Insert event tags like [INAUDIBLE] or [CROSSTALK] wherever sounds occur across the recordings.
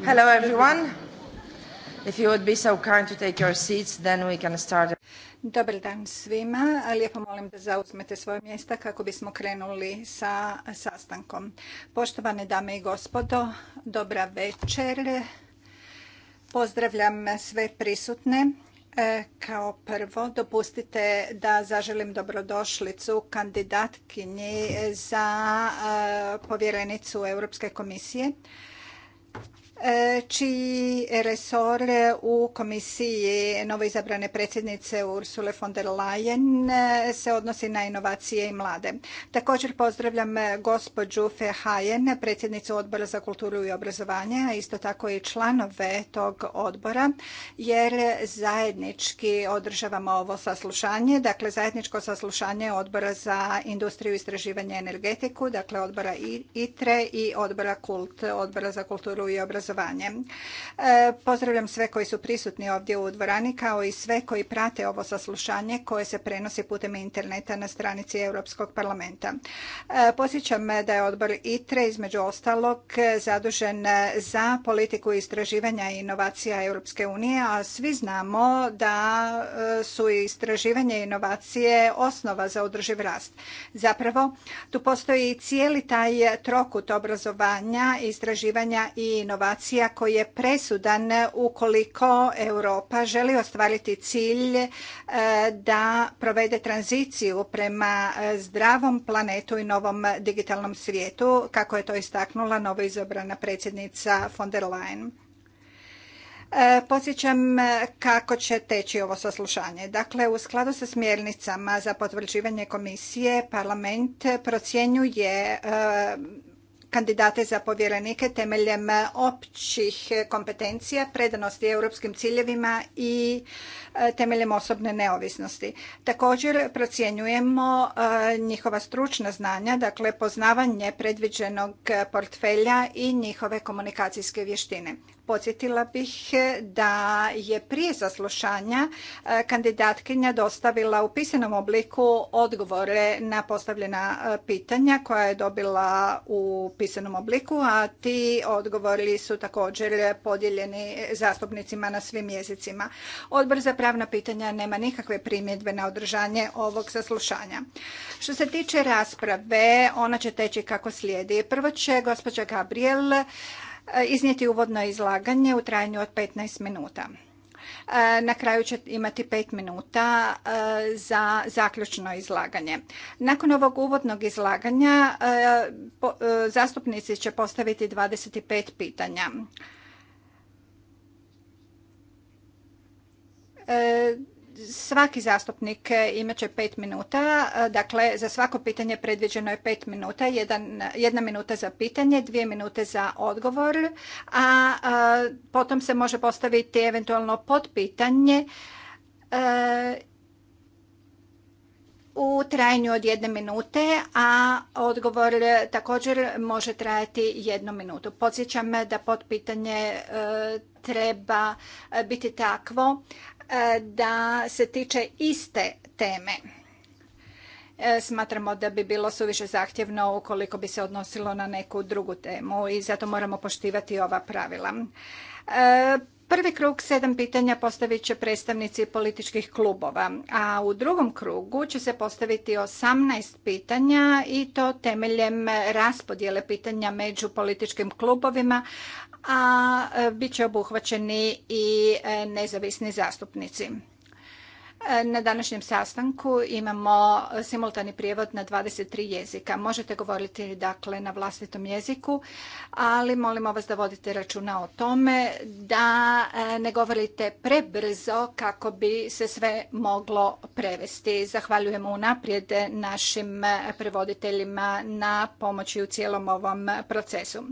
Hello everyone. If you would be so kind to take your seats, then we can start. Dobar dan svima. Lijepo molim da zauzmete svoje mjesta kako bismo krenuli sa sastankom. Poštovane dame i gospodo, dobra večer. Pozdravljam sve prisutne. E, kao prvo, dopustite da zaželim dobrodošlicu kandidatkinji za e, povjerenicu Europske komisije čiji resor u komisiji novoizabrane predsjednice Ursule von der Leyen se odnosi na inovacije i mlade. Također pozdravljam gospođu Fehajen, predsjednicu odbora za kulturu i obrazovanje, a isto tako i članove tog odbora, jer zajednički održavamo ovo saslušanje, dakle zajedničko saslušanje odbora za industriju, istraživanje i energetiku, dakle odbora ITRE i odbora KULT, odbora za kulturu i obrazovanje obrazovanje. E, pozdravljam sve koji su prisutni ovdje u dvorani kao i sve koji prate ovo saslušanje koje se prenosi putem interneta na stranici Europskog parlamenta. E, posjećam da je odbor ITRE između ostalog zadužen za politiku istraživanja i inovacija Europske unije, a svi znamo da e, su istraživanje i inovacije osnova za održiv rast. Zapravo, tu postoji cijeli taj trokut obrazovanja, istraživanja i inovacija situacija koji je presudan ukoliko Europa želi ostvariti cilj e, da provede tranziciju prema e, zdravom planetu i novom digitalnom svijetu, kako je to istaknula novoizabrana predsjednica von der Leyen. E, podsjećam kako će teći ovo saslušanje. Dakle, u skladu sa smjernicama za potvrđivanje komisije, parlament procjenjuje kandidate za povjerenike temeljem općih kompetencija, predanosti europskim ciljevima i e, temeljem osobne neovisnosti. Također procjenjujemo e, njihova stručna znanja, dakle poznavanje predviđenog portfelja i njihove komunikacijske vještine. Podsjetila bih eh, da je prije zaslušanja eh, kandidatkinja dostavila u pisanom obliku odgovore na postavljena eh, pitanja koja je dobila u pisanom obliku, a ti odgovori su također podijeljeni zastupnicima na svim jezicima. Odbor za pravna pitanja nema nikakve primjedbe na održanje ovog zaslušanja. Što se tiče rasprave, ona će teći kako slijedi. Prvo će gospođa Gabriel iznijeti uvodno izlaganje u trajanju od 15 minuta. E, na kraju će imati pet minuta e, za zaključno izlaganje. Nakon ovog uvodnog izlaganja e, zastupnici će postaviti 25 pitanja. Svaki zastupnik imat će pet minuta, dakle za svako pitanje predviđeno je pet minuta, jedan, jedna minuta za pitanje, dvije minute za odgovor, a, potom se može postaviti eventualno podpitanje e, u trajanju od jedne minute, a odgovor također može trajati jednu minutu. Podsjećam da potpitanje e, treba biti takvo E, da se tiče iste teme. E, smatramo da bi bilo suviše zahtjevno ukoliko bi se odnosilo na neku drugu temu i zato moramo poštivati ova pravila. E, prvi krug sedam pitanja postavit će predstavnici političkih klubova, a u drugom krugu će se postaviti osamnaest pitanja i to temeljem raspodjele pitanja među političkim klubovima, a e, bit će obuhvaćeni i e, nezavisni zastupnici. Na današnjem sastanku imamo simultani prijevod na 23 jezika. Možete govoriti dakle na vlastitom jeziku, ali molimo vas da vodite računa o tome da e, ne govorite prebrzo kako bi se sve moglo prevesti. Zahvaljujemo unaprijed našim prevoditeljima na pomoći u cijelom ovom procesu.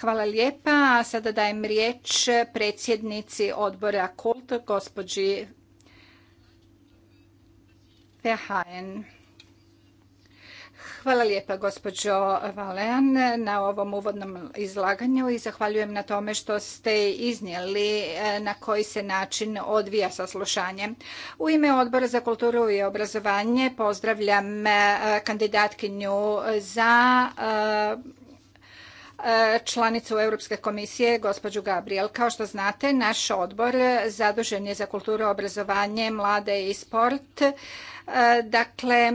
Hvala lijepa. Sada dajem riječ predsjednici odbora KULT, gospođi Hvala lijepa gospođo Valean na ovom uvodnom izlaganju i zahvaljujem na tome što ste iznijeli e, na koji se način odvija saslušanje. U ime Odbora za kulturu i obrazovanje pozdravljam e, kandidatkinju za e, članicu Europske komisije, gospođu Gabriel. Kao što znate, naš odbor zadužen je za kulturu, obrazovanje, mlade i sport E, dakle, e,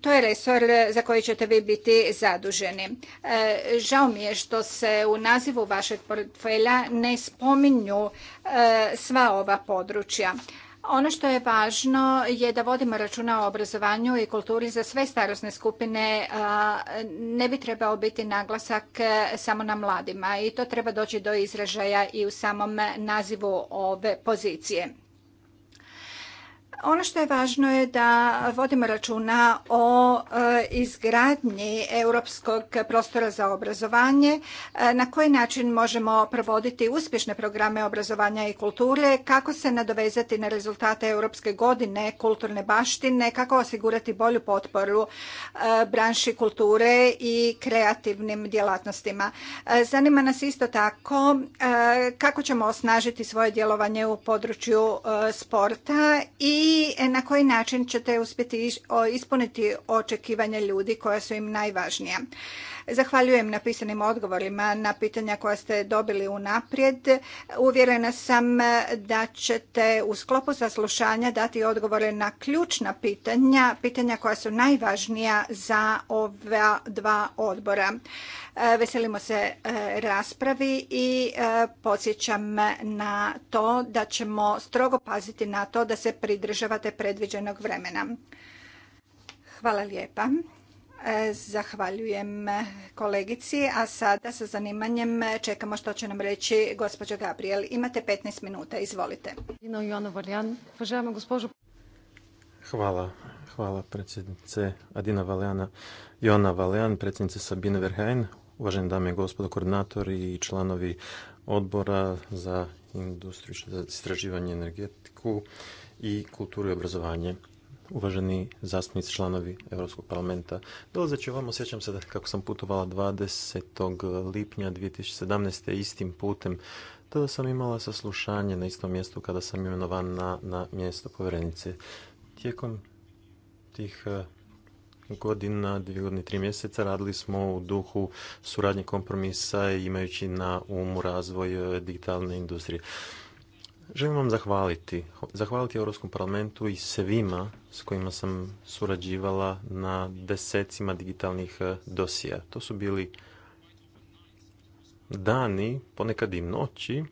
to je resor za koji ćete vi biti zaduženi. E, žao mi je što se u nazivu vašeg portfelja ne spominju sva ova područja. Ono što je važno je da vodimo računa o obrazovanju i kulturi za sve starosne skupine. Ne bi trebao biti naglasak samo na mladima i to treba doći do izražaja i u samom nazivu ove pozicije. Ono što je važno je da vodimo računa o e, izgradnji europskog prostora za obrazovanje, e, na koji način možemo provoditi uspješne programe obrazovanja i kulture, kako se nadovezati na rezultate Europske godine kulturne baštine, kako osigurati bolju potporu e, branši kulture i kreativnim djelatnostima. Zanima nas isto tako kako ćemo osnažiti svoje djelovanje u području sporta i i na koji način ćete uspjeti ispuniti očekivanja ljudi koja su im najvažnija. Zahvaljujem na pisanim odgovorima na pitanja koja ste dobili unaprijed. Uvjerena sam da ćete u sklopu saslušanja dati odgovore na ključna pitanja, pitanja koja su najvažnija za ova dva odbora. Veselimo se e, raspravi i e, podsjećam na to da ćemo strogo paziti na to da se pridržavate predviđenog vremena. Hvala lijepa. E, zahvaljujem kolegici, a sada sa zanimanjem čekamo što će nam reći gospođa Gabriel. Imate 15 minuta, izvolite. Hvala, hvala predsjednice Adina Valeana, Jona Valjan, predsjednice Sabine Verheyen, uvažene dame i gospodo koordinatori i članovi odbora za industriju, za istraživanje energetiku i kulturu i obrazovanje uvaženi zastupnici članovi Europskog parlamenta. Dolazeći vam osjećam se da kako sam putovala 20. lipnja 2017. istim putem. Tada sam imala saslušanje na istom mjestu kada sam imenovan na, na mjesto povjerenice. Tijekom tih eh, godina, dvije godine, tri mjeseca radili smo u duhu suradnje kompromisa imajući na umu razvoj eh, digitalne industrije. Želim vam zahvaliti. Zahvaliti Europskom parlamentu i svima s kojima sam surađivala na desecima digitalnih e, dosija. To su bili dani, ponekad i noći,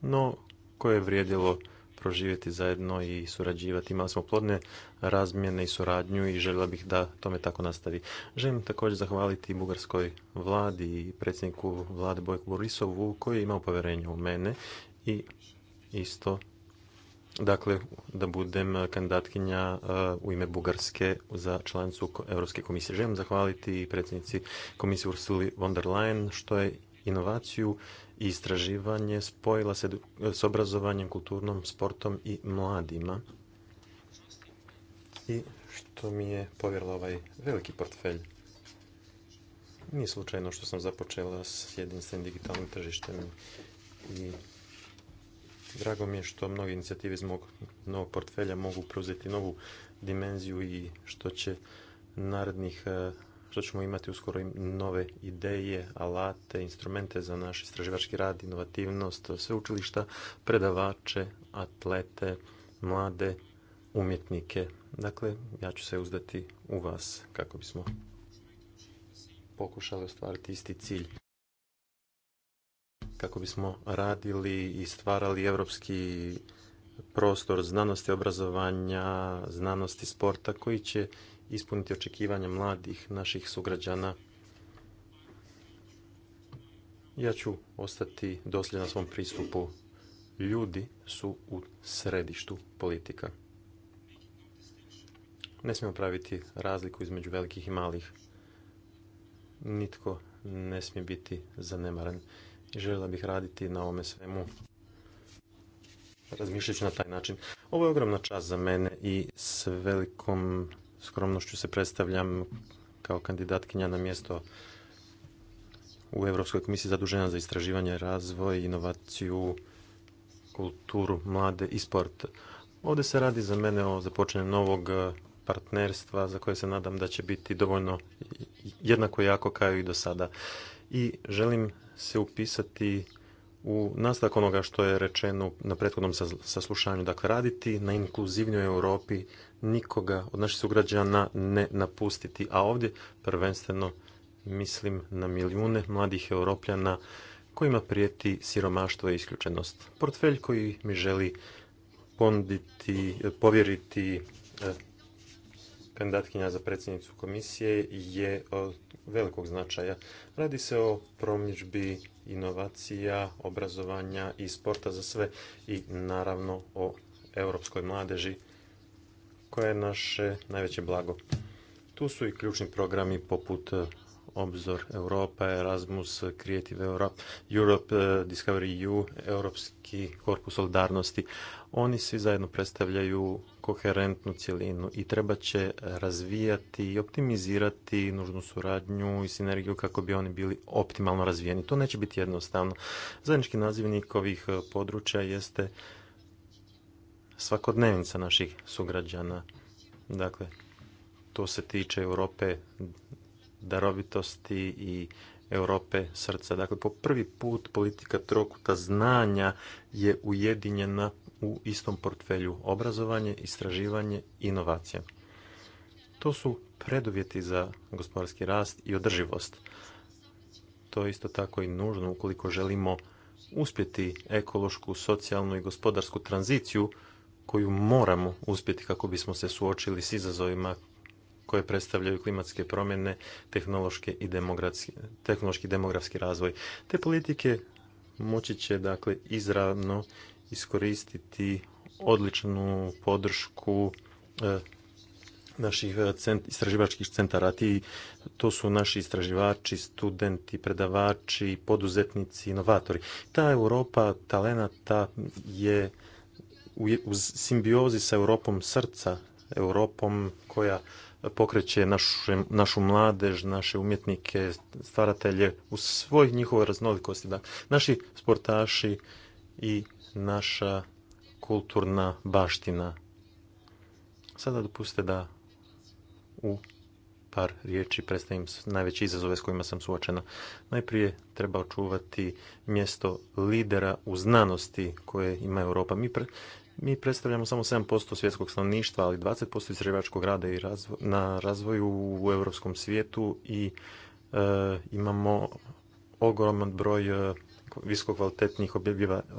no koje je vrijedilo proživjeti zajedno i surađivati. Imali smo plodne razmjene i suradnju i željela bih da tome tako nastavi. Želim također zahvaliti bugarskoj vladi i predsjedniku vlade Bojku Borisovu koji je imao povjerenje u mene i isto dakle da budem kandidatkinja uh, u ime Bugarske za članicu Europske komisije. Želim zahvaliti predsjednici komisije Ursuli von der Leyen što je inovaciju i istraživanje spojila se s obrazovanjem, kulturnom, sportom i mladima. I što mi je povjerila ovaj veliki portfelj. Nije slučajno što sam započela s jedinstvenim digitalnim tržištem i Drago mi je što mnoge inicijative iz mog novog portfelja mogu preuzeti novu dimenziju i što će narednih, e, što ćemo imati uskoro nove ideje, alate, instrumente za naš istraživački rad, inovativnost, sveučilišta, predavače, atlete, mlade umjetnike. Dakle, ja ću se uzdati u vas kako bismo pokušali ostvariti isti cilj kako bismo radili i stvarali europski prostor znanosti, obrazovanja, znanosti, sporta koji će ispuniti očekivanja mladih naših sugrađana. Ja ću ostati na svom pristupu. Ljudi su u središtu politika. Ne smijemo praviti razliku između velikih i malih. Nitko ne smije biti zanemaren. Željela bih raditi na ovome svemu. razmišljajući na taj način. Ovo je ogromna čast za mene i s velikom skromnošću se predstavljam kao kandidatkinja na mjesto u Europskoj komisiji zadužena za istraživanje, razvoj, inovaciju, kulturu, mlade i sport. Ovdje se radi za mene o započenju novog partnerstva za koje se nadam da će biti dovoljno jednako jako kao i do sada. I želim se upisati u nastavak onoga što je rečeno na prethodnom saslušanju. Dakle, raditi na inkluzivnoj Europi, nikoga od naših sugrađana ne napustiti. A ovdje prvenstveno mislim na milijune mladih europljana kojima prijeti siromaštvo i isključenost. Portfelj koji mi želi ponditi, povjeriti e, kandidatkinja za predsjednicu komisije je od velikog značaja. Radi se o promjeđbi inovacija, obrazovanja i sporta za sve i naravno o europskoj mladeži koja je naše najveće blago. Tu su i ključni programi poput obzor Europa, Erasmus, Creative Europe, Europe, eh, Discovery EU, Europski korpus solidarnosti. Oni svi zajedno predstavljaju koherentnu cjelinu i treba će razvijati i optimizirati nužnu suradnju i sinergiju kako bi oni bili optimalno razvijeni. To neće biti jednostavno. Zajednički nazivnik ovih eh, područja jeste svakodnevnica naših sugrađana. Dakle, to se tiče Europe darovitosti i Europe srca. Dakle, po prvi put politika trokuta znanja je ujedinjena u istom portfelju obrazovanje, istraživanje i inovacije. To su preduvjeti za gospodarski rast i održivost. To je isto tako i nužno ukoliko želimo uspjeti ekološku, socijalnu i gospodarsku tranziciju koju moramo uspjeti kako bismo se suočili s izazovima koje predstavljaju klimatske promjene, tehnološki i demografski, tehnološki demografski razvoj. Te politike moći će dakle izravno iskoristiti odličnu podršku e, naših e, istraživačkih centara. to su naši istraživači, studenti, predavači, poduzetnici, inovatori. Ta Europa talenata je u simbiozi sa Europom srca, Europom koja pokreće našu mladež, naše umjetnike, stvaratelje u svoj njihovoj raznolikosti. da naši sportaši i naša kulturna baština. Sada dopustite da u par riječi predstavim najveće izazove s kojima sam suočena. Najprije treba očuvati mjesto lidera u znanosti koje ima Europa. Mi mi predstavljamo samo 7% svjetskog stanovništva, ali 20% istraživačkog rada i na razvoju u europskom svijetu i e, imamo ogroman broj e, visokokvalitetnih objavljiva e,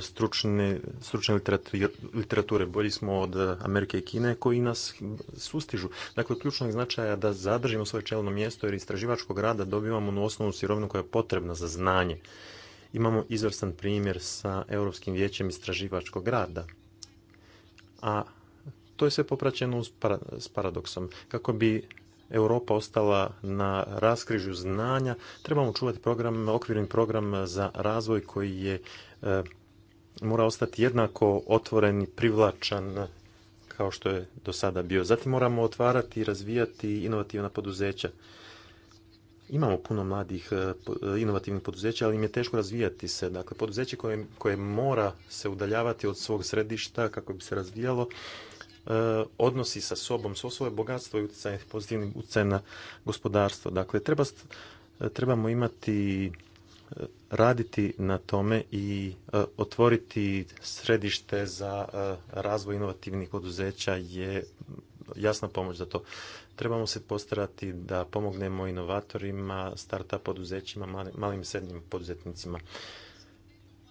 stručne, stručne literature, Bolji smo od Amerike i Kine koji nas sustižu. Dakle, ključnog značaja da zadržimo svoje čelno mjesto jer istraživačkog rada dobivamo na osnovnu sirovinu koja je potrebna za znanje. Imamo izvrstan primjer sa Europskim vijećem istraživačkog rada. A to je sve popraćeno s paradoksom. Kako bi Europa ostala na raskrižju znanja, trebamo čuvati program, okvirni program za razvoj koji je e, mora ostati jednako otvoren i privlačan kao što je do sada bio. Zatim moramo otvarati i razvijati inovativna poduzeća imamo puno mladih e, e, inovativnih poduzeća, ali im je teško razvijati se. Dakle, poduzeće koje, koje mora se udaljavati od svog središta kako bi se razvijalo, e, odnosi sa sobom, svo svoje bogatstvo i utjecaj, pozitivni utjecaj na gospodarstvo. Dakle, treba, trebamo imati raditi na tome i otvoriti središte za razvoj inovativnih poduzeća je jasna pomoć za to. Trebamo se postarati da pomognemo inovatorima, start-up poduzećima, malim i srednjim poduzetnicima.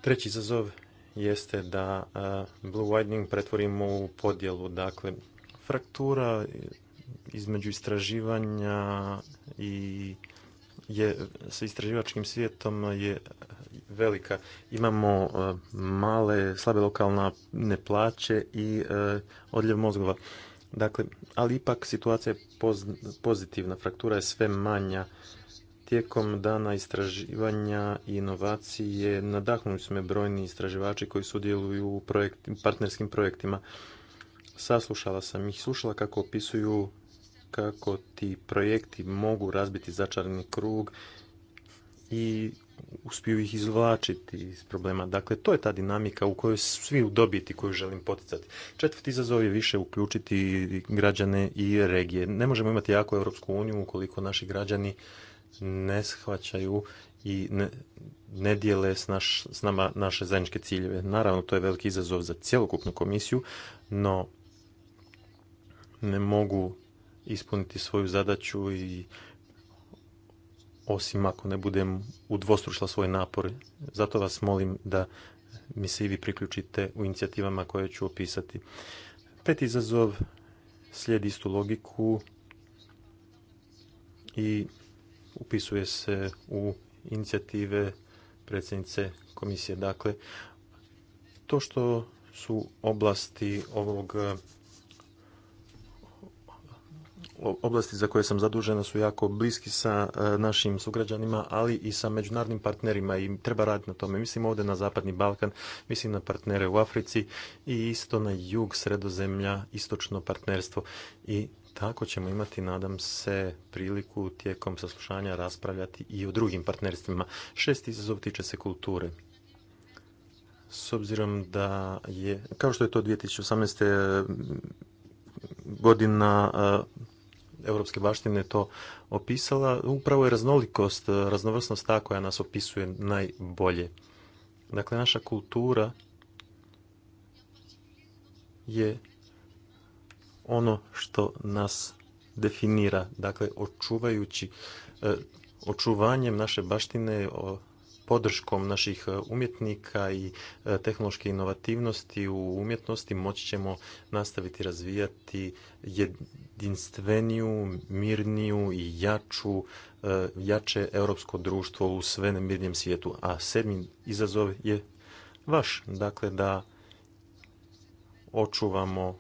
Treći izazov jeste da eh, blue widening pretvorimo u podjelu. Dakle, fraktura između istraživanja i je, sa istraživačkim svijetom je velika. Imamo eh, male, slabe lokalne plaće i eh, odljev mozgova. Dakle, ali ipak situacija je pozitivna, fraktura je sve manja. Tijekom dana istraživanja i inovacije nadahnuli su me brojni istraživači koji sudjeluju u partnerskim projektima. Saslušala sam ih, slušala kako opisuju kako ti projekti mogu razbiti začarani krug i uspiju ih izvlačiti iz problema. Dakle, to je ta dinamika u kojoj svi u dobiti koju želim poticati. Četvrti izazov je više uključiti građane i regije. Ne možemo imati jako Europsku uniju ukoliko naši građani ne shvaćaju i ne, ne dijele s, naš, s nama naše zajedničke ciljeve. Naravno, to je veliki izazov za cjelokupnu komisiju, no ne mogu ispuniti svoju zadaću i osim ako ne budem udvostručila svoje napore. Zato vas molim da mi se i vi priključite u inicijativama koje ću opisati. Peti izazov slijedi istu logiku i upisuje se u inicijative predsjednice komisije. Dakle, to što su oblasti ovog oblasti za koje sam zadužena su jako bliski sa e, našim sugrađanima, ali i sa međunarodnim partnerima i treba raditi na tome. Mislim ovdje na Zapadni Balkan, mislim na partnere u Africi i isto na jug sredozemlja, istočno partnerstvo i tako ćemo imati, nadam se, priliku tijekom saslušanja raspravljati i o drugim partnerstvima. Šesti izazov tiče se kulture s obzirom da je, kao što je to 2018. godina e, europske baštine to opisala, upravo je raznolikost, raznovrsnost ta koja nas opisuje najbolje. Dakle, naša kultura je ono što nas definira. Dakle, očuvajući, e, očuvanjem naše baštine podrškom naših e, umjetnika i e, tehnološke inovativnosti u umjetnosti moći ćemo nastaviti razvijati jedinstveniju, mirniju i jaču, e, jače europsko društvo u sve nemirnijem svijetu. A sedmi izazov je vaš, dakle da očuvamo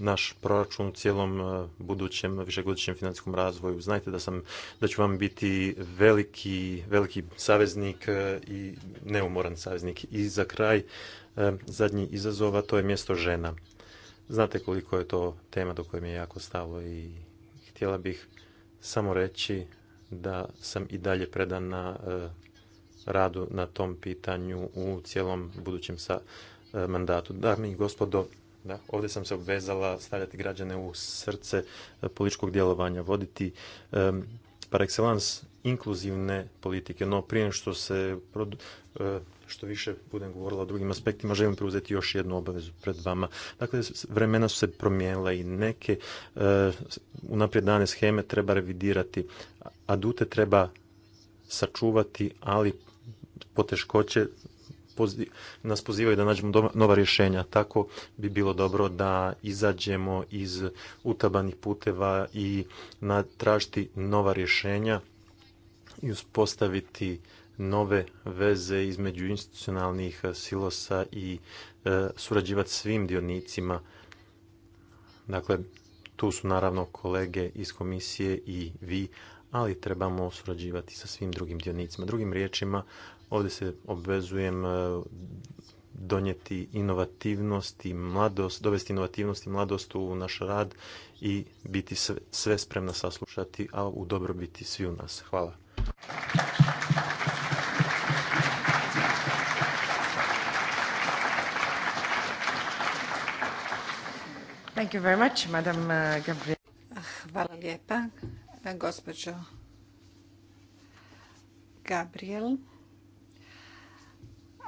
naš proračun u cijelom e, budućem višegodišnjem financijskom razvoju. Znajte da sam da ću vam biti veliki, veliki saveznik e, i neumoran saveznik. I za kraj e, zadnji izazova to je mjesto žena. Znate koliko je to tema do koje mi je jako stalo i htjela bih samo reći da sam i dalje predan na radu na tom pitanju u cijelom budućem mandatu. Dame i gospodo, da, ovdje sam se obvezala stavljati građane u srce e, političkog djelovanja, voditi um, par excellence inkluzivne politike. No prije što se e, što više budem govorila o drugim aspektima, želim preuzeti još jednu obavezu pred vama. Dakle, vremena su se promijenila i neke uh, unaprijed dane scheme treba revidirati. Adute treba sačuvati, ali poteškoće nas pozivaju da nađemo nova rješenja. Tako bi bilo dobro da izađemo iz utabanih puteva i tražiti nova rješenja i uspostaviti nove veze između institucionalnih e, silosa i e, surađivati svim dionicima. Dakle, tu su naravno kolege iz komisije i vi, ali trebamo surađivati sa svim drugim dionicima. Drugim riječima, Ovdje se obvezujem e, donijeti inovativnost i mladost, dovesti inovativnost i mladost u naš rad i biti sve spremna saslušati, a u dobro biti svi u nas. Hvala. Thank you very much, Madam uh, Hvala lijepa, gospođo Gabriel.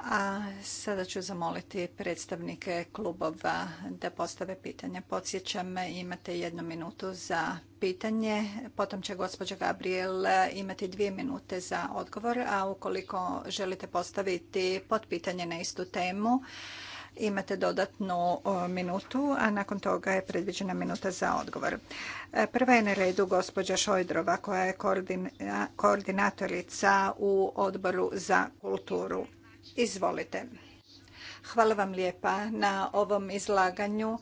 A sada ću zamoliti predstavnike klubova da postave pitanja. Podsjećam, imate jednu minutu za pitanje, potom će gospođa Gabriel imati dvije minute za odgovor, a ukoliko želite postaviti potpitanje na istu temu, imate dodatnu minutu, a nakon toga je predviđena minuta za odgovor. E, prva je na redu gospođa Šojdrova koja je koordinatorica u odboru za kulturu. Izvolite. Hvala vam lijepa na ovom izlaganju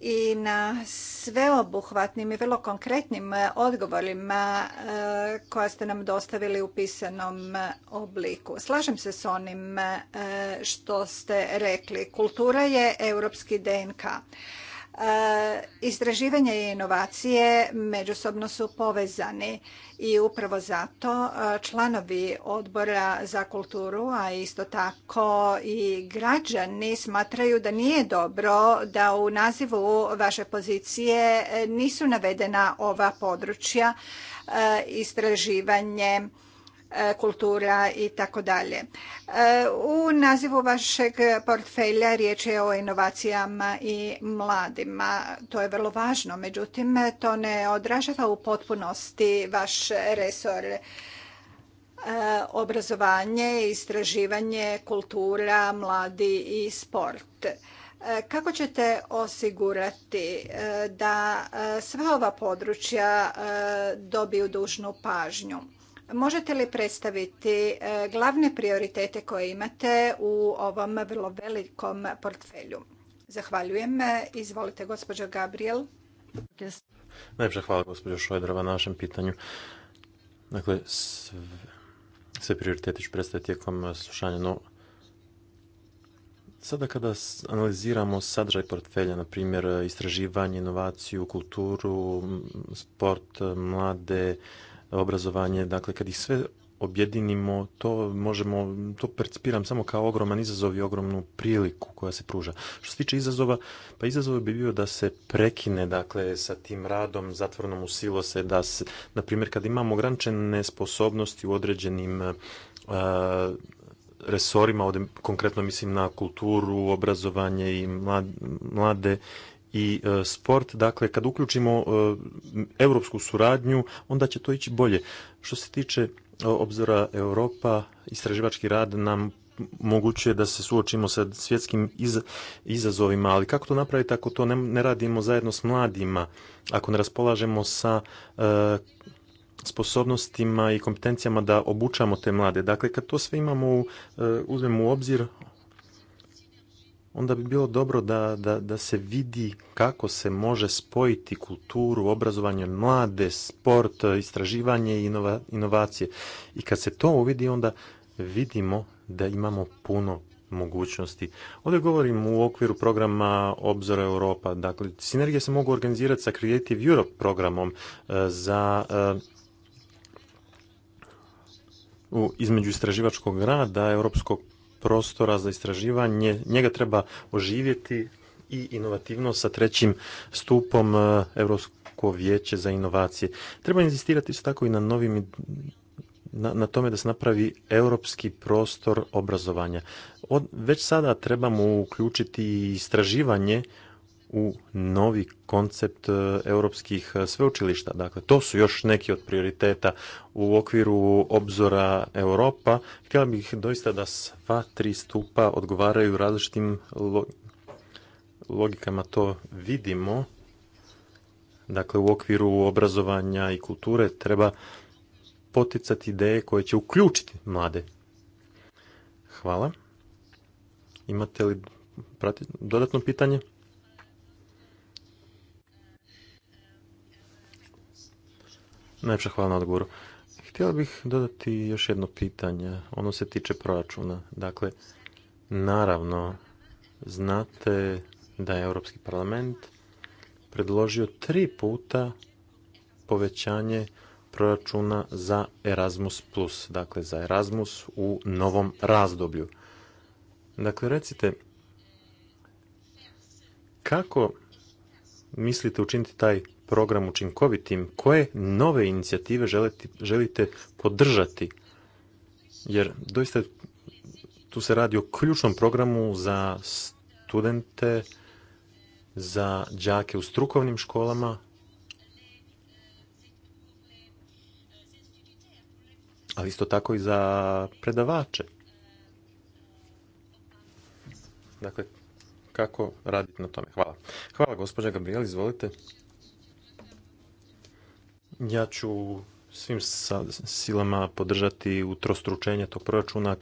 i na sveobuhvatnim i vrlo konkretnim e, odgovorima e, koja ste nam dostavili u pisanom e, obliku. Slažem se s onim što ste rekli. Kultura je europski DNK. E, istraživanje i inovacije međusobno su povezani i upravo zato e, članovi odbora za kulturu, a isto tako i građani smatraju da nije dobro da u nazivu vaše pozicije nisu navedena ova područja e, istraživanje E, kultura i tako dalje. E, u nazivu vašeg portfelja riječ je o inovacijama i mladima. To je vrlo važno, međutim to ne odražava u potpunosti vaš resor e, obrazovanje, istraživanje, kultura, mladi i sport. Kako ćete osigurati da sva ova područja dobiju dužnu pažnju? Možete li predstaviti e, glavne prioritete koje imate u ovom vrlo velikom portfelju? Zahvaljujem. Izvolite, gospođo Gabriel. Najpša hvala, gospođo Šojdrova, na našem pitanju. Dakle, sve prioritete ću predstaviti tijekom slušanja, Sada kada analiziramo sadržaj portfelja, na primjer istraživanje, inovaciju, kulturu, sport, mlade, obrazovanje. Dakle, kad ih sve objedinimo, to možemo, to percipiram samo kao ogroman izazov i ogromnu priliku koja se pruža. Što se tiče izazova, pa izazov bi bio da se prekine, dakle, sa tim radom zatvornom u silose, da se, na primjer, kad imamo ograničene sposobnosti u određenim eh, resorima, ovdje konkretno mislim na kulturu, obrazovanje i mlade i e, sport. Dakle, kad uključimo e, europsku suradnju, onda će to ići bolje. Što se tiče e, obzora Europa, istraživački rad nam moguće da se suočimo sa svjetskim izazovima, ali kako to napraviti ako to ne, radimo zajedno s mladima, ako ne raspolažemo sa sposobnostima i kompetencijama da obučamo te mlade. Dakle, kad to sve imamo, uzmemo u obzir, onda bi bilo dobro da, da, da se vidi kako se može spojiti kulturu, obrazovanje mlade, sport, istraživanje i inovacije. I kad se to uvidi, onda vidimo da imamo puno mogućnosti. Ovdje govorim u okviru programa Obzora Europa. Dakle, sinergije se mogu organizirati sa Creative Europe programom e, za e, između istraživačkog rada, europskog prostora za istraživanje, njega treba oživjeti i inovativno sa trećim stupom Europsko vijeće za inovacije. Treba inzistirati isto tako i na novim na, tome da se napravi europski prostor obrazovanja. već sada trebamo uključiti istraživanje u novi koncept e, europskih e, sveučilišta. Dakle, to su još neki od prioriteta u okviru obzora Europa. Htjela bih doista da sva tri stupa odgovaraju različitim logikama. To vidimo. Dakle, u okviru obrazovanja i kulture treba poticati ideje koje će uključiti mlade. Hvala. Imate li dodatno pitanje? Najpša hvala na odgovoru. Htjela bih dodati još jedno pitanje. Ono se tiče proračuna. Dakle, naravno, znate da je Europski parlament predložio tri puta povećanje proračuna za Erasmus+, plus, dakle za Erasmus u novom razdoblju. Dakle, recite, kako mislite učiniti taj program učinkovitim, koje nove inicijative želite, želite podržati? Jer doista tu se radi o ključnom programu za studente, za đake u strukovnim školama, ali isto tako i za predavače. Dakle, kako raditi na tome? Hvala. Hvala, gospođa Gabriel, izvolite. Ja ću svim silama podržati utrostručenje tog proračuna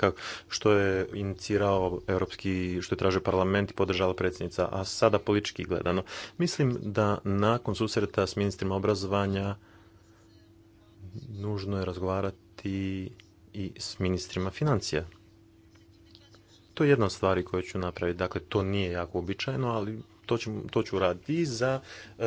što je inicirao europski, što je tražio parlament i podržala predsjednica, a sada politički gledano. Mislim da nakon susreta s ministrima obrazovanja nužno je razgovarati i s ministrima financija. To je jedna od stvari koju ću napraviti. Dakle, to nije jako običajno, ali to, ću, to ću raditi i za e,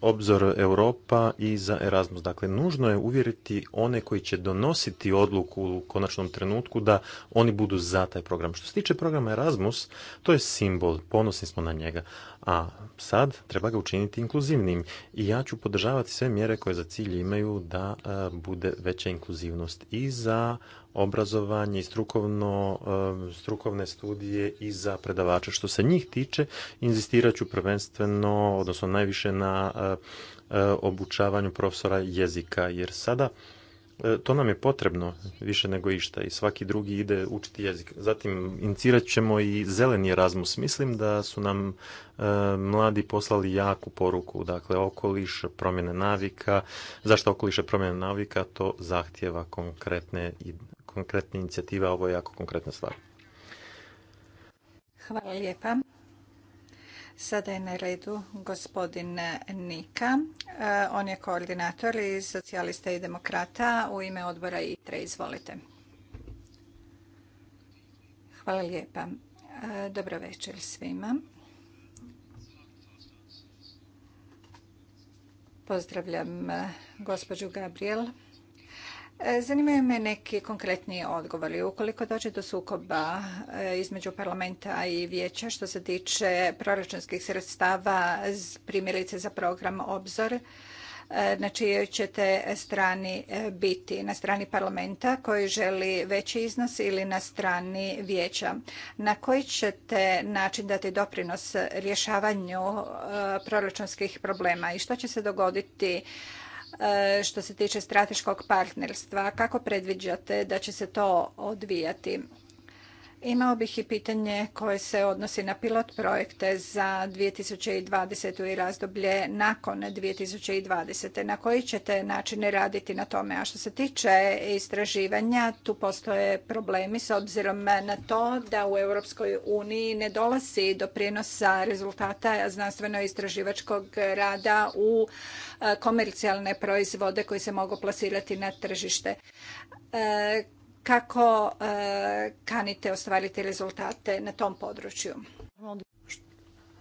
obzor Europa i za Erasmus. Dakle, nužno je uvjeriti one koji će donositi odluku u konačnom trenutku da oni budu za taj program. Što se tiče programa Erasmus, to je simbol, ponosni smo na njega a sad treba ga učiniti inkluzivnim. I ja ću podržavati sve mjere koje za cilj imaju da e, bude veća inkluzivnost i za obrazovanje i strukovno, e, strukovne studije i za predavače. Što se njih tiče, inzistirat ću prvenstveno, odnosno najviše na e, obučavanju profesora jezika, jer sada E, to nam je potrebno više nego išta i svaki drugi ide učiti jezik. Zatim inicirat ćemo i zeleni Erasmus. Mislim da su nam e, mladi poslali jaku poruku, dakle okoliš, promjene navika, zašto okoliš promjene navika, to zahtjeva konkretne, konkretne inicijative, a ovo je jako konkretna stvar. Hvala lijepa. Sada je na redu gospodin Nika. E, on je koordinator iz Socijalista i Demokrata u ime odbora ITRE. Izvolite. Hvala lijepa. E, dobro večer svima. Pozdravljam e, gospođu Gabriel E, zanimaju me neki konkretni odgovori. Ukoliko dođe do sukoba e, između parlamenta i vijeća što se tiče proračunskih sredstava primjerice za program Obzor, e, na čijoj ćete strani biti, na strani parlamenta koji želi veći iznos ili na strani vijeća. Na koji ćete način dati doprinos rješavanju proračunskih problema i što će se dogoditi E, što se tiče strateškog partnerstva. Kako predviđate da će se to odvijati? Imao bih i pitanje koje se odnosi na pilot projekte za 2020. i razdoblje nakon 2020. Na koji ćete načine raditi na tome? A što se tiče istraživanja, tu postoje problemi s obzirom na to da u Europskoj uniji ne dolazi do prijenosa rezultata znanstveno-istraživačkog rada u e, komercijalne proizvode koji se mogu plasirati na tržište e, kako e, kanite ostvariti rezultate na tom području?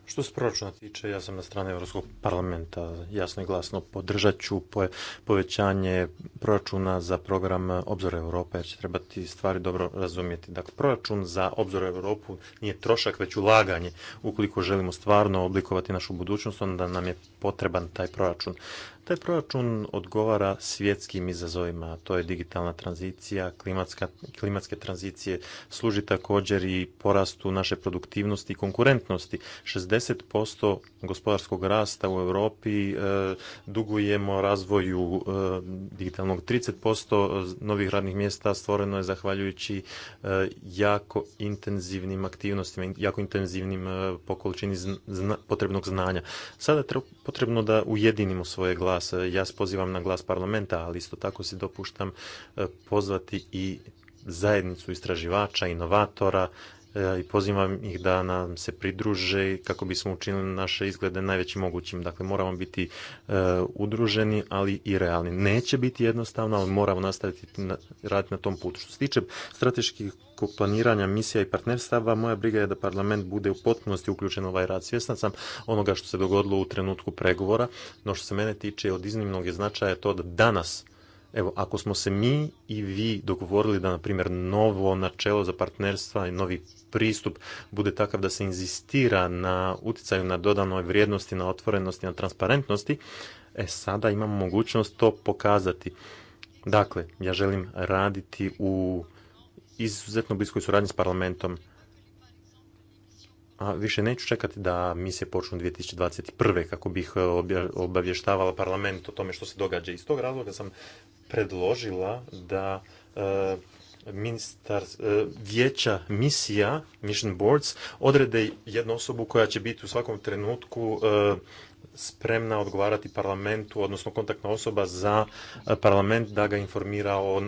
Što se proračuna tiče, ja sam na strani Europskog parlamenta jasno i glasno podržat ću povećanje proračuna za program Obzor Europe, jer će trebati stvari dobro razumjeti. Dakle, proračun za Obzor Europu nije trošak, već ulaganje. Ukoliko želimo stvarno oblikovati našu budućnost, onda nam je potreban taj proračun. Taj proračun odgovara svjetskim izazovima, to je digitalna tranzicija, klimatska, klimatske tranzicije, služi također i porastu naše produktivnosti i konkurentnosti. 60% gospodarskog rasta u Europi e, dugujemo razvoju e, digitalnog 30% novih radnih mjesta stvoreno je zahvaljujući e, jako intenzivnim aktivnostima, jako intenzivnim e, po količini potrebnog znanja. Sada treba potrebno da ujedinimo svoje glas. Ja se pozivam na glas parlamenta, ali isto tako si dopuštam e, pozvati i zajednicu istraživača, inovatora E, i pozivam ih da nam se pridruže kako bismo učinili naše izglede najvećim mogućim. Dakle, moramo biti e, udruženi, ali i realni. Neće biti jednostavno, ali moramo nastaviti raditi na tom putu. Što se tiče strateških planiranja misija i partnerstava, moja briga je da parlament bude u potpunosti uključen u ovaj rad. Svjesna sam onoga što se dogodilo u trenutku pregovora, no što se mene tiče od iznimnog je značaja to da danas Evo, ako smo se mi i vi dogovorili da, na primjer, novo načelo za partnerstva i novi pristup bude takav da se inzistira na uticaju na dodanoj vrijednosti, na otvorenosti, na transparentnosti, e sada imamo mogućnost to pokazati. Dakle, ja želim raditi u izuzetno bliskoj suradnji s parlamentom a više neću čekati da misije počnu 2021. kako bih e, obavještavala parlament o tome što se događa. Iz tog razloga sam predložila da e, ministar e, vijeća misija, mission boards, odrede jednu osobu koja će biti u svakom trenutku spremna odgovarati parlamentu, odnosno kontaktna osoba za eh, parlament da ga informira o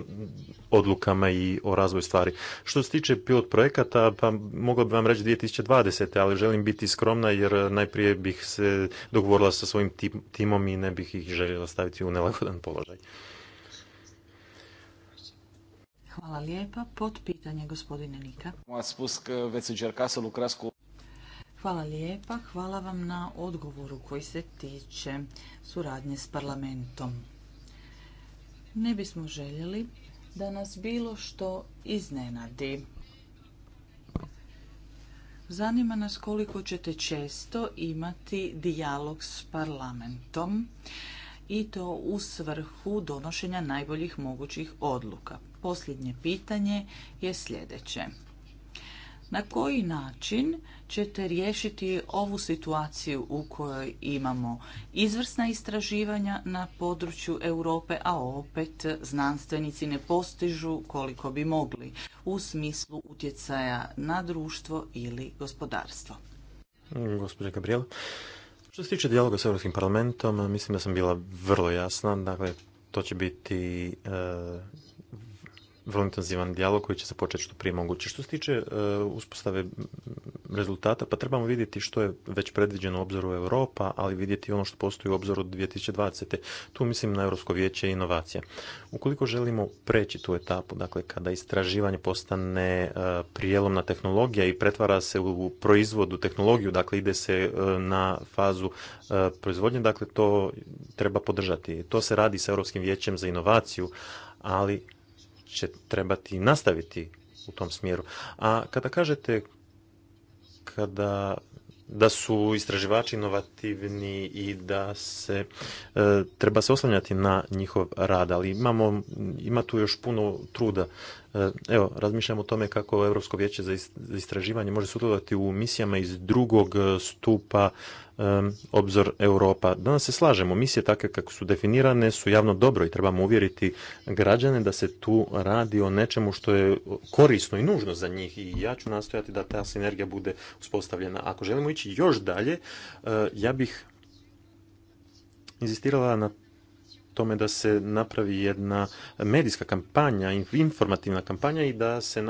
odlukama i o razvoju stvari. Što se tiče pilot projekata, pa mogla bi vam reći 2020. ali želim biti skromna jer eh, najprije bih se dogovorila sa svojim timom i ne bih ih željela staviti u nelagodan položaj. Hvala lijepa. Pod pitanje gospodine Nika. Moja Hvala lijepa. Hvala vam na odgovoru koji se tiče suradnje s parlamentom. Ne bismo željeli da nas bilo što iznenadi. Zanima nas koliko ćete često imati dijalog s parlamentom i to u svrhu donošenja najboljih mogućih odluka. Posljednje pitanje je sljedeće. Na koji način ćete riješiti ovu situaciju u kojoj imamo izvrsna istraživanja na području Europe, a opet znanstvenici ne postižu koliko bi mogli u smislu utjecaja na društvo ili gospodarstvo? Gospodin Gabriel, što se tiče dijaloga s Europskim parlamentom, mislim da sam bila vrlo jasna. Dakle, to će biti e, vrlo intenzivan dijalog koji će se početi što prije moguće. Što se tiče e, uspostave rezultata, pa trebamo vidjeti što je već predviđeno u obzoru Europa, ali vidjeti ono što postoji u obzoru 2020. Tu mislim na Europsko vijeće i inovacije. Ukoliko želimo preći tu etapu, dakle kada istraživanje postane e, prijelomna tehnologija i pretvara se u proizvodu tehnologiju, dakle ide se e, na fazu proizvodnje, dakle to treba podržati. To se radi sa Europskim vijećem za inovaciju, ali će trebati nastaviti u tom smjeru. A kada kažete kada da su istraživači inovativni i da se e, treba se oslanjati na njihov rad, ali imamo, ima tu još puno truda. E, evo, razmišljamo o tome kako Europsko vijeće za istraživanje može sudjelovati u misijama iz drugog stupa obzor Europa. Danas se slažemo, misije takve kako su definirane su javno dobro i trebamo uvjeriti građane da se tu radi o nečemu što je korisno i nužno za njih i ja ću nastojati da ta sinergija bude uspostavljena. Ako želimo ići još dalje, e, ja bih inzistirala na tome da se napravi jedna medijska kampanja, informativna kampanja i da se e,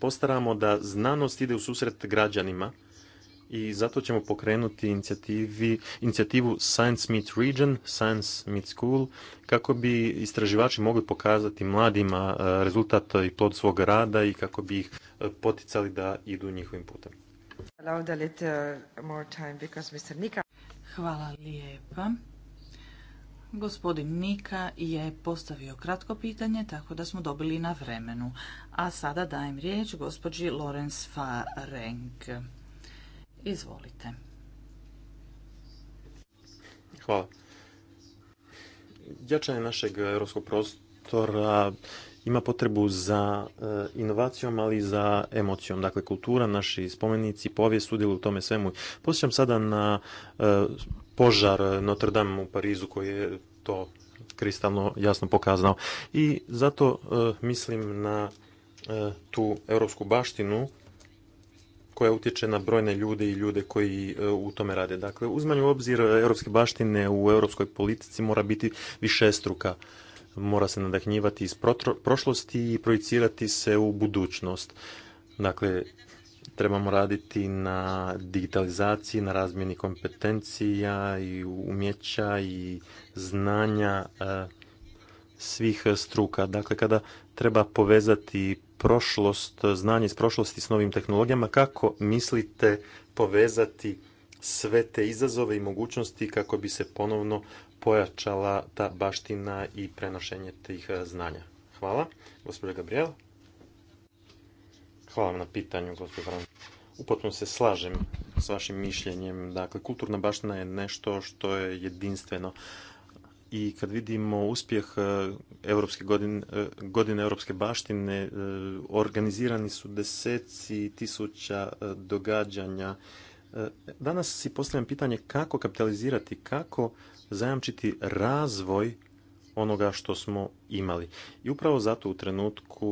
postaramo da znanost ide u susret građanima i zato ćemo pokrenuti inicijativu Science Meet Region, Science Meet School, kako bi istraživači mogli pokazati mladima e, rezultat i plod svog rada i kako bi ih e, poticali da idu njihovim putem. E, Hvala lijepa. Gospodin Nika je postavio kratko pitanje, tako da smo dobili na vremenu. A sada dajem riječ gospođi Lorenz Farenk. Izvolite. Hvala. Jačanje našeg europskog prostora ima potrebu za e, inovacijom, ali i za emocijom. Dakle, kultura, naši spomenici, povijest sudjeluju u tome svemu. Posjećam sada na e, požar Notre Dame u Parizu koji je to kristalno jasno pokazao. I zato e, mislim na tu europsku baštinu koja utječe na brojne ljude i ljude koji e, u tome rade. Dakle, uzmanju u obzir europske baštine u europskoj politici mora biti više struka. Mora se nadahnjivati iz prošlosti i projicirati se u budućnost. Dakle, trebamo raditi na digitalizaciji, na razmjeni kompetencija i umjeća i znanja e, svih struka. Dakle, kada treba povezati prošlost, znanje iz prošlosti s novim tehnologijama. Kako mislite povezati sve te izazove i mogućnosti kako bi se ponovno pojačala ta baština i prenošenje tih eh, znanja? Hvala. Gospodin Gabriel. Hvala vam na pitanju, gospođo Upotno se slažem s vašim mišljenjem. Dakle, kulturna baština je nešto što je jedinstveno i kad vidimo uspjeh Europske e, godine, godine Europske baštine, e, organizirani su deseci tisuća e, događanja. Danas si postavljam pitanje kako kapitalizirati, kako zajamčiti razvoj onoga što smo imali. I upravo zato u trenutku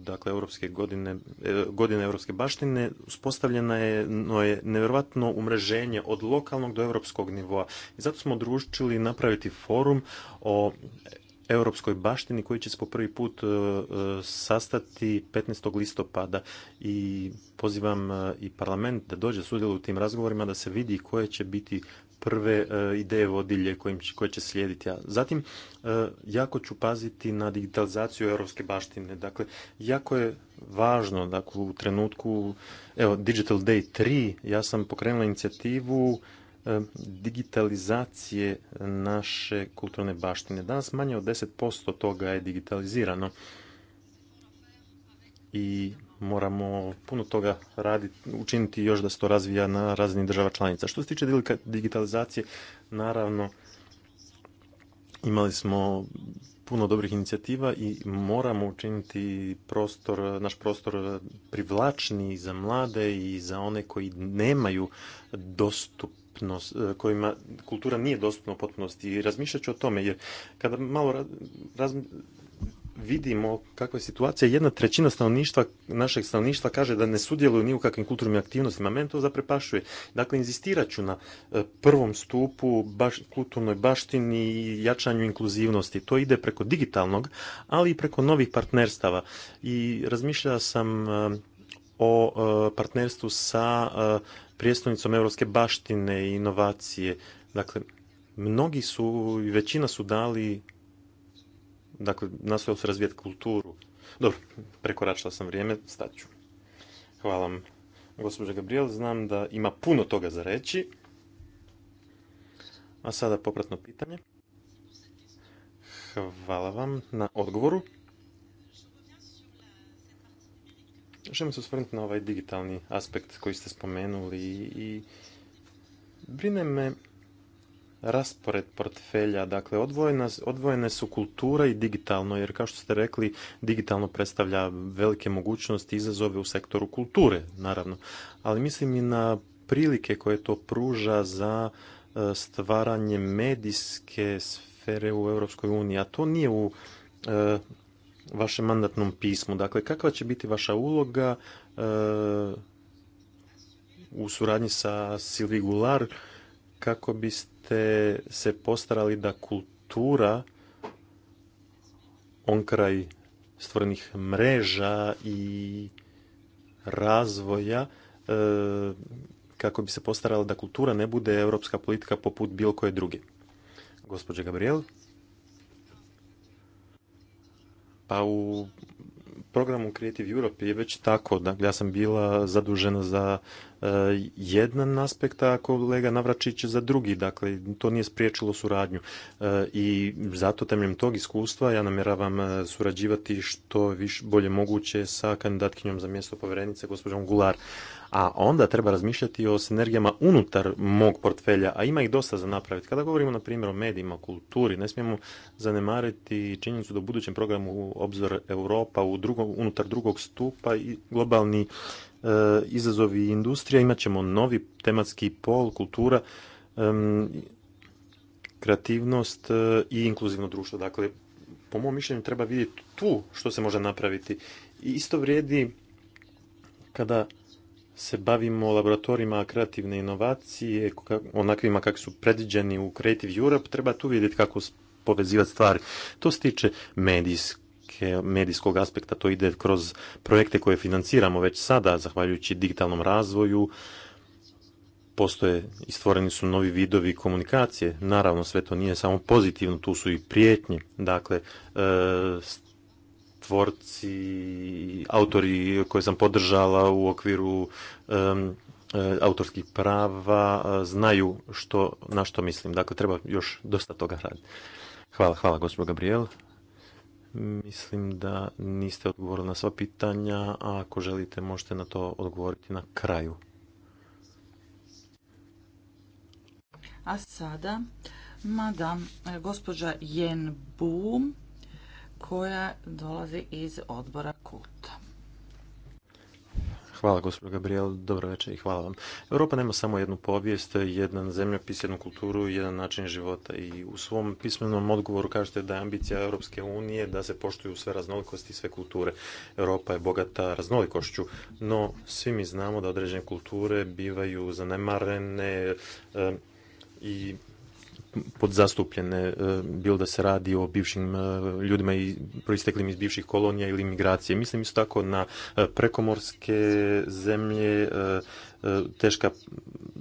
dakle, Europske godine, e, godine Europske baštine uspostavljeno je, no je nevjerojatno umreženje od lokalnog do europskog nivoa. I zato smo odručili napraviti forum o europskoj baštini koji će se po prvi put e, e, sastati 15. listopada i pozivam i parlament da dođe sudjelu u tim razgovorima da se vidi koje će biti prve e, ideje vodilje koje će slijediti. zatim, e, jako ću paziti na digitalizaciju europske baštine. Dakle, jako je važno, dakle, u trenutku, evo, Digital Day 3, ja sam pokrenula inicijativu e, digitalizacije naše kulturne baštine. Danas manje od 10% toga je digitalizirano i moramo puno toga raditi, učiniti još da se to razvija na razini država članica. Što se tiče digitalizacije, naravno imali smo puno dobrih inicijativa i moramo učiniti prostor, naš prostor privlačni za mlade i za one koji nemaju dostupnost, kojima kultura nije dostupna u potpunosti i razmišljat ću o tome jer kada malo vidimo kakva je situacija, jedna trećina stanovništva, našeg stanovništva kaže da ne sudjeluju ni u kakvim kulturnim aktivnostima. Mene to zaprepašuje. Dakle, inzistirat ću na e, prvom stupu baš, kulturnoj baštini i jačanju inkluzivnosti. To ide preko digitalnog, ali i preko novih partnerstava. I razmišljala sam e, o e, partnerstvu sa prijestolnicom Europske baštine i inovacije. Dakle, mnogi su, i većina su dali Dakle, nastojao se razvijeti kulturu. Dobro, prekoračila sam vrijeme, staću. Hvala vam, gospođa Gabriel. Znam da ima puno toga za reći. A sada popratno pitanje. Hvala vam na odgovoru. Želim se osvrnuti na ovaj digitalni aspekt koji ste spomenuli i brine me raspored portfelja, dakle odvojene su kultura i digitalno, jer kao što ste rekli, digitalno predstavlja velike mogućnosti i izazove u sektoru kulture, naravno. Ali mislim i na prilike koje to pruža za e, stvaranje medijske sfere u Europskoj uniji, a to nije u e, vašem mandatnom pismu. Dakle, kakva će biti vaša uloga e, u suradnji sa Silvi Gular kako biste ste se postarali da kultura kraj stvorenih mreža i razvoja e, kako bi se postarala da kultura ne bude europska politika poput bilo koje druge. Gospodje Gabriel? Pa u programu Creative Europe je već tako. Dakle, ja sam bila zadužena za E, jedan aspekt, a kolega Navračić za drugi. Dakle, to nije spriječilo suradnju. E, I zato temeljem tog iskustva ja namjeravam e, surađivati što više, bolje moguće sa kandidatkinjom za mjesto povjerenice, gospođom Gular. A onda treba razmišljati o sinergijama unutar mog portfelja, a ima ih dosta za napraviti. Kada govorimo, na primjer, o medijima, kulturi, ne smijemo zanemariti činjenicu da u budućem programu Obzor Europa unutar drugog stupa i globalni E, izazovi industrija, imat ćemo novi tematski pol, kultura, kreativnost e, i inkluzivno društvo. Dakle, po mom mišljenju treba vidjeti tu što se može napraviti. isto vrijedi kada se bavimo laboratorijima kreativne inovacije, onakvima kak su predviđeni u Creative Europe, treba tu vidjeti kako povezivati stvari. To se tiče medijske medijske, medijskog aspekta. To ide kroz projekte koje financiramo već sada, zahvaljujući digitalnom razvoju. Postoje i stvoreni su novi vidovi komunikacije. Naravno, sve to nije samo pozitivno, tu su i prijetnje. Dakle, e, tvorci, autori koje sam podržala u okviru e, e, autorskih prava znaju što, na što mislim. Dakle, treba još dosta toga raditi. Hvala, hvala gospođo Gabriel. Mislim da niste odgovorili na sva pitanja, a ako želite možete na to odgovoriti na kraju. A sada, madam, eh, gospođa Jen Bu, koja dolazi iz odbora kulta. Hvala, gospođo Gabriel. Dobro večer i hvala vam. Europa nema samo jednu povijest, jedan zemljopis, jednu kulturu, jedan način života. I u svom pismenom odgovoru kažete da je ambicija Europske unije da se poštuju sve raznolikosti i sve kulture. Europa je bogata raznolikošću, no svi mi znamo da određene kulture bivaju zanemarene eh, i podzastupljene, e, bilo da se radi o bivšim e, ljudima i proisteklim iz bivših kolonija ili migracije. Mislim isto tako na e, prekomorske zemlje, teška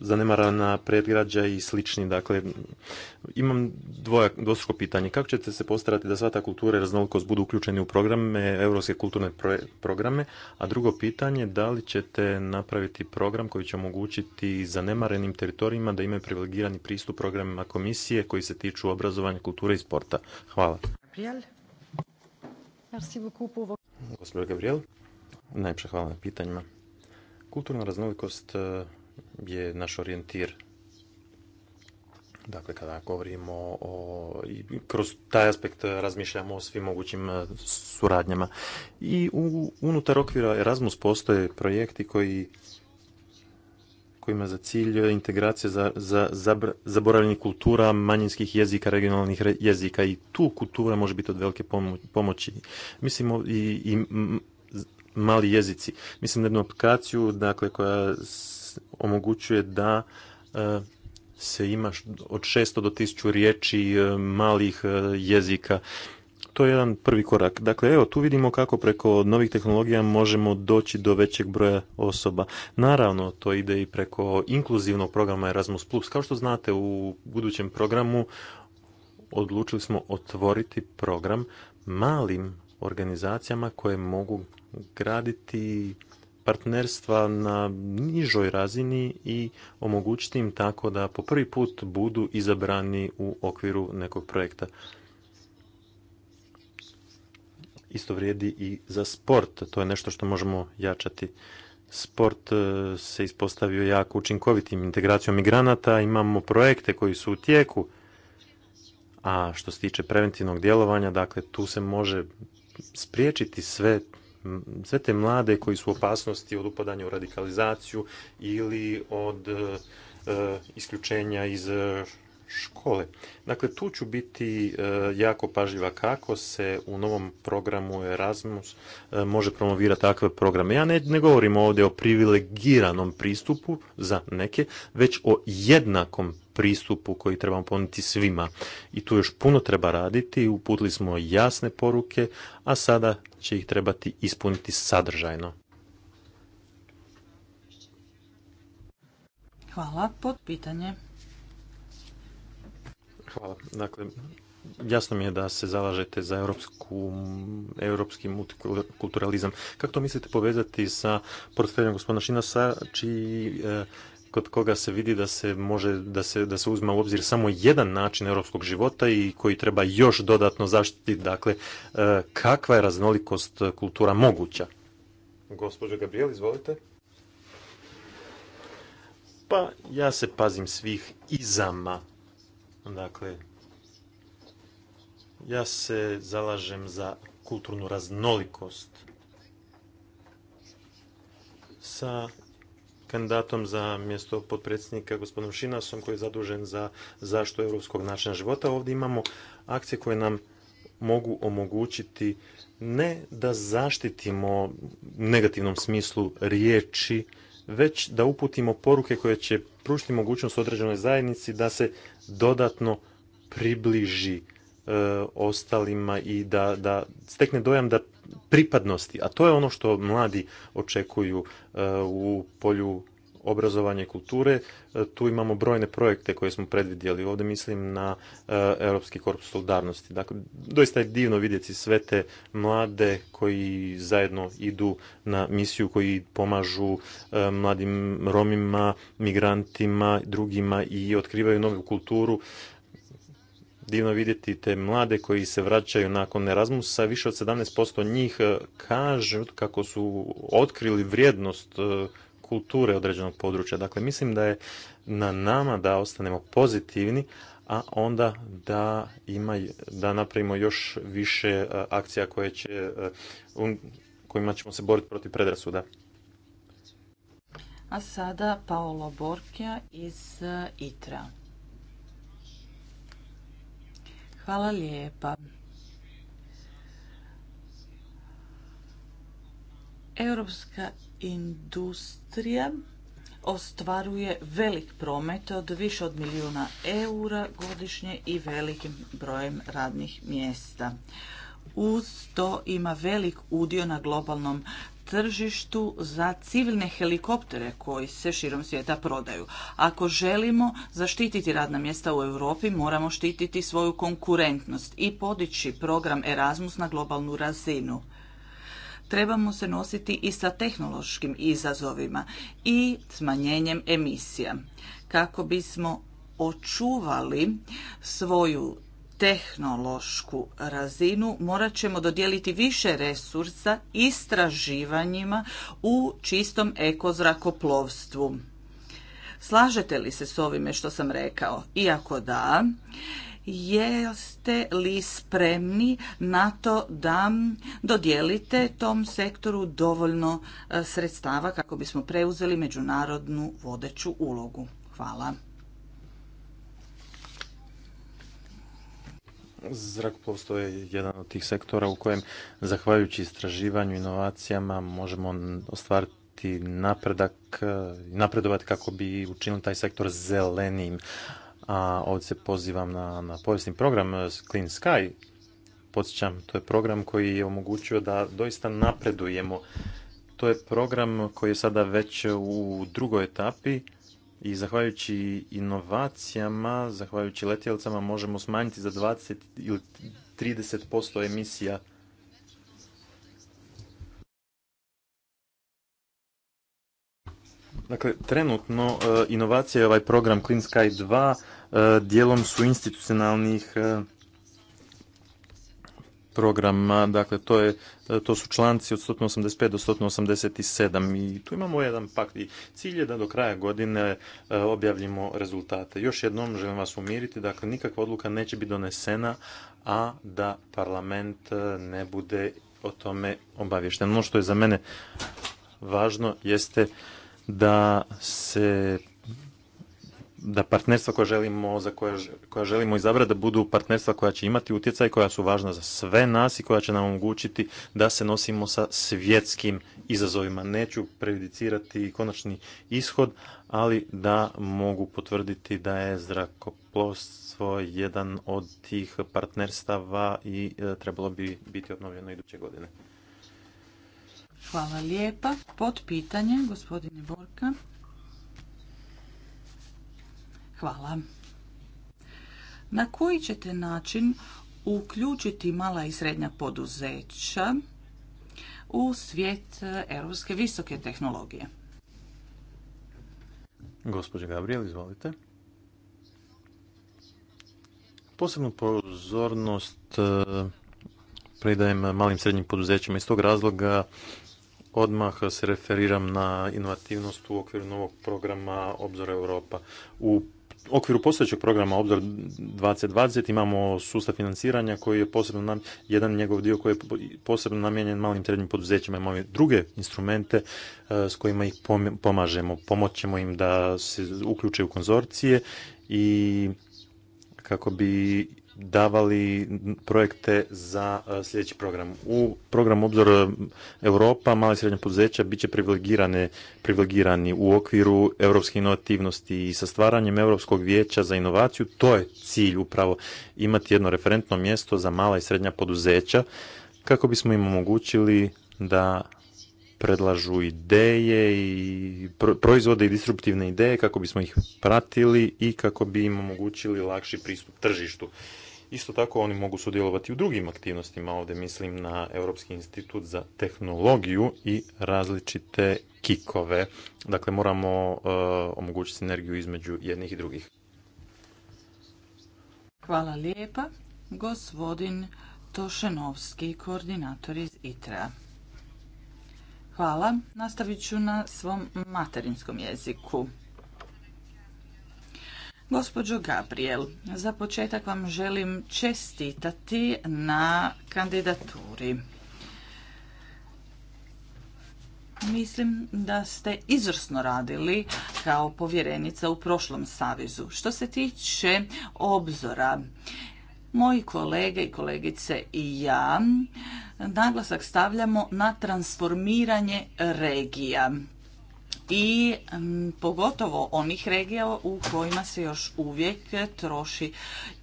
zanemarana predgrađa i slični. Dakle, imam dvoja, dvostruko pitanje. Kako ćete se postarati da sva ta kultura i raznolikost budu uključeni u programe, europske kulturne programe? A drugo pitanje, da li ćete napraviti program koji će omogućiti zanemarenim teritorijima da imaju privilegirani pristup programima komisije koji se tiču obrazovanja, kulture i sporta? Hvala. Gabriel. Gabriel, najpše hvala na pitanjima. Kulturna raznolikost e, je naš orijentir. Dakle, kada govorimo o, kroz taj aspekt razmišljamo o svim mogućim e, suradnjama. I u, unutar okvira Erasmus postoje projekti koji kojima za cilj integracija za, za, zaboravljenih kultura, manjinskih jezika, regionalnih jezika i tu kultura može biti od velike pomoći. Mislimo i, i mali jezici. Mislim na jednu aplikaciju dakle, koja omogućuje da e, se ima od 600 do 1000 riječi e, malih e, jezika. To je jedan prvi korak. Dakle, evo, tu vidimo kako preko novih tehnologija možemo doći do većeg broja osoba. Naravno, to ide i preko inkluzivnog programa Erasmus+. Kao što znate, u budućem programu odlučili smo otvoriti program malim organizacijama koje mogu graditi partnerstva na nižoj razini i omogućiti im tako da po prvi put budu izabrani u okviru nekog projekta. Isto vrijedi i za sport. To je nešto što možemo jačati. Sport e, se ispostavio jako učinkovitim integracijom migranata. Imamo projekte koji su u tijeku. A što se tiče preventivnog djelovanja, dakle, tu se može spriječiti sve sve te mlade koji su u opasnosti od upadanja u radikalizaciju ili od e, isključenja iz e, škole. Dakle, tu ću biti e, jako pažljiva kako se u novom programu Erasmus može promovirati takve programe. Ja ne, ne govorim ovdje o privilegiranom pristupu za neke, već o jednakom pristupu koji trebamo ponuditi svima. I tu još puno treba raditi, uputili smo jasne poruke, a sada će ih trebati ispuniti sadržajno. Hvala. Pod pitanje. Hvala. Dakle, jasno mi je da se zalažete za europsku, europski multikulturalizam. Kako to mislite povezati sa portfeljom gospodina Šinasa, čiji eh, kod koga se vidi da se može, da se, da se uzme u obzir samo jedan način europskog života i koji treba još dodatno zaštititi. Dakle, e, kakva je raznolikost kultura moguća? Gospođo Gabriel, izvolite. Pa ja se pazim svih izama. Dakle, ja se zalažem za kulturnu raznolikost sa kandidatom za mjesto potpredsjednika gospodinom Šinasom koji je zadužen za zaštitu europskog načina života. Ovdje imamo akcije koje nam mogu omogućiti ne da zaštitimo u negativnom smislu riječi, već da uputimo poruke koje će pružiti mogućnost određenoj zajednici da se dodatno približi e, ostalima i da, da stekne dojam da pripadnosti, a to je ono što mladi očekuju e, u polju obrazovanja i kulture. E, tu imamo brojne projekte koje smo predvidjeli. Ovdje mislim na e, Europski korpus solidarnosti. Dakle, doista je divno vidjeti sve te mlade koji zajedno idu na misiju, koji pomažu mladim Romima, migrantima, drugima i otkrivaju novu kulturu divno vidjeti te mlade koji se vraćaju nakon Erasmusa. Više od 17% njih e, kaže kako su otkrili vrijednost e, kulture određenog područja. Dakle, mislim da je na nama da ostanemo pozitivni, a onda da, ima, da napravimo još više e, akcija koje će, kojima ćemo se boriti protiv predrasuda. A sada Paolo Borkja iz ITRA. Hvala lijepa. Europska industrija ostvaruje velik promet od više od milijuna eura godišnje i velikim brojem radnih mjesta. Uz to ima velik udio na globalnom tržištu za civilne helikoptere koji se širom svijeta prodaju. Ako želimo zaštititi radna mjesta u Europi, moramo štititi svoju konkurentnost i podići program Erasmus na globalnu razinu trebamo se nositi i sa tehnološkim izazovima i smanjenjem emisija kako bismo očuvali svoju tehnološku razinu morat ćemo dodijeliti više resursa istraživanjima u čistom ekozrakoplovstvu. Slažete li se s ovime što sam rekao? Iako da, jeste li spremni na to da dodijelite tom sektoru dovoljno e, sredstava kako bismo preuzeli međunarodnu vodeću ulogu? Hvala. Zrakoplovstvo je jedan od tih sektora u kojem, zahvaljujući istraživanju, inovacijama, možemo ostvariti napredak, e, napredovati kako bi učinili taj sektor zelenim. A ovdje se pozivam na, na povijesni program e, Clean Sky. Podsjećam, to je program koji je omogućio da doista napredujemo. To je program koji je sada već u drugoj etapi i zahvaljujući inovacijama, zahvaljujući letjelicama možemo smanjiti za 20 ili 30% emisija Dakle, trenutno e, inovacija je ovaj program Clean Sky 2, e, dijelom su institucionalnih e, programa, dakle to, je, to su članci od 185 do 187 i tu imamo jedan pak i cilj je da do kraja godine e, objavljimo rezultate. Još jednom želim vas umiriti, dakle nikakva odluka neće biti donesena, a da parlament e, ne bude o tome obavješten. Ono što je za mene važno jeste da se da partnerstva koja želimo, za koja, koja želimo izabrati da budu partnerstva koja će imati utjecaj, koja su važna za sve nas i koja će nam omogućiti da se nosimo sa svjetskim izazovima. Neću prejudicirati konačni ishod, ali da mogu potvrditi da je zrakoplovstvo jedan od tih partnerstava i e, trebalo bi biti obnovljeno iduće godine. Hvala lijepa. Pod pitanje, gospodine Borka. Hvala. Na koji ćete način uključiti mala i srednja poduzeća u svijet europske visoke tehnologije? Gospodin Gabriel, izvolite. Posebnu pozornost e, predajem malim i srednjim poduzećima. Iz tog razloga odmah se referiram na inovativnost u okviru novog programa Obzor Europa. U okviru postojećeg programa Obzor 2020 imamo sustav financiranja koji je posebno nam, jedan njegov dio koji je posebno namijenjen malim i srednjim poduzećima. Imamo i druge instrumente e, s kojima ih pomažemo. Pomoćemo im da se uključe u konzorcije i kako bi davali projekte za e, sljedeći program. U program Obzor e, Europa mala i srednja poduzeća bit će privilegirani u okviru europske inovativnosti i sa stvaranjem Europskog vijeća za inovaciju. To je cilj upravo imati jedno referentno mjesto za mala i srednja poduzeća kako bismo im omogućili da predlažu ideje i proizvode i disruptivne ideje kako bismo ih pratili i kako bi im omogućili lakši pristup tržištu. Isto tako oni mogu sudjelovati u drugim aktivnostima, ovdje mislim na Europski institut za tehnologiju i različite kikove. Dakle, moramo eh, omogućiti sinergiju između jednih i drugih. Hvala lijepa. Gospodin Tošenovski, koordinator iz ITRA. Hvala. Nastavit ću na svom materinskom jeziku. Gospodžo Gabriel, za početak vam želim čestitati na kandidaturi. Mislim da ste izvrsno radili kao povjerenica u prošlom savezu. Što se tiče obzora, moji kolege i kolegice i ja naglasak stavljamo na transformiranje regija i pogotovo onih regija u kojima se još uvijek troši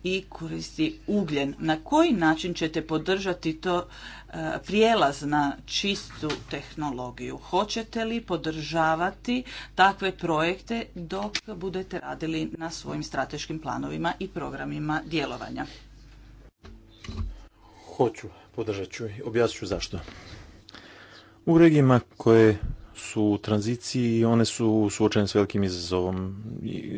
i koristi ugljen. Na koji način ćete podržati to e, prijelaz na čistu tehnologiju? Hoćete li podržavati takve projekte dok budete radili na svojim strateškim planovima i programima djelovanja? Hoću podržat ću i objasnit ću zašto. U regijima koje su u tranziciji i one su suočene s velikim izazovom.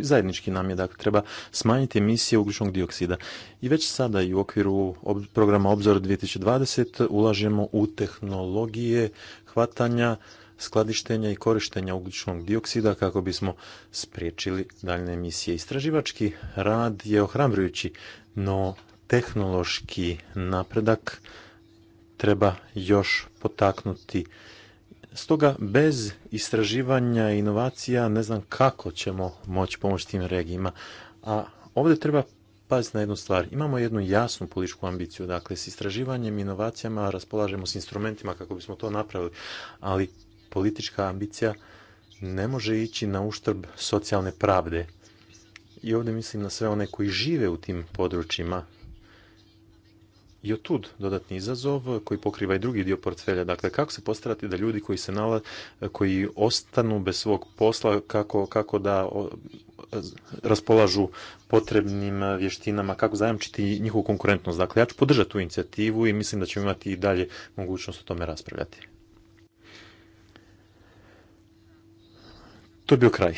Zajednički nam je, dakle, treba smanjiti emisije ugljičnog dioksida. I već sada i u okviru programa Obzor 2020 ulažemo u tehnologije hvatanja, skladištenja i korištenja ugljičnog dioksida kako bismo spriječili daljne emisije. Istraživački rad je ohrabrujući, no tehnološki napredak treba još potaknuti. Stoga bez istraživanja i inovacija ne znam kako ćemo moći pomoći tim regijima. A ovdje treba paziti na jednu stvar. Imamo jednu jasnu političku ambiciju. Dakle, s istraživanjem i inovacijama raspolažemo s instrumentima kako bismo to napravili. Ali politička ambicija ne može ići na uštrb socijalne pravde. I ovdje mislim na sve one koji žive u tim područjima, i otud dodatni izazov koji pokriva i drugi dio portfelja. Dakle, kako se postarati da ljudi koji se nala, koji ostanu bez svog posla, kako, kako da raspolažu potrebnim vještinama, kako zajamčiti njihovu konkurentnost. Dakle, ja ću podržati tu inicijativu i mislim da ćemo imati i dalje mogućnost o tome raspravljati. To je bio kraj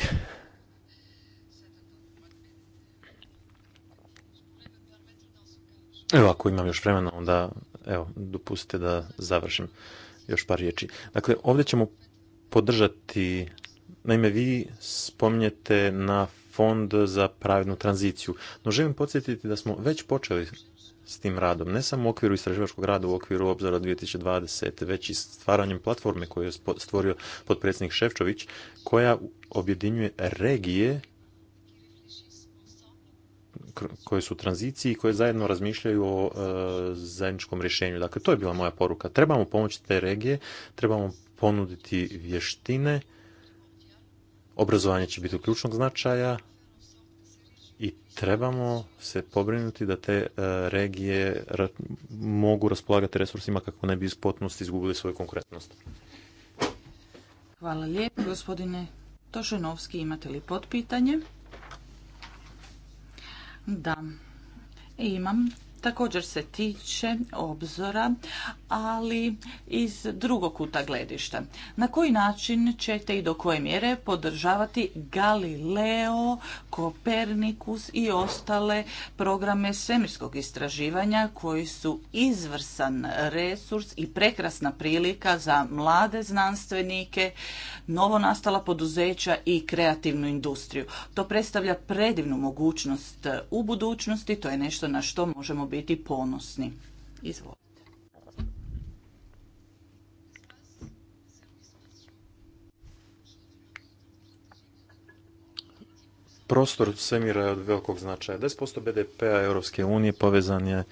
Evo, ako imam još vremena, onda evo, dopustite da završim još par riječi. Dakle, ovdje ćemo podržati, naime, vi spominjete na fond za pravednu tranziciju, no želim podsjetiti da smo već počeli s tim radom, ne samo u okviru istraživačkog rada, u okviru obzora 2020, već i stvaranjem platforme koju je stvorio potpredsjednik Ševčović, koja objedinjuje regije koje su u tranziciji i koje zajedno razmišljaju o e, zajedničkom rješenju. Dakle, to je bila moja poruka. Trebamo pomoći te regije, trebamo ponuditi vještine, obrazovanje će biti ključnog značaja i trebamo se pobrinuti da te e, regije mogu raspolagati resursima kako ne bi iz potpunosti izgubili svoju konkurentnost. Hvala lijepo, gospodine Tošenovski. Imate li potpitanje? Da, imam također se tiče obzora, ali iz drugog kuta gledišta. Na koji način ćete i do koje mjere podržavati Galileo, Kopernikus i ostale programe svemirskog istraživanja koji su izvrsan resurs i prekrasna prilika za mlade znanstvenike, novonastala poduzeća i kreativnu industriju. To predstavlja predivnu mogućnost u budućnosti, to je nešto na što možemo biti ponosni. Izvolite. prostor svemira je od velikog značaja. 10% BDP-a Europske unije povezan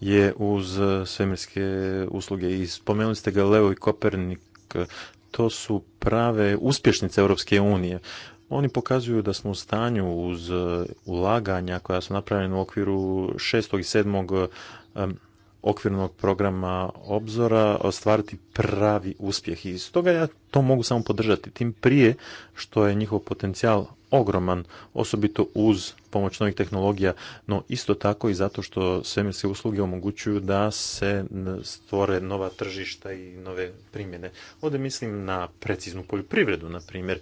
je, uz svemirske usluge i spomenuli ste ga Leo i Kopernik, to su prave uspješnice Europske unije. Oni pokazuju da smo u stanju uz e, ulaganja koja su napravljena u okviru šestog i sedmog e, okvirnog programa obzora ostvariti pravi uspjeh. I toga ja to mogu samo podržati. Tim prije što je njihov potencijal ogroman, osobito uz pomoć novih tehnologija, no isto tako i zato što svemirske usluge omogućuju da se stvore nova tržišta i nove primjene. Ovdje mislim na preciznu poljoprivredu, na primjer,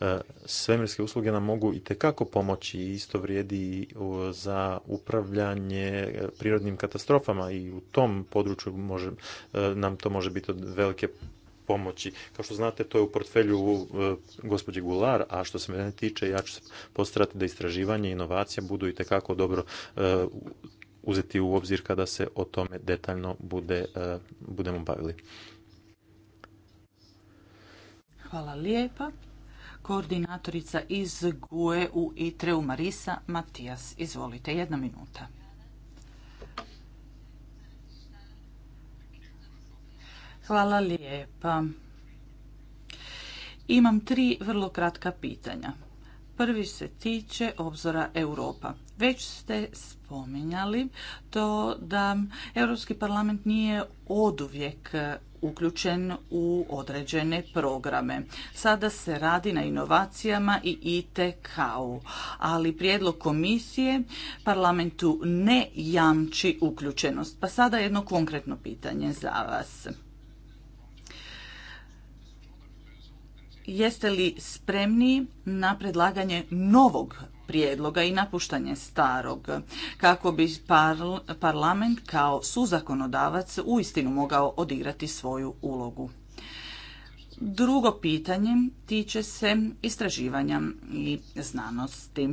E, svemirske usluge nam mogu i tekako pomoći i isto vrijedi za upravljanje e, prirodnim katastrofama i u tom području može, e, nam to može biti od velike pomoći. Kao što znate, to je u portfelju gospođe Gular, a što se mene tiče, ja ću se postarati da istraživanje i inovacija budu i tekako dobro uzeti u obzir kada se o tome detaljno bude, budemo bavili. Hvala lijepa koordinatorica iz GUE u itre Marisa Matijas. Izvolite, jedna minuta. Hvala lijepa. Imam tri vrlo kratka pitanja. Prvi se tiče obzora Europa. Već ste spominjali to da Europski parlament nije oduvijek uključen u određene programe. Sada se radi na inovacijama i ITK-u, ali prijedlog komisije parlamentu ne jamči uključenost. Pa sada jedno konkretno pitanje za vas. Jeste li spremni na predlaganje novog prijedloga i napuštanje starog kako bi parlament kao suzakonodavac uistinu mogao odigrati svoju ulogu. Drugo pitanje tiče se istraživanja i znanosti.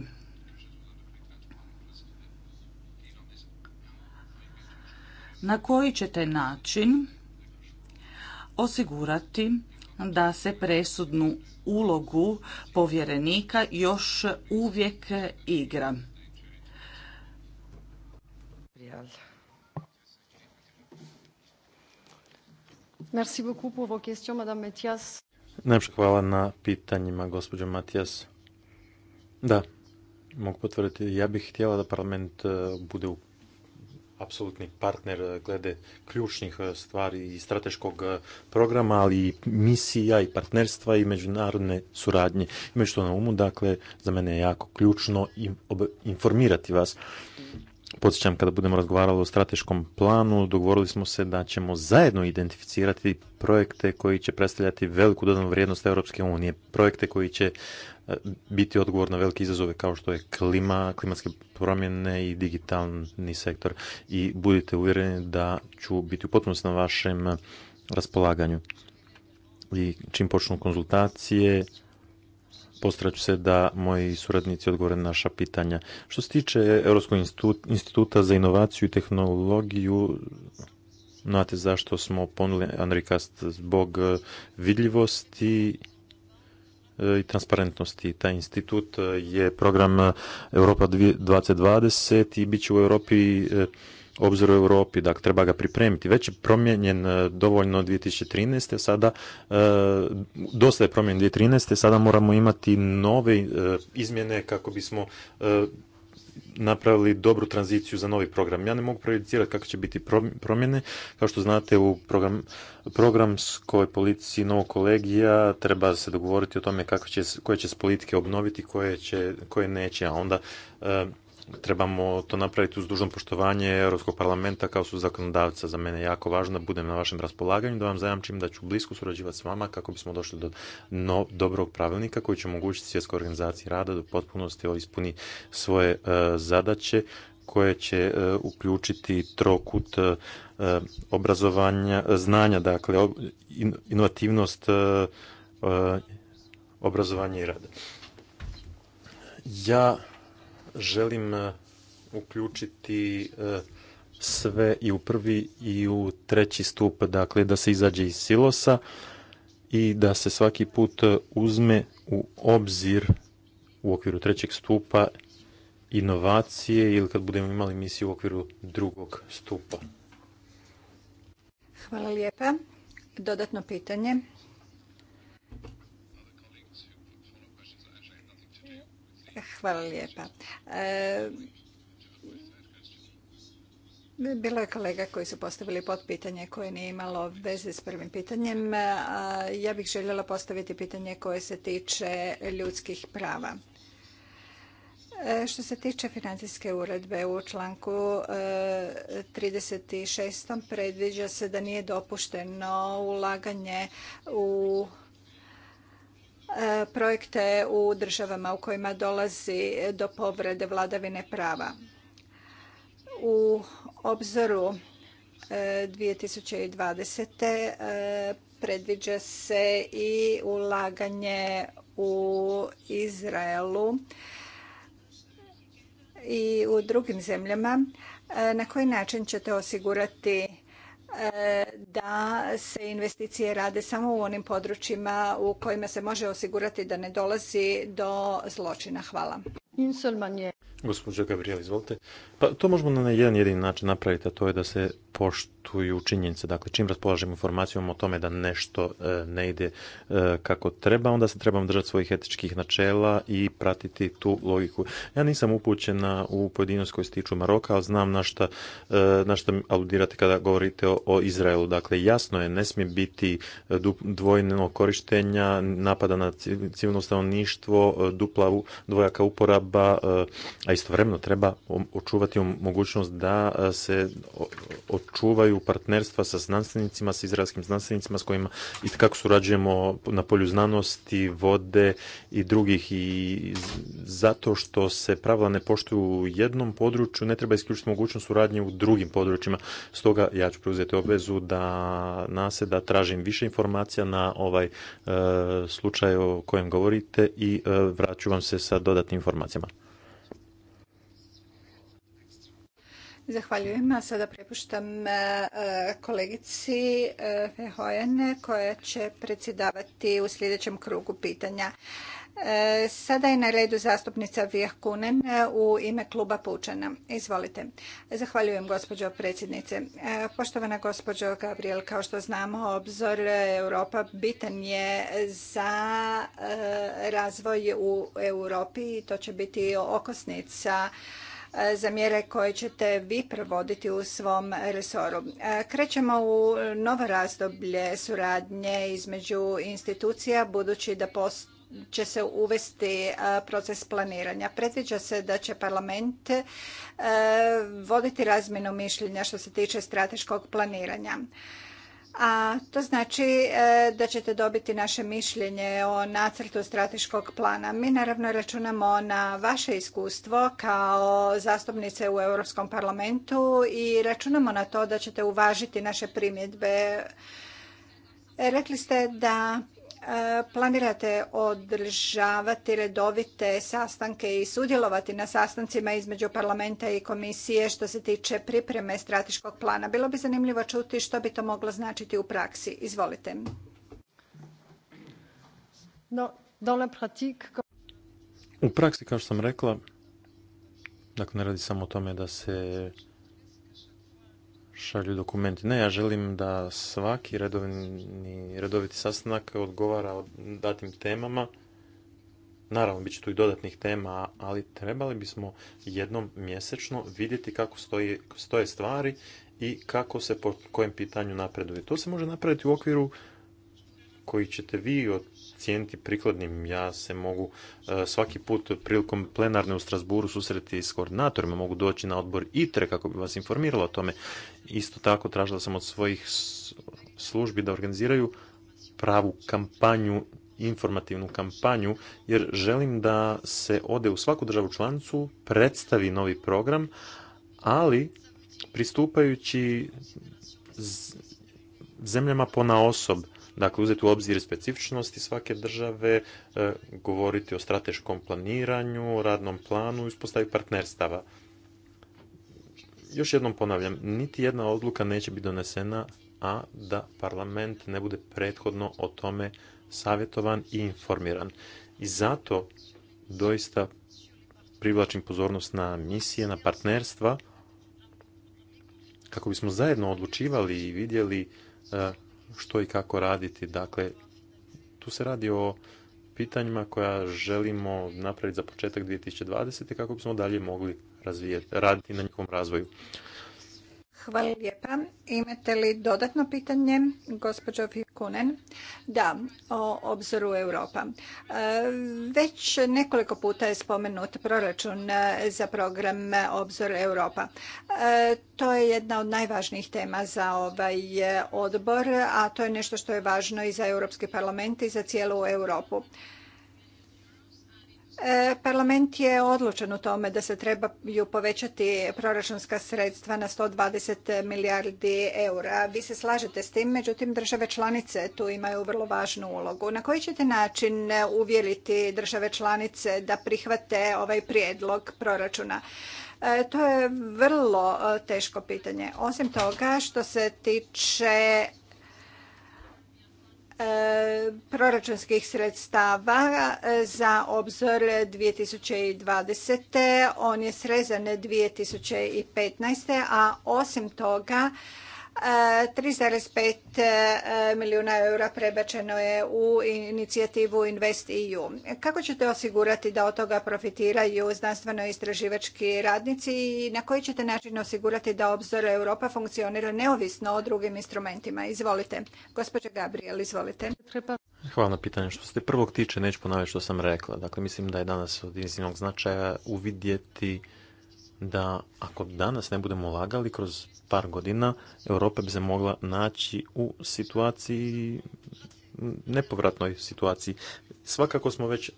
Na koji ćete način osigurati da se presudnu ulogu povjerenika još uvijek igra. Merci hvala na pitanjima, gospođo Matijas. Da, mogu potvrditi. Ja bih htjela da parlament eh, bude u apsolutni partner e, glede ključnih e, stvari i strateškog e, programa, ali i misija i partnerstva i međunarodne suradnje. Imaju to na umu, dakle, za mene je jako ključno informirati vas. Podsjećam, kada budemo razgovarali o strateškom planu, dogovorili smo se da ćemo zajedno identificirati projekte koji će predstavljati veliku dodanu vrijednost Europske unije, projekte koji će e, biti odgovor na velike izazove kao što je klima, klimatske promjene i digitalni sektor. I budite uvjereni da ću biti u potpunosti na vašem e, raspolaganju. I čim počnu konzultacije, ću se da moji suradnici odgovore na naša pitanja. Što se tiče Europskog instituta za inovaciju i tehnologiju, znate zašto smo ponuli Andrikast zbog e, vidljivosti e, i transparentnosti. Taj institut e, je program Europa 2020 i bit će u Europi obzor u Europi, dakle treba ga pripremiti. Već je promijenjen e, dovoljno 2013. sada, e, dosta je promijenjen 2013. sada moramo imati nove e, izmjene kako bismo napravili dobru tranziciju za novi program. Ja ne mogu prejudicirati kako će biti promjene. Kao što znate, u program, programskoj politici novog kolegija treba se dogovoriti o tome kako će, koje će se politike obnoviti, koje, će, koje neće, a onda trebamo to napraviti uz dužno poštovanje Europskog parlamenta kao su zakonodavca. Za mene je jako važno da budem na vašem raspolaganju, da vam zajamčim da ću blisko surađivati s vama kako bismo došli do dobrog pravilnika koji će omogućiti svjetskoj organizaciji rada da u potpunosti ispuni svoje e, zadaće koje će e, uključiti trokut e, obrazovanja, znanja, dakle inovativnost, obrazovanja i rada. Ja želim e, uključiti e, sve i u prvi i u treći stup, dakle da se izađe iz silosa i da se svaki put uzme u obzir u okviru trećeg stupa inovacije ili kad budemo imali misiju u okviru drugog stupa. Hvala lijepa. Dodatno pitanje. Hvala lijepa. E, bilo je kolega koji su postavili potpitanje koje nije imalo veze s prvim pitanjem. Ja bih željela postaviti pitanje koje se tiče ljudskih prava. E, što se tiče financijske uredbe u članku 36. E, predviđa se da nije dopušteno ulaganje u E, projekte u državama u kojima dolazi do povrede vladavine prava. U obzoru 2020. E, e, predviđa se i ulaganje u Izraelu i u drugim zemljama. Na koji način ćete osigurati da se investicije rade samo u onim područjima u kojima se može osigurati da ne dolazi do zločina. Hvala. Gospodin Gabriel, izvolite. Pa to možemo na jedan jedini način napraviti, a to je da se pošto tuju činjenice. Dakle, čim raspolažemo informacijom o tome da nešto e, ne ide e, kako treba, onda se trebamo držati svojih etičkih načela i pratiti tu logiku. Ja nisam upućena u pojedinost koji se tiču Maroka, ali znam na što e, na aludirate kada govorite o, Izraelu. Dakle, jasno je, ne smije biti dvojno korištenja, napada na civilno stanovništvo, dupla dvojaka uporaba, a istovremeno treba očuvati mogućnost da se očuvaju u partnerstva sa znanstvenicima, sa izraelskim znanstvenicima s kojima i kako surađujemo na polju znanosti, vode i drugih i zato što se pravila ne poštuju u jednom području, ne treba isključiti mogućnost suradnje u drugim područjima. Stoga ja ću preuzeti obvezu da nase da tražim više informacija na ovaj e, slučaj o kojem govorite i e, vraću vam se sa dodatnim informacijama. Zahvaljujem. A sada prepuštam e, e, kolegici e, Hojene koja će predsjedavati u sljedećem krugu pitanja. Sada je na redu zastupnica Kunen u ime kluba Pučana. Izvolite. Zahvaljujem gospođo predsjednice. Poštovana gospođo Gabriel, kao što znamo, obzor Europa bitan je za razvoj u Europi i to će biti okosnica E, za mjere koje ćete vi provoditi u svom resoru. E, krećemo u novo razdoblje suradnje između institucija budući da će se uvesti e, proces planiranja. Predviđa se da će parlament voditi razmjenu mišljenja što se tiče strateškog planiranja a to znači e, da ćete dobiti naše mišljenje o nacrtu strateškog plana. Mi naravno računamo na vaše iskustvo kao zastupnice u Europskom parlamentu i računamo na to da ćete uvažiti naše primjedbe. E, rekli ste da planirate održavati redovite sastanke i sudjelovati na sastancima između parlamenta i komisije što se tiče pripreme strateškog plana. Bilo bi zanimljivo čuti što bi to moglo značiti u praksi. Izvolite. U praksi, kao što sam rekla, dakle ne radi samo o tome da se šalju dokumenti. Ne, ja želim da svaki redovni, redoviti sastanak odgovara o datim temama. Naravno, bit će tu i dodatnih tema, ali trebali bismo jednom mjesečno vidjeti kako stoji, stoje stvari i kako se po kojem pitanju napreduje. To se može napraviti u okviru koji ćete vi od cijeniti prikladnim. Ja se mogu e, svaki put prilikom plenarne u Strasburu susreti s koordinatorima, mogu doći na odbor ITRE kako bi vas informiralo o tome. Isto tako tražila sam od svojih službi da organiziraju pravu kampanju informativnu kampanju, jer želim da se ode u svaku državu članicu, predstavi novi program, ali pristupajući zemljama po na osob, Dakle, uzeti u obzir specifičnosti svake države, e, govoriti o strateškom planiranju, radnom planu i uspostavi partnerstava. Još jednom ponavljam, niti jedna odluka neće biti donesena, a da parlament ne bude prethodno o tome savjetovan i informiran. I zato doista privlačim pozornost na misije, na partnerstva, kako bismo zajedno odlučivali i vidjeli e, što i kako raditi. Dakle, tu se radi o pitanjima koja želimo napraviti za početak 2020. kako bismo dalje mogli raditi na njihovom razvoju. Hvala lijepa. Imate li dodatno pitanje, gospođo Fikunen? Da, o obzoru Europa. E, već nekoliko puta je spomenut proračun za program Obzor Europa. E, to je jedna od najvažnijih tema za ovaj odbor, a to je nešto što je važno i za Europski parlament i za cijelu Europu. E, parlament je odlučen u tome da se trebaju povećati proračunska sredstva na 120 milijardi eura. Vi se slažete s tim, međutim države članice tu imaju vrlo važnu ulogu. Na koji ćete način uvjeriti države članice da prihvate ovaj prijedlog proračuna? E, to je vrlo e, teško pitanje. Osim toga, što se tiče E, proračunskih sredstava e, za obzor 2020. On je srezan 2015. a osim toga 3,5 eh, milijuna eura prebačeno je u inicijativu Invest EU Kako ćete osigurati da od toga profitiraju znanstveno-istraživački radnici i na koji ćete način osigurati da obzor Europa funkcionira neovisno o drugim instrumentima? Izvolite. Gospođa Gabriel, izvolite. Hvala na pitanje. Što se prvog tiče, neću ponavljati što sam rekla. Dakle, mislim da je danas od iznimnog značaja uvidjeti da ako danas ne budemo ulagali kroz par godina, Europa bi se mogla naći u situaciji, nepovratnoj situaciji. Svakako smo već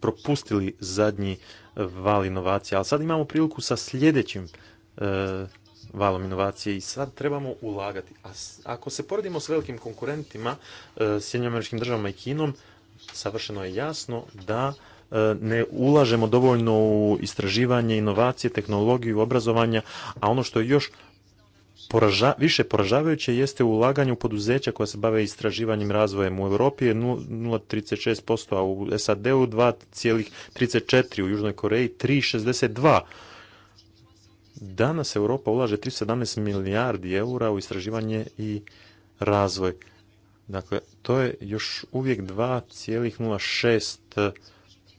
propustili zadnji val inovacija, ali sad imamo priliku sa sljedećim e, valom inovacije i sad trebamo ulagati. A ako se poredimo s velikim konkurentima, e, Sjedinjom američkim državama i Kinom, savršeno je jasno da E, ne ulažemo dovoljno u istraživanje, inovacije, tehnologiju, obrazovanja, a ono što je još Poraža, više poražavajuće jeste ulaganje u poduzeća koja se bave istraživanjem razvojem. U Europi je 0,36%, a u SAD-u 2,34%, u Južnoj Koreji 3,62%. Danas Europa ulaže 317 milijardi eura u istraživanje i razvoj. Dakle, to je još uvijek 2,06%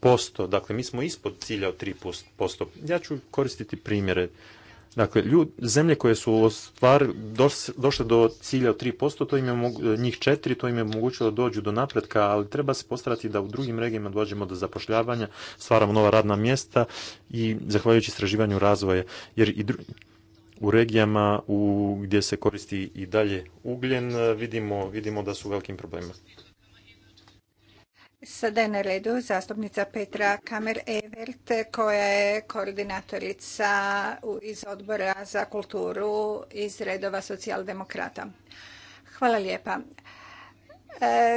posto. Dakle, mi smo ispod cilja od 3 posto. Ja ću koristiti primjere. Dakle, ljud, zemlje koje su stvar došle do cilja od 3%, to im je njih četiri, to im je omogućilo da dođu do napretka, ali treba se postarati da u drugim regijama dođemo do zapošljavanja, stvaramo nova radna mjesta i zahvaljujući istraživanju razvoja, jer i u regijama u, gdje se koristi i dalje ugljen, vidimo, vidimo da su u velikim problemima. Sada je na redu zastupnica Petra Kamer-Evert koja je koordinatorica iz odbora za kulturu iz redova socijaldemokrata. Hvala lijepa. E,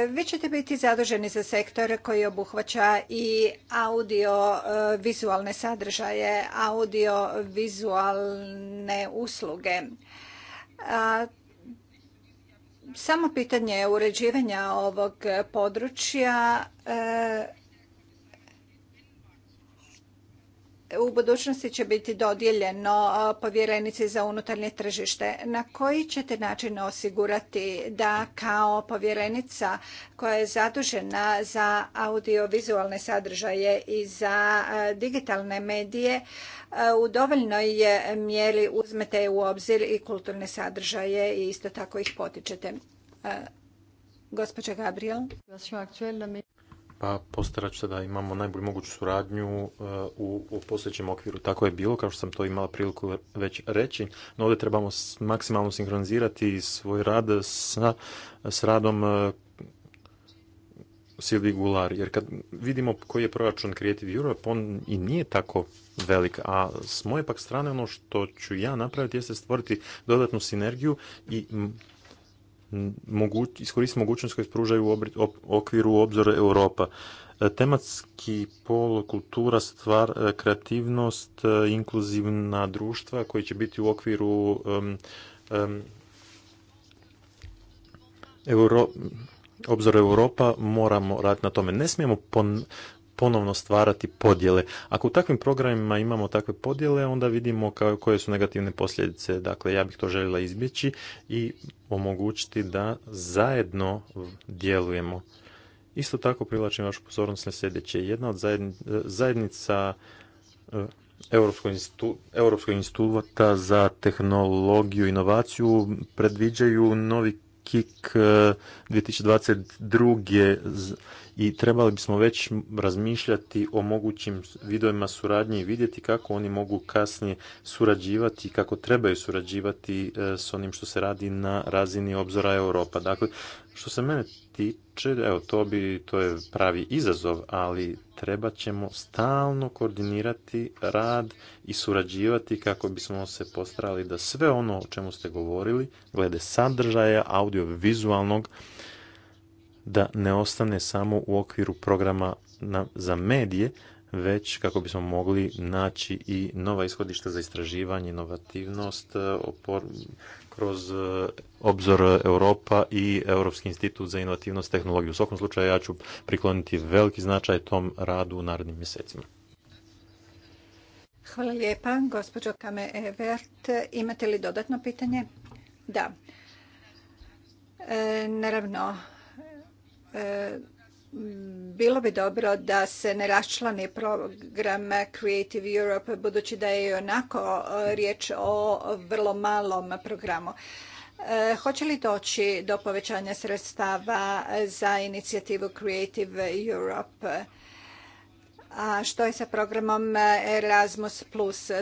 vi ćete biti zaduženi za sektor koji obuhvaća i audio-vizualne e, sadržaje, audio-vizualne usluge. Samo pitanje uređivanja ovog područja e, u budućnosti će biti dodijeljeno povjerenici za unutarnje tržište. Na koji ćete način osigurati da kao povjerenica koja je zadužena za audiovizualne sadržaje i za digitalne medije u dovoljnoj mjeri uzmete u obzir i kulturne sadržaje i isto tako ih potičete? Gospođa Gabriel pa postarat ću se da imamo najbolju moguću suradnju e, u, u okviru. Tako je bilo, kao što sam to imala priliku već reći, no ovdje trebamo maksimalno sinkronizirati svoj rad s radom e, Silvi Gular, jer kad vidimo koji je proračun Creative Europe, on i nije tako velik, a s moje pak strane ono što ću ja napraviti jeste stvoriti dodatnu sinergiju i iskoristiti mogućnost koju spružaju u okviru obzora Europa. E, tematski pol, kultura, stvar, e, kreativnost, e, inkluzivna društva koji će biti u okviru obzor Europa moramo raditi na tome. Ne smijemo pon, ponovno stvarati podjele. Ako u takvim programima imamo takve podjele, onda vidimo koje su negativne posljedice. Dakle, ja bih to željela izbjeći i omogućiti da zajedno djelujemo. Isto tako privlačim vašu pozornost na sljedeće. Jedna od zajednica e, Europskog instituta, instituta za tehnologiju i inovaciju predviđaju novi KIK 2022 e, i trebali bismo već razmišljati o mogućim vidovima suradnje i vidjeti kako oni mogu kasnije surađivati i kako trebaju surađivati e, s onim što se radi na razini obzora Europa. Dakle, što se mene tiče, evo, to, bi, to je pravi izazov, ali treba ćemo stalno koordinirati rad i surađivati kako bismo se postarali da sve ono o čemu ste govorili, glede sadržaja, audiovizualnog, vizualnog da ne ostane samo u okviru programa za medije, već kako bismo mogli naći i nova ishodišta za istraživanje, inovativnost e, opor, kroz e, obzor Europa i Europski institut za inovativnost tehnologiju. U svakom slučaju ja ću prikloniti veliki značaj tom radu u narednim mjesecima. Hvala lijepa. Gospođo Kame Evert, imate li dodatno pitanje? Da. E, naravno, bilo bi dobro da se ne raščlani program Creative Europe budući da je onako e, riječ o vrlo malom programu. E, hoće li doći do povećanja sredstava za inicijativu Creative Europe? A što je sa programom e, Erasmus+.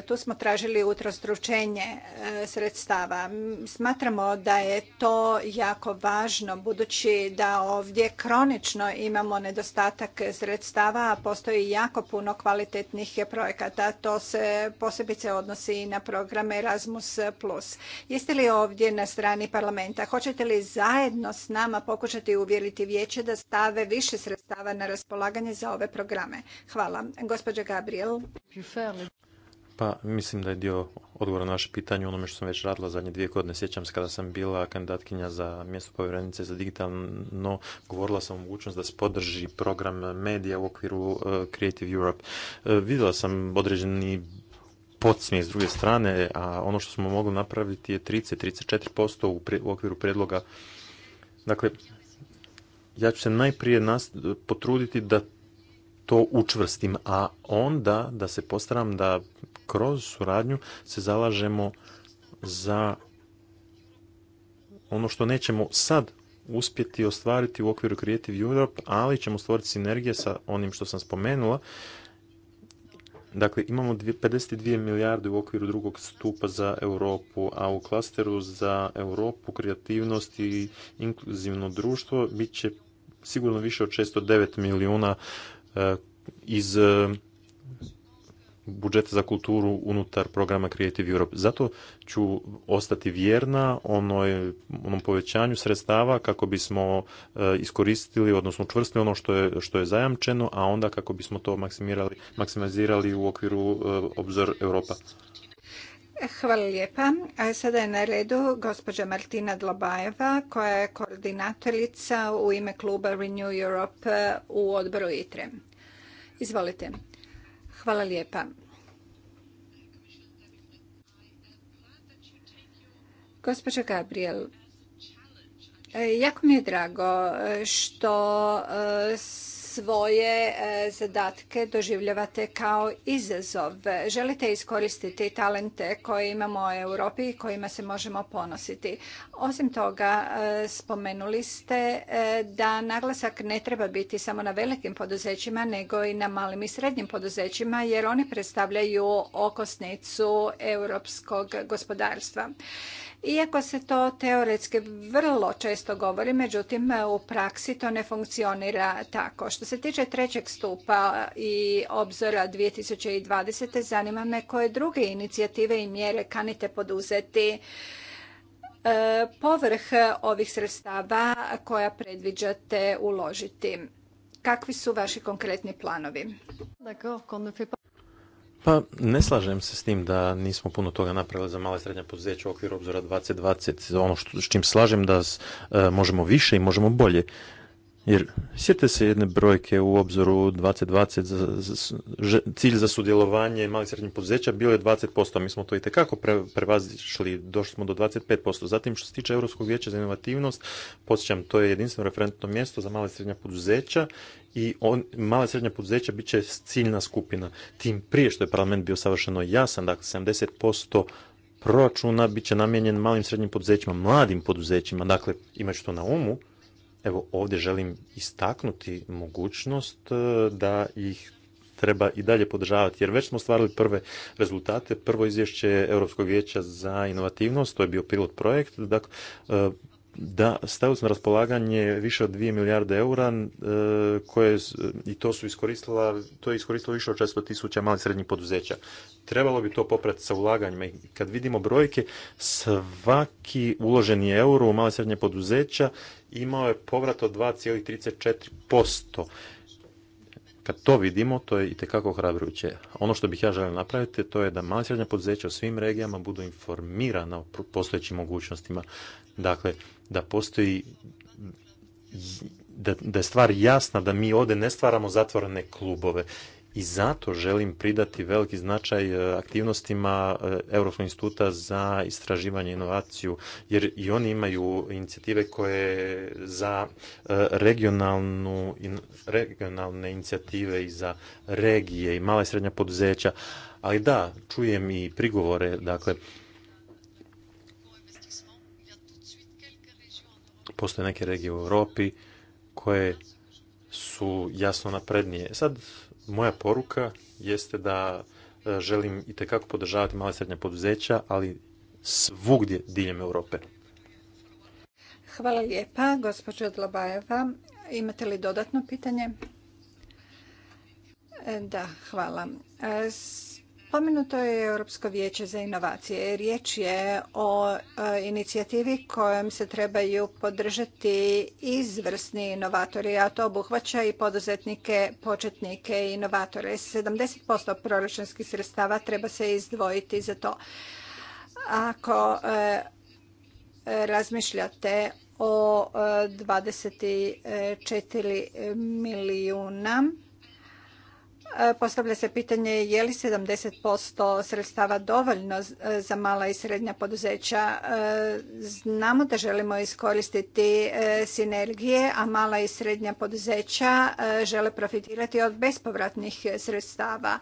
Tu smo tražili utrostručenje e, sredstava. Smatramo da je to jako važno budući da ovdje kronično imamo nedostatak sredstava, a postoji jako puno kvalitetnih projekata. To se posebice odnosi i na program Erasmus+. Jeste li ovdje na strani parlamenta? Hoćete li zajedno s nama pokušati uvjeriti vijeće da stave više sredstava na raspolaganje za ove programe? Hvala. Hvala. Gabriel. Pa mislim da je dio odgovora na vaše pitanje onome što sam već radila zadnje dvije godine. Sjećam se kada sam bila kandidatkinja za mjesto povjerenice za digitalno, govorila sam o mogućnost da se podrži program medija u okviru e, Creative Europe. E, vidjela sam određeni podsmi s druge strane, a ono što smo mogli napraviti je 30-34% u, u okviru predloga. Dakle, ja ću se najprije nas, potruditi da to učvrstim, a onda da se postaram da kroz suradnju se zalažemo za ono što nećemo sad uspjeti ostvariti u okviru Creative Europe, ali ćemo stvoriti sinergije sa onim što sam spomenula. Dakle, imamo 52 milijarde u okviru drugog stupa za Europu, a u klasteru za Europu, kreativnost i inkluzivno društvo bit će sigurno više od 609 milijuna E, iz e, budžeta za kulturu unutar programa Creative Europe. Zato ću ostati vjerna onoj, onom povećanju sredstava kako bismo e, iskoristili, odnosno čvrstili ono što je, što je zajamčeno, a onda kako bismo to maksimirali, maksimizirali u okviru obzor Europa. Hvala lijepa. Sada je na redu gospođa Martina Dlobajeva koja je koordinatorica u ime kluba Renew Europe uh, u odboru ITRE. Izvolite. Hvala lijepa. Gospođa Gabriel, uh, jako mi je drago uh, što svoje e, zadatke doživljavate kao izazov? Želite iskoristiti talente koje imamo u Europi i kojima se možemo ponositi. Osim toga, e, spomenuli ste e, da naglasak ne treba biti samo na velikim poduzećima, nego i na malim i srednjim poduzećima, jer oni predstavljaju okosnicu europskog gospodarstva. Iako se to teoretski vrlo često govori, međutim u praksi to ne funkcionira tako. Što se tiče trećeg stupa i obzora 2020. zanima me koje druge inicijative i mjere kanite poduzeti e, povrh ovih sredstava koja predviđate uložiti. Kakvi su vaši konkretni planovi? Pa ne slažem se s tim da nismo puno toga napravili za male i srednje poduzeće u okviru obzora 2020. Ono što, s čim slažem da e, možemo više i možemo bolje. Jer sjetite se jedne brojke u obzoru 2020, za, cilj za sudjelovanje malih srednjih poduzeća bio je 20%, posto mi smo to i tekako prevazišli, došli smo do 25%. Zatim što se tiče Europskog vijeća za inovativnost, podsjećam, to je jedinstveno referentno mjesto za male i srednja poduzeća i on, mala srednja poduzeća bit će ciljna skupina. Tim prije što je parlament bio savršeno jasan, dakle 70% proračuna bit će namijenjen malim srednjim poduzećima, mladim poduzećima, dakle imajući to na umu, Evo ovdje želim istaknuti mogućnost e, da ih treba i dalje podržavati, jer već smo stvarili prve rezultate. Prvo izvješće Europskog vijeća za inovativnost, to je bio pilot projekt, dakle, e, da stavili smo na raspolaganje više od 2 milijarde eura e, koje, i to su iskoristila, to je iskoristilo više od 600 tisuća malih srednjih poduzeća. Trebalo bi to poprati sa ulaganjima i kad vidimo brojke, svaki uloženi euro u male srednje poduzeća imao je povrat od 2,34%. Kad to vidimo, to je itekako hrabrujuće. Ono što bih ja želio napraviti, to je da mala srednja poduzeća u svim regijama budu informirana o postojećim mogućnostima. Dakle, da postoji da, da je stvar jasna da mi ovdje ne stvaramo zatvorene klubove i zato želim pridati veliki značaj e, aktivnostima e, Europskog instituta za istraživanje i inovaciju, jer i oni imaju inicijative koje za e, regionalnu, regionalne inicijative i za regije i mala i srednja poduzeća. Ali da, čujem i prigovore, dakle, postoje neke regije u Europi koje su jasno naprednije. Sad moja poruka jeste da e, želim i tekako podržavati mala srednja poduzeća, ali svugdje diljem Europe. Hvala lijepa, gospođo Dlabajeva. Imate li dodatno pitanje? E, da, hvala. E, Pomenuto je Europsko vijeće za inovacije. Riječ je o e, inicijativi kojom se trebaju podržati izvrsni inovatori, a to obuhvaća i poduzetnike, početnike i inovatore. 70% proračunskih sredstava treba se izdvojiti za to. Ako e, razmišljate o 24 e, milijuna E, postavlja se pitanje je li 70% sredstava dovoljno e, za mala i srednja poduzeća. E, znamo da želimo iskoristiti sinergije, a mala i srednja poduzeća žele profitirati od bespovratnih sredstava.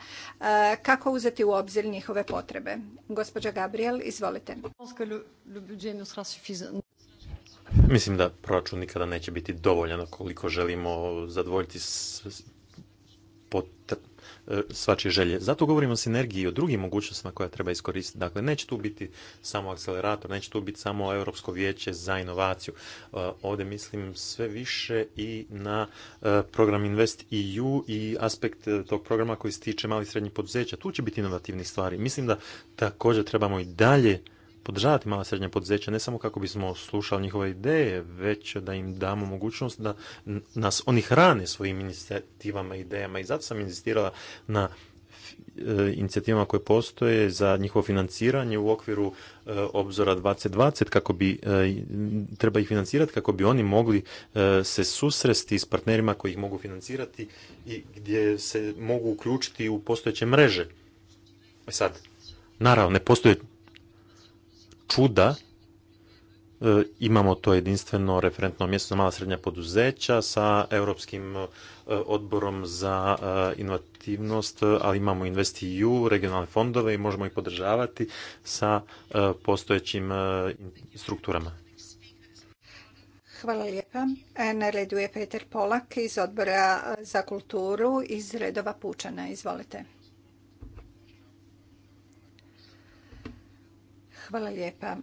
Kako uzeti u obzir njihove potrebe? Gospođa Gabriel, izvolite. Mislim da proračun nikada neće biti dovoljan koliko želimo zadovoljiti E, svačije želje. Zato govorimo o sinergiji i o drugim mogućnostima koja treba iskoristiti. Dakle, neće tu biti samo akcelerator, neće tu biti samo Europsko vijeće za inovaciju. E, ovdje mislim sve više i na e, program Invest EU i aspekt tog programa koji se tiče malih i srednjih poduzeća. Tu će biti inovativnih stvari. Mislim da također trebamo i dalje podržavati mala srednja poduzeća, ne samo kako bismo slušali njihove ideje, već da im damo mogućnost da nas oni hrane svojim inicijativama i idejama. I zato sam inzistirala na e, inicijativama koje postoje za njihovo financiranje u okviru e, obzora 2020 kako bi e, treba ih financirati kako bi oni mogli se susresti s partnerima koji ih mogu financirati i gdje se mogu uključiti u postojeće mreže. E sad, naravno ne postoje čuda e, imamo to jedinstveno referentno mjesto za mala srednja poduzeća sa Europskim e, odborom za e, inovativnost, ali imamo InvestEU, regionalne fondove i možemo ih podržavati sa postojećim strukturama. Hvala lijepa. Na redu je Peter Polak iz odbora za kulturu iz redova Pučana. Izvolite. Hvala lijepa.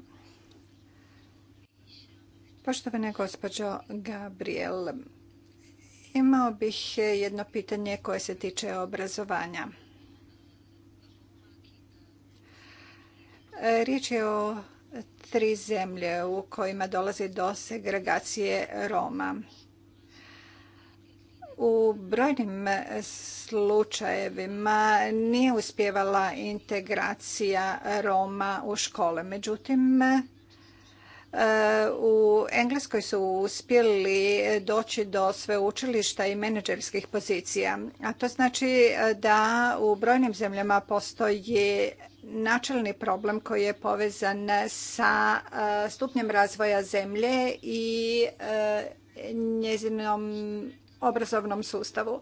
Poštovana gospođo Gabriel, imao bih jedno pitanje koje se tiče obrazovanja. Riječ je o tri zemlje u kojima dolazi do segregacije Roma u brojnim e, slučajevima nije uspjevala integracija Roma u škole. Međutim, e, u Engleskoj su uspjeli doći do sveučilišta i menadžerskih pozicija, a to znači e, da u brojnim zemljama postoji načelni problem koji je povezan sa stupnjem razvoja zemlje i njezinom obrazovnom sustavu.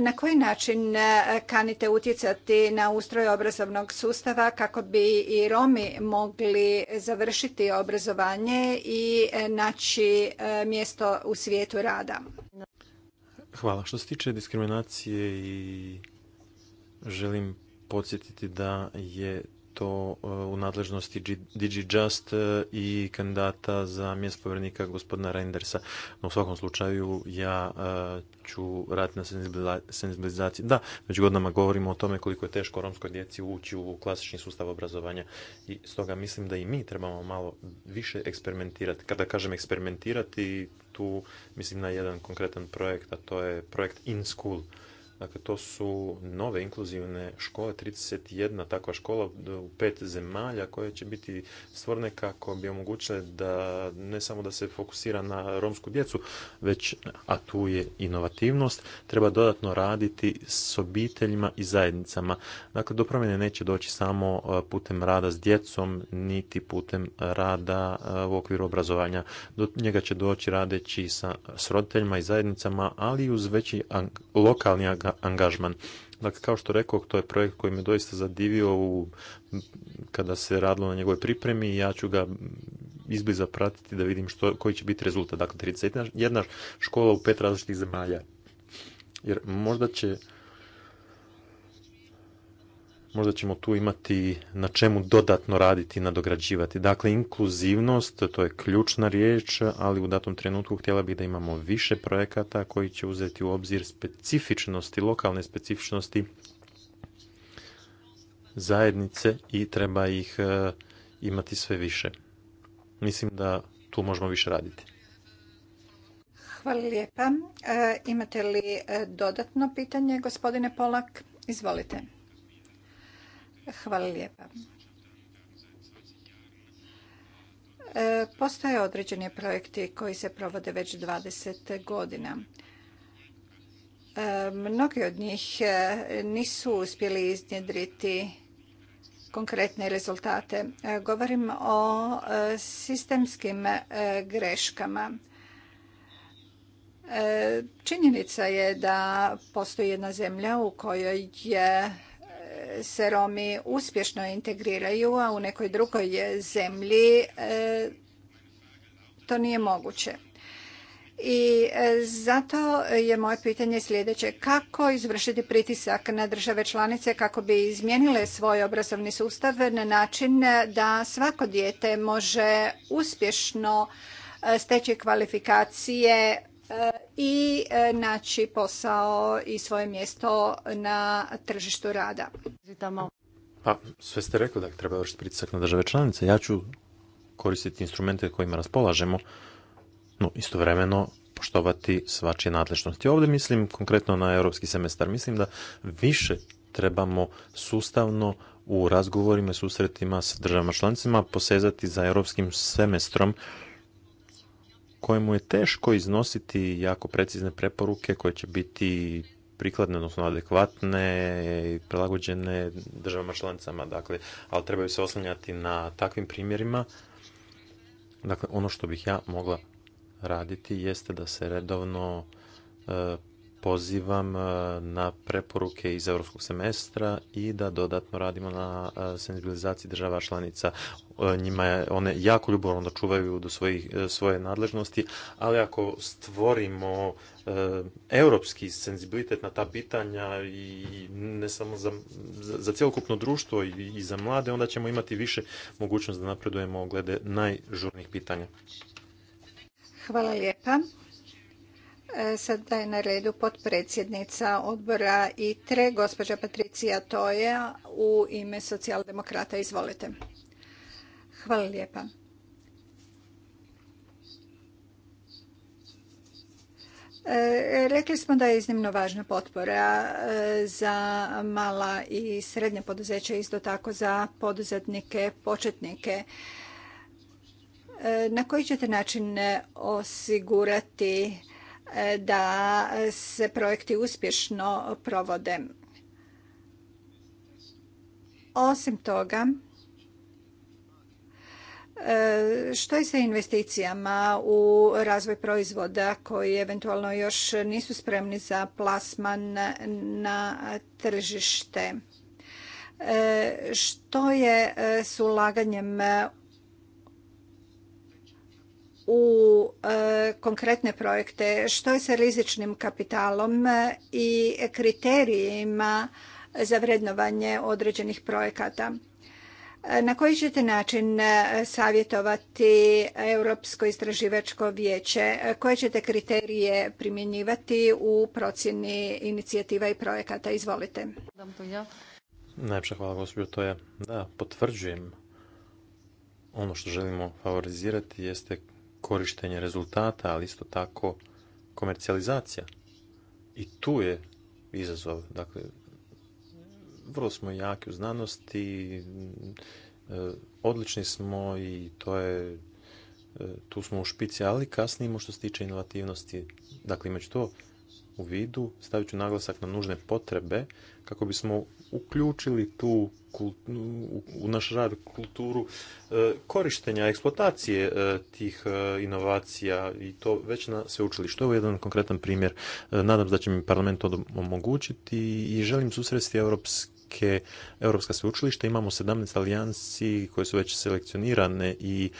Na koji način e, kanite utjecati na ustroj obrazovnog sustava kako bi i Romi mogli završiti obrazovanje i e, naći e, mjesto u svijetu rada? Hvala. Što se tiče diskriminacije i želim podsjetiti da je to e, u nadležnosti DigiJust e, i kandidata za mjesto povjerenika gospodina Reindersa. No, u svakom slučaju ja e, ću raditi na senzibilizaciji. Da, već godinama govorimo o tome koliko je teško romskoj djeci ući u klasični sustav obrazovanja i stoga mislim da i mi trebamo malo više eksperimentirati. Kada kažem eksperimentirati, tu mislim na jedan konkretan projekt, a to je projekt InSchool. School – Dakle, to su nove inkluzivne škole, 31 takva škola u pet zemalja koje će biti stvorne kako bi omogućile da ne samo da se fokusira na romsku djecu, već, a tu je inovativnost, treba dodatno raditi s obiteljima i zajednicama. Dakle, do promjene neće doći samo e, putem rada s djecom, niti putem rada e, u okviru obrazovanja. Do njega će doći radeći sa, s roditeljima i zajednicama, ali i uz veći lokalni angažman. Dakle, kao što rekao, to je projekt koji me doista zadivio u, kada se radilo na njegovoj pripremi i ja ću ga izbliza pratiti da vidim što, koji će biti rezultat. Dakle, 31 škola u pet različitih zemalja. Jer možda će možda ćemo tu imati na čemu dodatno raditi i nadograđivati. Dakle, inkluzivnost, to je ključna riječ, ali u datom trenutku htjela bih da imamo više projekata koji će uzeti u obzir specifičnosti, lokalne specifičnosti zajednice i treba ih e, imati sve više. Mislim da tu možemo više raditi. Hvala lijepa. E, imate li e, dodatno pitanje, gospodine Polak? Izvolite. Hvala lijepa. E, postoje određeni projekti koji se provode već 20 godina. E, mnogi od njih e, nisu uspjeli iznjedriti konkretne rezultate. Govorim o sistemskim greškama. Činjenica je da postoji jedna zemlja u kojoj je se Romi uspješno integriraju, a u nekoj drugoj zemlji e, to nije moguće. I e, zato je moje pitanje sljedeće. Kako izvršiti pritisak na države članice kako bi izmijenile svoj obrazovni sustav na način da svako dijete može uspješno e, steći kvalifikacije i e, naći posao i svoje mjesto na tržištu rada. Pa, sve ste rekli da treba vršiti pritisak na države članice. Ja ću koristiti instrumente kojima raspolažemo, no istovremeno poštovati svačije nadležnosti. Ovdje mislim konkretno na europski semestar. Mislim da više trebamo sustavno u razgovorima i susretima s državama članicama posezati za europskim semestrom kojemu je teško iznositi jako precizne preporuke koje će biti prikladne, odnosno adekvatne i prilagođene državama članicama, dakle, ali trebaju se oslanjati na takvim primjerima. Dakle, ono što bih ja mogla raditi jeste da se redovno e, pozivam e, na preporuke iz europskog semestra i da dodatno radimo na e, senzibilizaciji država članica. E, njima je, one jako ljubomorno čuvaju do svojih, svoje nadležnosti, ali ako stvorimo europski senzibilitet na ta pitanja i ne samo za, za cjelokupno društvo i, za mlade, onda ćemo imati više mogućnost da napredujemo glede najžurnijih pitanja. Hvala lijepa. E, Sada je na redu potpredsjednica odbora ITRE, gospođa Patricija Toja u ime socijaldemokrata. Izvolite. Hvala lijepa. E, rekli smo da je iznimno važna potpora e, za mala i srednja poduzeća, isto tako za poduzetnike, početnike. Na koji ćete način osigurati da se projekti uspješno provode. Osim toga, što je sa investicijama u razvoj proizvoda koji eventualno još nisu spremni za plasman na tržište? Što je s ulaganjem u e, konkretne projekte, što je sa rizičnim kapitalom e, i kriterijima za vrednovanje određenih projekata. E, na koji ćete način savjetovati Europsko istraživačko vijeće? Koje ćete kriterije primjenjivati u procjeni inicijativa i projekata? Izvolite. Najpša hvala gospođo je Da, potvrđujem. Ono što želimo favorizirati jeste korištenje rezultata, ali isto tako komercijalizacija. I tu je izazov. Dakle, vrlo smo jaki u znanosti, e, odlični smo i to je e, tu smo u špici, ali kasnimo što se tiče inovativnosti. Dakle, ću to u vidu, stavit ću naglasak na nužne potrebe, kako bismo uključili tu u naš rad kulturu e, korištenja, eksploatacije e, tih e, inovacija i to već na sveučilištu. Ovo je jedan konkretan primjer. Nadam se da će mi parlament to omogućiti i želim susresti europske Europska sveučilišta, imamo 17 alijansi koje su već selekcionirane i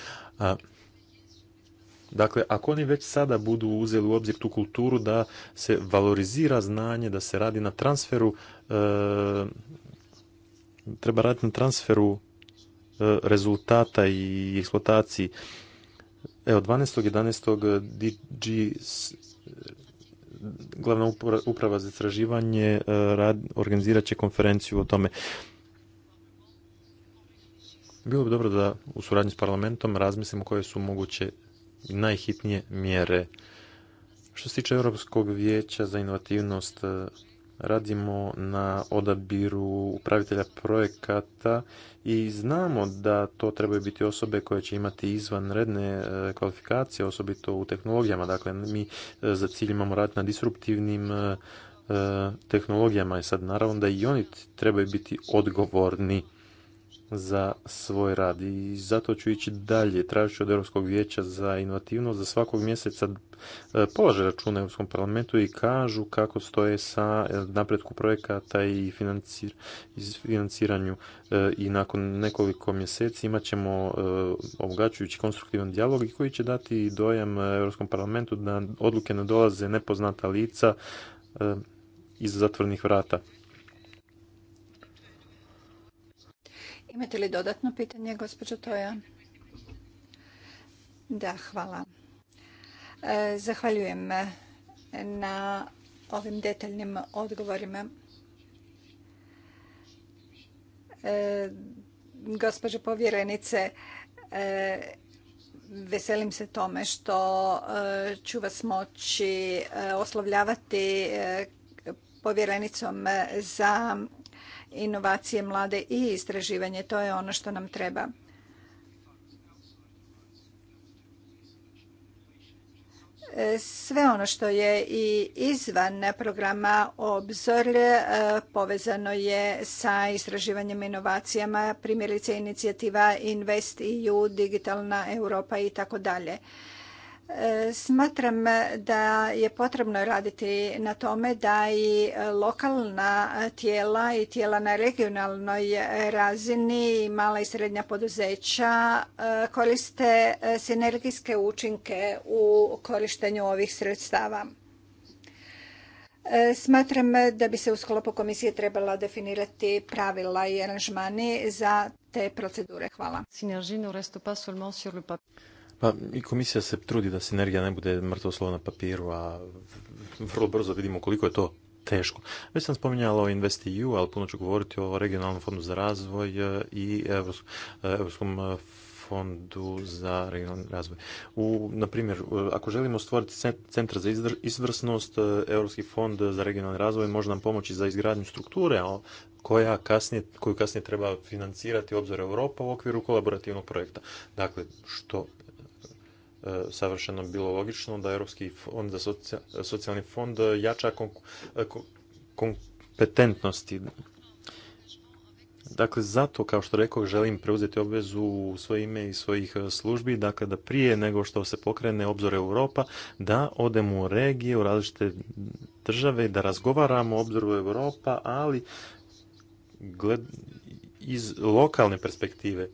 Dakle, ako oni već sada budu uzeli u obzir tu kulturu da se valorizira znanje, da se radi na transferu E, treba raditi na transferu e, rezultata i eksploataciji. Evo, 12.11. DG e, glavna uprava za istraživanje organizirat će konferenciju o tome. Bilo bi dobro da u suradnji s parlamentom razmislimo koje su moguće najhitnije mjere. Što se tiče Europskog vijeća za inovativnost, radimo na odabiru upravitelja projekata i znamo da to trebaju biti osobe koje će imati izvanredne e, kvalifikacije, osobito u tehnologijama. Dakle, mi e, za cilj imamo raditi na disruptivnim e, tehnologijama i sad naravno da i oni trebaju biti odgovorni za svoj rad i zato ću ići dalje, tražit od Europskog vijeća za inovativnost za svakog mjeseca e, polaže računa Europskom parlamentu i kažu kako stoje sa e, napretku projekata i financiranju e, i nakon nekoliko mjeseci imat ćemo obogaćujući konstruktivan dijalog i koji će dati dojam Europskom parlamentu da odluke ne dolaze nepoznata lica iz zatvornih vrata. Imate li dodatno pitanje, gospođo Toja? Da, hvala. E, zahvaljujem na ovim detaljnim odgovorima. E, gospođo povjerenice, e, veselim se tome što ću vas moći oslovljavati povjerenicom za inovacije mlade i istraživanje. To je ono što nam treba. E, sve ono što je i izvan programa Obzor e, povezano je sa istraživanjem inovacijama, primjerice inicijativa Invest EU, Digitalna Europa i tako dalje. Smatram da je potrebno raditi na tome da i lokalna tijela i tijela na regionalnoj razini i mala i srednja poduzeća e, koriste e, sinergijske učinke u korištenju ovih sredstava. E, smatram da bi se u sklopu komisije trebala definirati pravila i aranžmani za te procedure. Hvala. Pa i komisija se trudi da sinergija ne bude mrtvo slovo na papiru, a vrlo brzo vidimo koliko je to teško. Već sam spominjala o InvestEU, ali puno ću govoriti o regionalnom fondu za razvoj e, i Europskom e, e, fondu za regionalni razvoj. U, na primjer, ako želimo stvoriti centar za izvrsnost, Europski fond za regionalni razvoj može nam pomoći za izgradnju strukture, koja kasnije, koju kasnije treba financirati obzor Europa u okviru kolaborativnog projekta. Dakle, što E, savršeno bilo logično da Europski fond, za socijalni fond jača e, kompetentnosti. Dakle, zato, kao što rekao, želim preuzeti obvezu u svoje ime i svojih e, službi, dakle da prije nego što se pokrene obzor Europa, da odemo u regije, u različite države da razgovaramo o obzoru Europa, ali gled, iz lokalne perspektive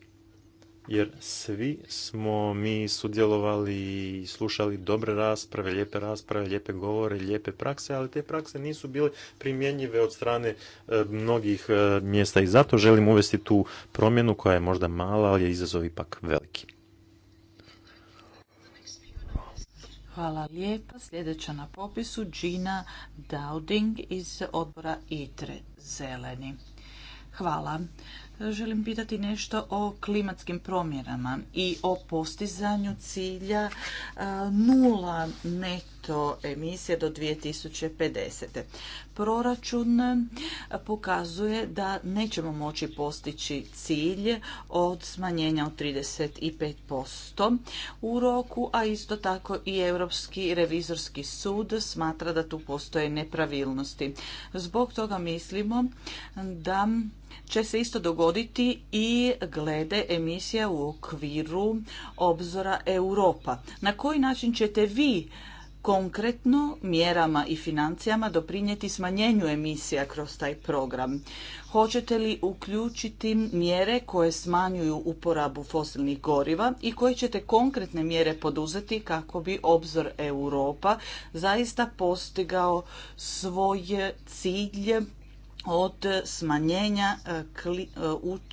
jer svi smo mi sudjelovali i slušali dobre rasprave, lijepe rasprave, lijepe govore, lijepe prakse, ali te prakse nisu bile primjenjive od strane e, mnogih e, mjesta i zato želim uvesti tu promjenu koja je možda mala, ali je izazov ipak veliki. Hvala lijepa. Sljedeća na popisu Gina Dowding iz odbora ITRE Zeleni. Hvala želim pitati nešto o klimatskim promjerama i o postizanju cilja nula neto do emisije do 2050. Proračun pokazuje da nećemo moći postići cilj od smanjenja od 35% u roku, a isto tako i Europski revizorski sud smatra da tu postoje nepravilnosti. Zbog toga mislimo da će se isto dogoditi i glede emisija u okviru obzora Europa. Na koji način ćete vi konkretno mjerama i financijama doprinijeti smanjenju emisija kroz taj program? Hoćete li uključiti mjere koje smanjuju uporabu fosilnih goriva i koje ćete konkretne mjere poduzeti kako bi obzor Europa zaista postigao svoje cilje od smanjenja e, e,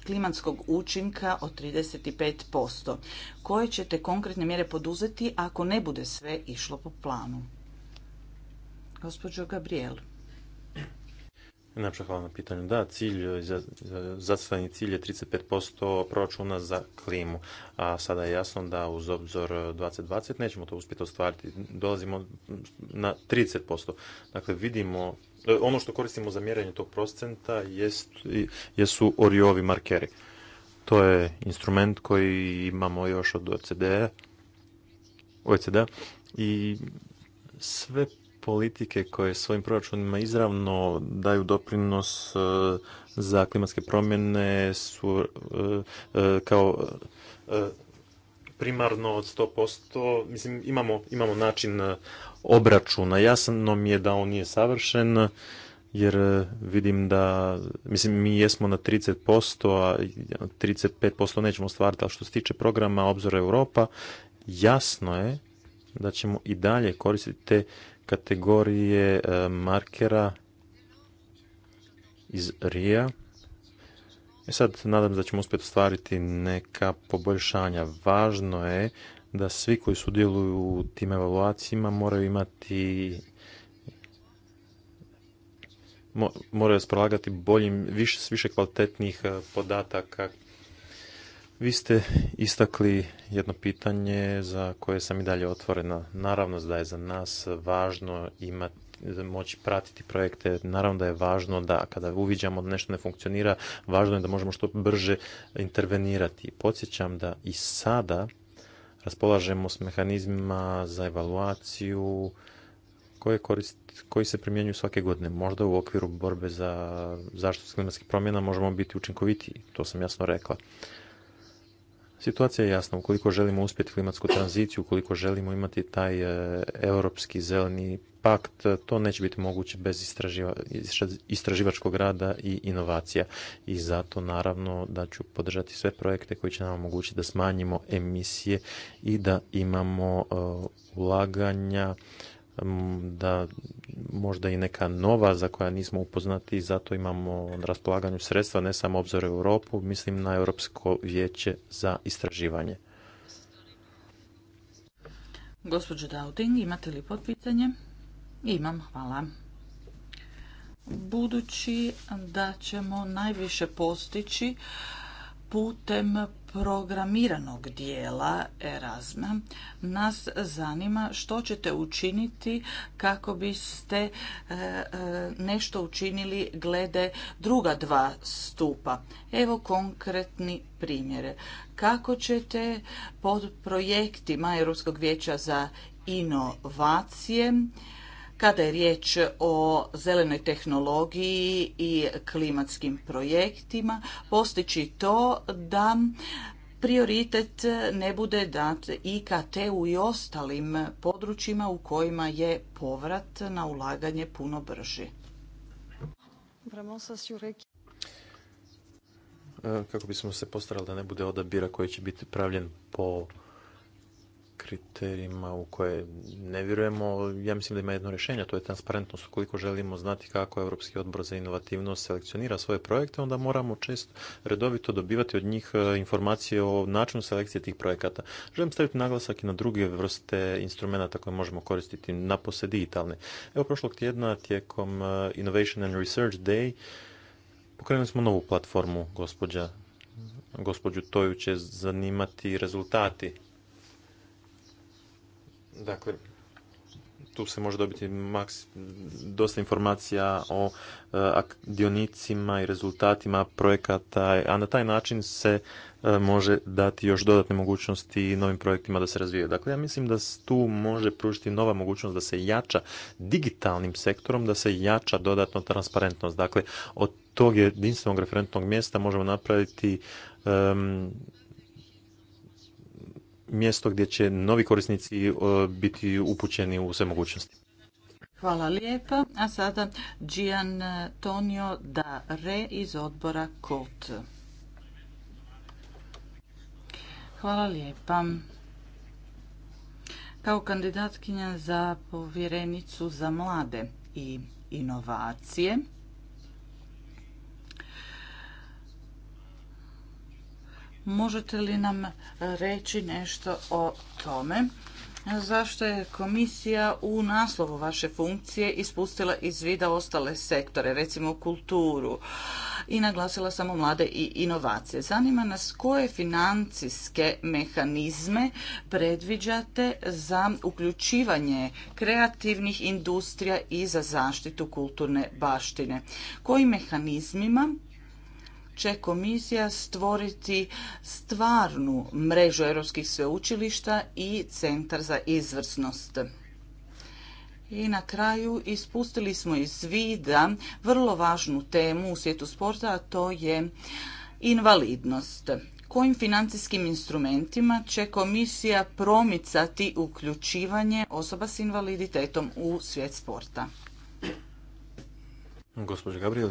klimatskog učinka od 35%. Koje ćete konkretne mjere poduzeti ako ne bude sve išlo po planu? Gospodžo Gabriel. hvala na pitanju. Da, cilj, zacrtani cilj je 35% proračuna za klimu, a sada je jasno da uz obzor 2020 nećemo to uspjeti ostvariti. Dolazimo na 30%. Dakle, vidimo E, ono što koristimo za mjerenje tog procenta jest, jesu oriovi markeri. To je instrument koji imamo još od oecd OECD i sve politike koje svojim proračunima izravno daju doprinos e, za klimatske promjene su e, kao primarno od 100%. Mislim, imamo, imamo način obračuna. Jasno mi je da on nije savršen, jer e, vidim da, mislim, mi jesmo na 30%, a 35% nećemo stvariti, ali što se tiče programa Obzora Europa, jasno je da ćemo i dalje koristiti te kategorije e, markera iz RIA. I e sad nadam se da ćemo uspjeti ostvariti neka poboljšanja. Važno je da svi koji sudjeluju u tim evaluacijama moraju imati moraju raspolagati boljim, više kvalitetnih eh, podataka. Vi ste istakli jedno pitanje za koje sam i dalje otvorena. Naravno da je za nas važno imati moći pratiti projekte. Naravno da je važno da kada uviđamo da nešto ne funkcionira, važno je da možemo što brže intervenirati. Podsjećam da i sada raspolažemo s mehanizmima za evaluaciju koji se primjenjuju svake godine. Možda u okviru borbe za zaštitu klimatskih promjena možemo biti učinkoviti, to sam jasno rekla. Situacija je jasna. Ukoliko želimo uspjeti klimatsku tranziciju, ukoliko želimo imati taj e, europski zeleni pakt, to neće biti moguće bez istraživa, istraživačkog rada i inovacija. I zato naravno da ću podržati sve projekte koji će nam omogućiti da smanjimo emisije i da imamo e, ulaganja da možda i neka nova za koja nismo upoznati, zato imamo na raspolaganju sredstva, ne samo obzor Europu, mislim na Europsko vijeće za istraživanje. Gospođo Dauding, imate li potpitanje? Imam, hvala. Budući da ćemo najviše postići putem programiranog dijela Erasma nas zanima što ćete učiniti kako biste e, e, nešto učinili glede druga dva stupa. Evo konkretni primjere. Kako ćete pod projektima Europskog vijeća za inovacije kada je riječ o zelenoj tehnologiji i klimatskim projektima, postići to da prioritet ne bude dat IKT-u i ostalim područjima u kojima je povrat na ulaganje puno brži. E, kako bismo se postarali da ne bude odabira koji će biti pravljen po kriterijima u koje ne vjerujemo, ja mislim da ima jedno rješenje, to je transparentnost. Ukoliko želimo znati kako Europski odbor za inovativnost selekcionira svoje projekte, onda moramo često redovito dobivati od njih e, informacije o načinu selekcije tih projekata. Želim staviti naglasak i na druge vrste instrumenta koje možemo koristiti, pose digitalne. Evo prošlog tjedna tijekom e, Innovation and Research Day pokrenuli smo novu platformu gospođa gospođu Toju će zanimati rezultati Dakle, tu se može dobiti maks, dosta informacija o e, dionicima i rezultatima projekata, a na taj način se e, može dati još dodatne mogućnosti novim projektima da se razvije. Dakle, ja mislim da tu može pružiti nova mogućnost da se jača digitalnim sektorom, da se jača dodatno transparentnost. Dakle, od tog jedinstvenog referentnog mjesta možemo napraviti mjesto gdje će novi korisnici e, biti upućeni u sve mogućnosti. Hvala lijepa. A sada Gian Tonio da Re iz odbora KOT. Hvala lijepa. Kao kandidatkinja za povjerenicu za mlade i inovacije, Možete li nam reći nešto o tome? Zašto je komisija u naslovu vaše funkcije ispustila iz vida ostale sektore, recimo kulturu, i naglasila samo mlade i inovacije? Zanima nas koje financijske mehanizme predviđate za uključivanje kreativnih industrija i za zaštitu kulturne baštine? Kojim mehanizmima će komisija stvoriti stvarnu mrežu europskih sveučilišta i centar za izvrsnost. I na kraju ispustili smo iz vida vrlo važnu temu u svijetu sporta, a to je invalidnost. Kojim financijskim instrumentima će komisija promicati uključivanje osoba s invaliditetom u svijet sporta? Gabriel,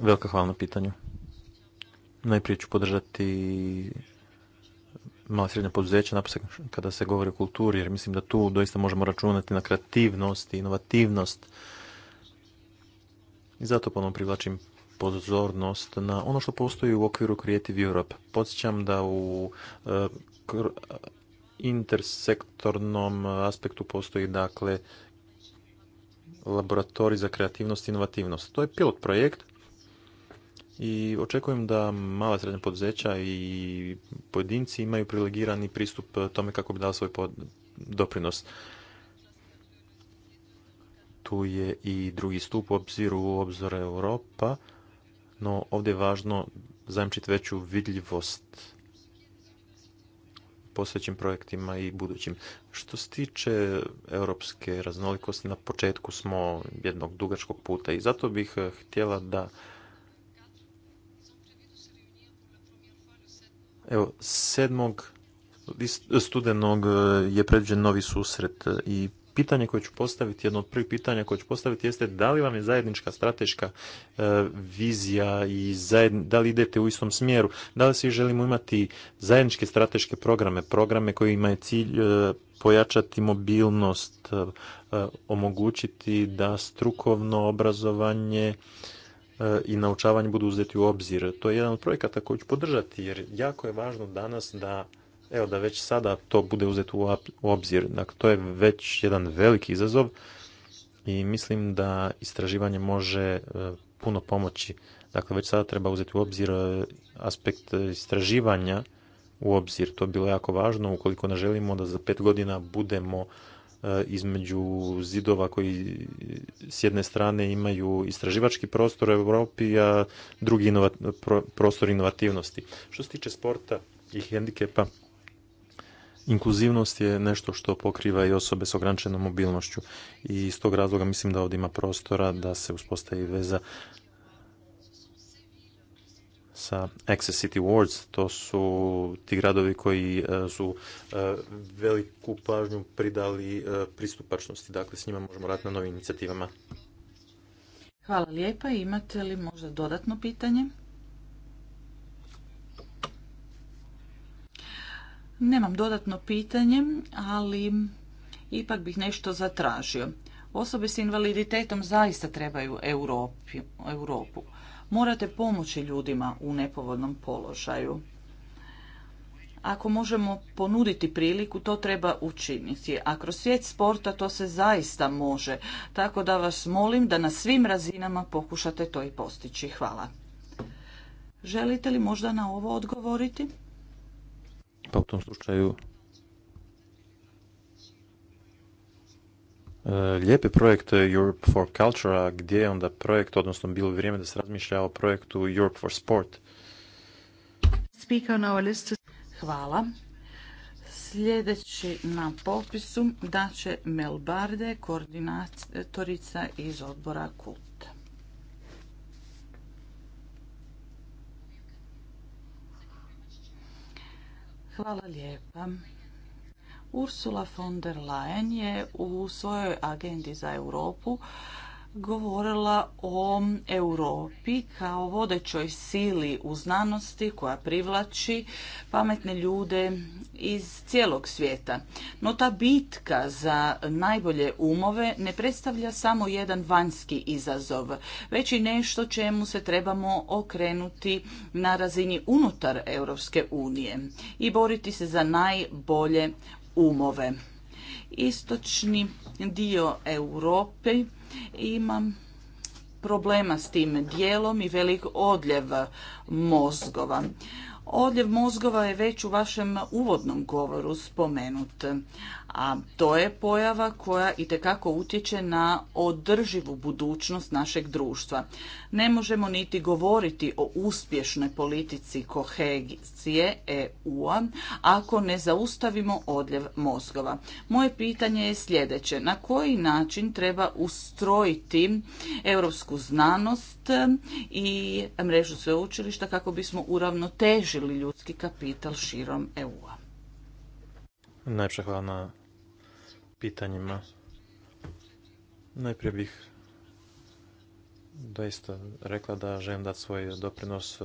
Velika hvala na pitanju. Najprije ću podržati mala srednja poduzeća, kada se govori o kulturi, jer mislim da tu doista možemo računati na kreativnost i inovativnost. I zato ponovno privlačim pozornost na ono što postoji u okviru Creative Europe. Podsjećam da u e, intersektornom aspektu postoji dakle laboratorij za kreativnost i inovativnost. To je pilot projekt i očekujem da mala srednja poduzeća i pojedinci imaju privilegirani pristup tome kako bi dali svoj doprinos. Tu je i drugi stup u obziru u obzore Europa, no ovdje je važno zajemčiti veću vidljivost postojećim projektima i budućim. Što se tiče europske raznolikosti, na početku smo jednog dugačkog puta i zato bih eh, htjela da Evo, 7. studenog eh, je predviđen novi susret eh, i pitanje koje ću postaviti, jedno od prvih pitanja koje ću postaviti jeste da li vam je zajednička strateška e, vizija i da li idete u istom smjeru, da li svi želimo imati zajedničke strateške programe, programe koji imaju cilj e, pojačati mobilnost, e, omogućiti da strukovno obrazovanje i naučavanje budu uzeti u obzir. To je jedan od projekata koji ću podržati jer jako je važno danas da evo da već sada to bude uzeto u obzir. Dakle, to je već jedan veliki izazov i mislim da istraživanje može e, puno pomoći. Dakle, već sada treba uzeti u obzir e, aspekt istraživanja u obzir. To je bilo jako važno ukoliko ne želimo da za pet godina budemo e, između zidova koji s jedne strane imaju istraživački prostor u Europi, a drugi prostor inovativnosti. Što se tiče sporta i hendikepa, inkluzivnost je nešto što pokriva i osobe s ograničenom mobilnošću i iz tog razloga mislim da ovdje ima prostora da se uspostavi veza sa Access City Awards, to su ti gradovi koji e, su e, veliku pažnju pridali e, pristupačnosti, dakle s njima možemo raditi na novim inicijativama. Hvala lijepa, imate li možda dodatno pitanje? Nemam dodatno pitanje, ali ipak bih nešto zatražio. Osobe s invaliditetom zaista trebaju Europu. Morate pomoći ljudima u nepovodnom položaju. Ako možemo ponuditi priliku, to treba učiniti. A kroz svijet sporta to se zaista može. Tako da vas molim da na svim razinama pokušate to i postići. Hvala. Želite li možda na ovo odgovoriti? Pa u tom slučaju e, lijepi projekt Europe for Culture, a gdje je onda projekt, odnosno bilo vrijeme da se razmišlja o projektu Europe for Sport. Hvala. Sljedeći na popisu daće Mel Barde, koordinatorica iz odbora KULT. Hvala lijepa. Ursula von der Leyen je u svojoj agendi za Europu govorila o Europi kao vodećoj sili u znanosti koja privlači pametne ljude iz cijelog svijeta. No ta bitka za najbolje umove ne predstavlja samo jedan vanjski izazov, već i nešto čemu se trebamo okrenuti na razini unutar Europske unije i boriti se za najbolje umove. Istočni dio Europe imam problema s tim dijelom i velik odljev mozgova. Odljev mozgova je već u vašem uvodnom govoru spomenut, a to je pojava koja i tekako utječe na održivu budućnost našeg društva. Ne možemo niti govoriti o uspješnoj politici kohezije EU-a ako ne zaustavimo odljev mozgova. Moje pitanje je sljedeće. Na koji način treba ustrojiti europsku znanost i mrežu sveučilišta kako bismo uravnotežili ljudski kapital širom EU-a? Najpša pitanjima. Najprije bih doista rekla da želim dati svoj doprinos e,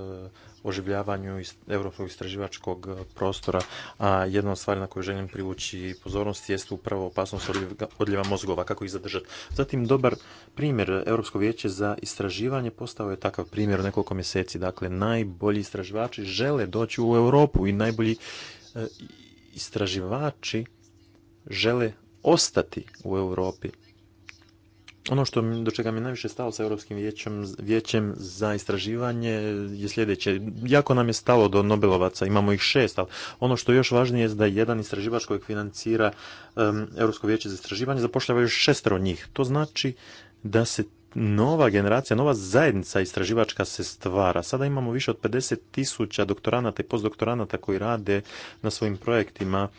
oživljavanju europskog istraživačkog prostora, a jedna od stvari na koju želim privući pozornost jest upravo opasnost odljeva mozgova, kako ih zadržati. Zatim, dobar primjer Europsko vijeće za istraživanje postao je takav primjer u nekoliko mjeseci. Dakle, najbolji istraživači žele doći u Europu i najbolji e, istraživači žele ostati u Europi. Ono što, do čega mi najviše stalo sa Europskim vijećem, vijećem za istraživanje je sljedeće. Jako nam je stalo do Nobelovaca, imamo ih šest, ali ono što je još važnije je da jedan istraživač koji financira Europsko vijeće za istraživanje zapošljava još šestero njih. To znači da se nova generacija, nova zajednica istraživačka se stvara. Sada imamo više od 50 tisuća doktoranata i postdoktoranata koji rade na svojim projektima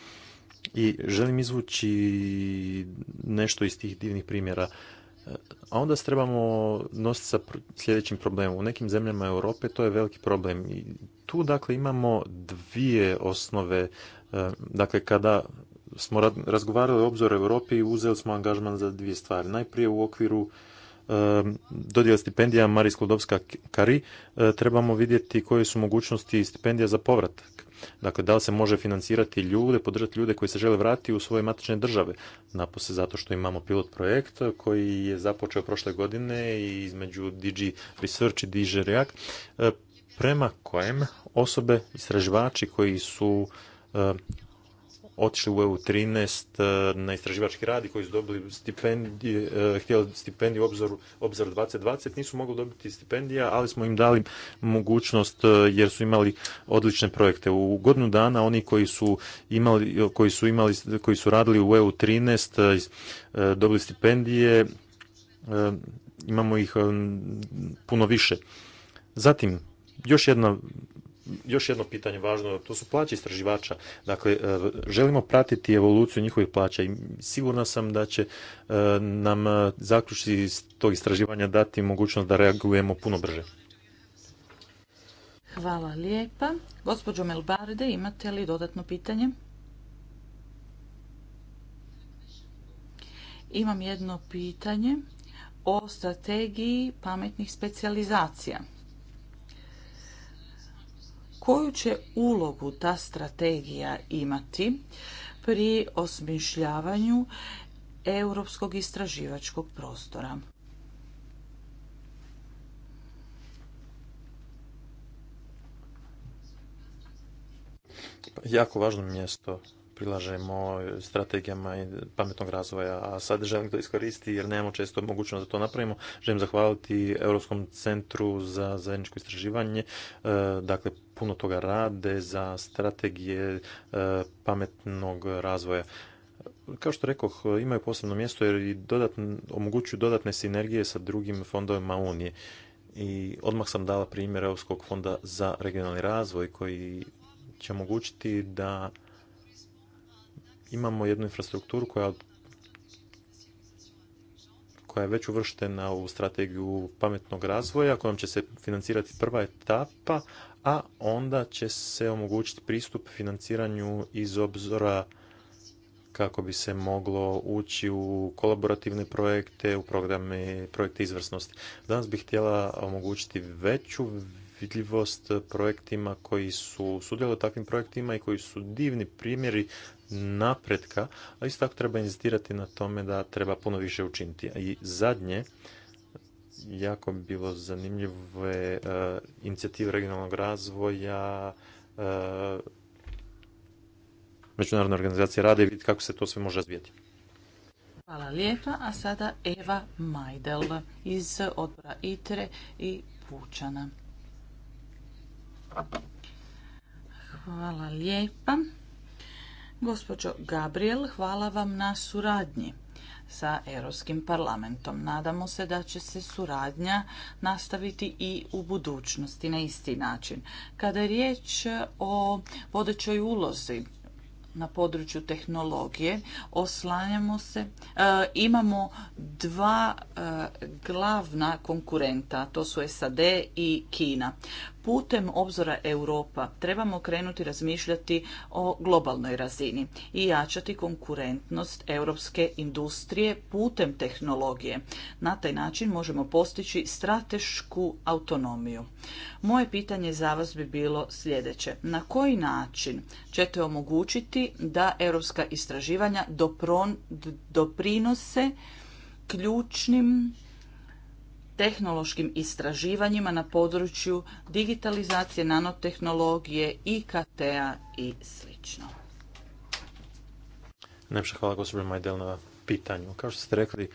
i želim izvući nešto iz tih divnih primjera. E, a onda se trebamo nositi sa sljedećim problemom. U nekim zemljama Europe to je veliki problem. I tu dakle imamo dvije osnove. E, dakle, kada smo razgovarali o obzoru Europi, uzeli smo angažman za dvije stvari. Najprije u okviru dodjela stipendija Marija Sklodovska-Kari, e, trebamo vidjeti koje su mogućnosti stipendija za povratak. Dakle, da li se može financirati ljude, podržati ljude koji se žele vratiti u svoje matične države. Napose zato što imamo pilot projekt koji je započeo prošle godine i između Digi Research i Digi React, e, prema kojem osobe, istraživači koji su e, otišli u EU13 eh, na istraživački rad i koji su dobili stipendije, eh, htjeli stipendiju obzor, obzor 2020, nisu mogli dobiti stipendija, ali smo im dali mogućnost eh, jer su imali odlične projekte. U godinu dana oni koji su imali, koji su, imali, koji su radili u EU13 dobili stipendije, imamo ih puno više. Zatim, još jedna još jedno pitanje važno, to su plaće istraživača. Dakle, e, želimo pratiti evoluciju njihovih plaća i sigurno sam da će e, nam e, zaključci iz tog istraživanja dati mogućnost da reagujemo puno brže. Hvala lijepa. Gospođo Melbarde, imate li dodatno pitanje? Imam jedno pitanje o strategiji pametnih specijalizacija koju će ulogu ta strategija imati pri osmišljavanju europskog istraživačkog prostora. Jako važno mjesto prilažemo strategijama pametnog razvoja, a sad želim to iskoristiti jer nemamo često mogućnost da to napravimo. Želim zahvaliti Europskom centru za zajedničko istraživanje, e, dakle puno toga rade za strategije e, pametnog razvoja kao što rekoh, imaju posebno mjesto jer i dodatne, omogućuju dodatne sinergije sa drugim fondovima Unije. I odmah sam dala primjer Europskog fonda za regionalni razvoj koji će omogućiti da imamo jednu infrastrukturu koja koja je već uvrštena u strategiju pametnog razvoja kojom će se financirati prva etapa, a onda će se omogućiti pristup financiranju iz obzora kako bi se moglo ući u kolaborativne projekte, u programe, projekte izvrsnosti. Danas bih htjela omogućiti veću vidljivost projektima koji su sudjeli u takvim projektima i koji su divni primjeri napretka, a isto tako treba inzistirati na tome da treba puno više učiniti. I zadnje, jako bi bilo zanimljivo e, inicijative regionalnog razvoja, e, Međunarodne organizacije rada i vidjeti kako se to sve može razvijati. Hvala lijepa, a sada Eva Majdel iz odbora ITRE i Pučana. Hvala lijepa. Gospođo Gabriel, hvala vam na suradnji sa Europskim parlamentom. Nadamo se da će se suradnja nastaviti i u budućnosti na isti način. Kada je riječ o vodećoj ulozi na području tehnologije oslanjamo se e, imamo dva e, glavna konkurenta to su SAD i Kina putem obzora Europa trebamo krenuti razmišljati o globalnoj razini i jačati konkurentnost europske industrije putem tehnologije. Na taj način možemo postići stratešku autonomiju. Moje pitanje za vas bi bilo sljedeće. Na koji način ćete omogućiti da europska istraživanja doprinose ključnim tehnološkim istraživanjima na području digitalizacije, nanotehnologije, IKT-a i sl. Najpša hvala gospođo Majdel na pitanju. Kao što ste rekli,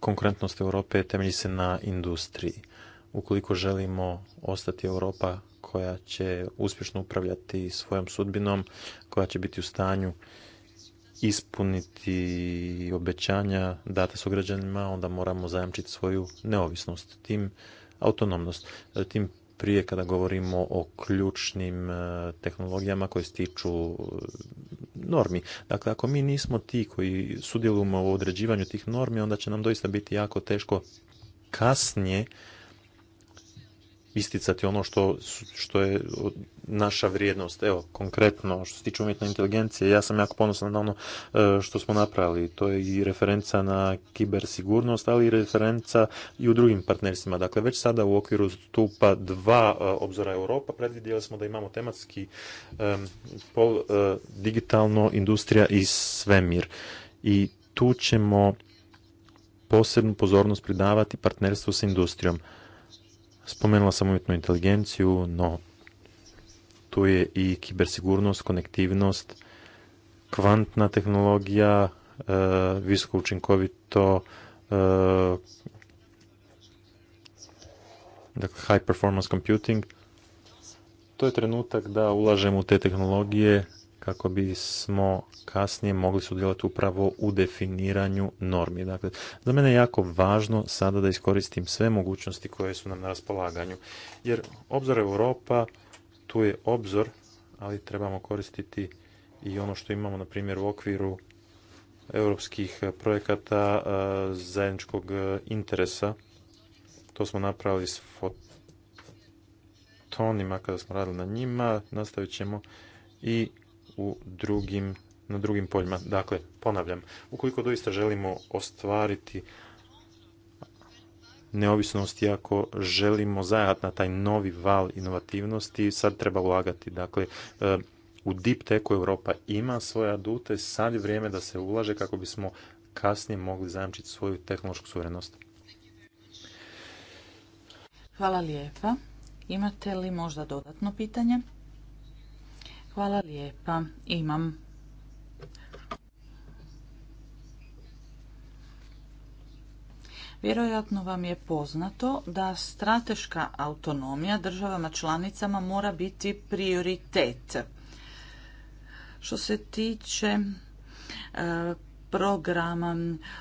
konkurentnost Europe temelji se na industriji. Ukoliko želimo ostati Europa koja će uspješno upravljati svojom sudbinom, koja će biti u stanju ispuniti obećanja data su građanima, onda moramo zajamčiti svoju neovisnost, tim autonomnost. Tim prije kada govorimo o ključnim e, tehnologijama koje stiču e, normi. Dakle, ako mi nismo ti koji sudjelujemo u određivanju tih normi, onda će nam doista biti jako teško kasnije isticati ono što, što je naša vrijednost. Evo, konkretno, što se tiče umjetne inteligencije, ja sam jako ponosan na ono e, što smo napravili. To je i referenca na kibersigurnost, ali i referenca i u drugim partnerstvima. Dakle, već sada u okviru stupa dva e, obzora Europa predvidjeli smo da imamo tematski e, pol digitalno industrija i svemir. I tu ćemo posebnu pozornost pridavati partnerstvu s industrijom. Spomenula sam umjetnu inteligenciju, no tu je i kibersigurnost, konektivnost, kvantna tehnologija, e, visoko učinkovito e, dakle high performance computing. To je trenutak da ulažemo u te tehnologije kako bismo kasnije mogli sudjelovati upravo u definiranju normi. Dakle, za mene je jako važno sada da iskoristim sve mogućnosti koje su nam na raspolaganju. Jer obzor Europa, tu je obzor, ali trebamo koristiti i ono što imamo, na primjer, u okviru europskih projekata e, zajedničkog e, interesa. To smo napravili s fotonima kada smo radili na njima. Nastavit ćemo i u drugim, na drugim poljima. Dakle, ponavljam, ukoliko doista želimo ostvariti neovisnost i ako želimo zajat na taj novi val inovativnosti, sad treba ulagati. Dakle, e, u deep techu Europa ima svoje adute, sad je vrijeme da se ulaže kako bismo kasnije mogli zajamčiti svoju tehnološku suverenost. Hvala lijepa. Imate li možda dodatno pitanje? Hvala lijepa. Imam Vjerojatno vam je poznato da strateška autonomija državama članicama mora biti prioritet. Što se tiče e, programa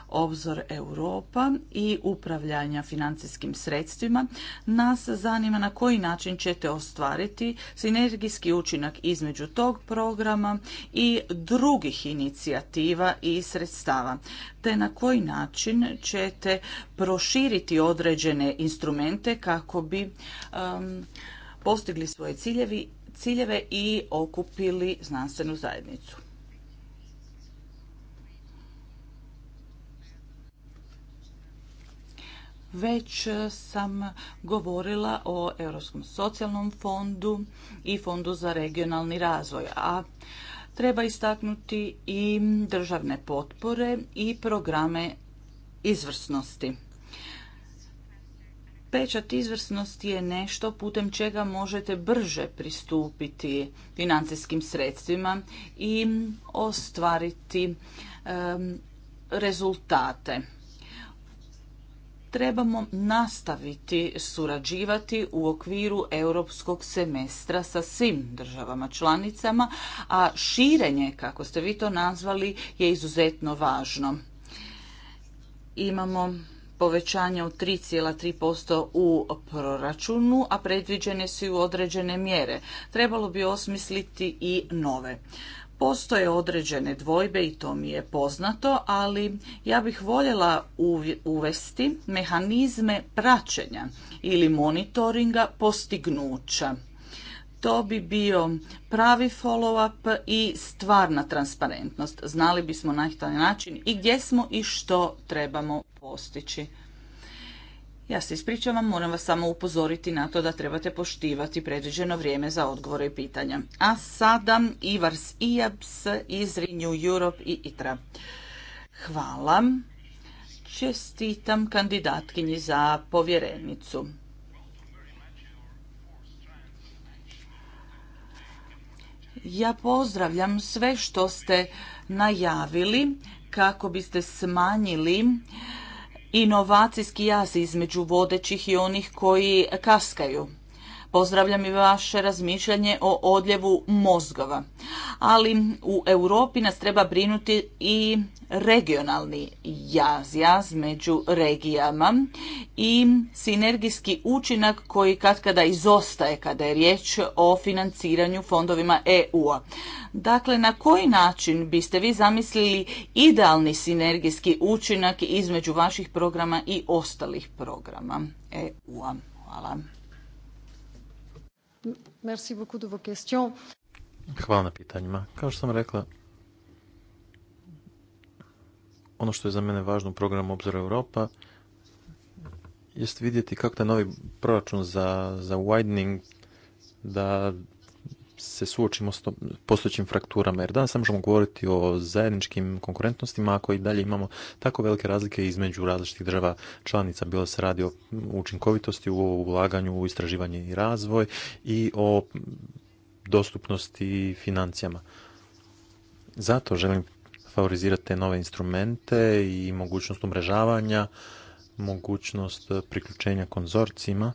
Obzor Europa i upravljanja financijskim sredstvima, nas zanima na koji način ćete ostvariti sinergijski učinak između tog programa i drugih inicijativa i sredstava, te na koji način ćete proširiti određene instrumente kako bi um, postigli svoje ciljeve i okupili znanstvenu zajednicu. već eh, sam govorila o Europskom socijalnom fondu i fondu za regionalni razvoj, a treba istaknuti i državne potpore i programe izvrsnosti. Pečat izvrsnosti je nešto putem čega možete brže pristupiti financijskim sredstvima i ostvariti rezultate trebamo nastaviti surađivati u okviru europskog semestra sa svim državama članicama, a širenje, kako ste vi to nazvali, je izuzetno važno. Imamo povećanje od 3,3% u proračunu, a predviđene su i određene mjere. Trebalo bi osmisliti i nove. Postoje određene dvojbe i to mi je poznato, ali ja bih voljela uvesti mehanizme praćenja ili monitoringa postignuća. To bi bio pravi follow-up i stvarna transparentnost. Znali bismo na taj način i gdje smo i što trebamo postići. Ja se ispričavam, moram vas samo upozoriti na to da trebate poštivati predviđeno vrijeme za odgovore i pitanja. A sada Ivars Ijaps iz Renew Europe i ITRA. Hvala. Čestitam kandidatkinji za povjerenicu. Ja pozdravljam sve što ste najavili kako biste smanjili inovacijski jaz između vodećih i onih koji kaskaju. Pozdravljam i vaše razmišljanje o odljevu mozgova. Ali u Europi nas treba brinuti i regionalni jaz, jaz među regijama i sinergijski učinak koji katkada izostaje kada je riječ o financiranju fondovima EU-a. Dakle, na koji način biste vi zamislili idealni sinergijski učinak između vaših programa i ostalih programa EU-a? Hvala. Merci Hvala na pitanjima. Kao što sam rekla, ono što je za mene važno u programu Obzora Europa jest vidjeti kako taj novi proračun za, za widening da se suočimo s postojećim frakturama, jer danas ne možemo govoriti o zajedničkim konkurentnostima ako i dalje imamo tako velike razlike između različitih država članica, bilo se radi o učinkovitosti, u ulaganju, u istraživanje i razvoj i o dostupnosti financijama. Zato želim favorizirati te nove instrumente i mogućnost umrežavanja, mogućnost priključenja konzorcima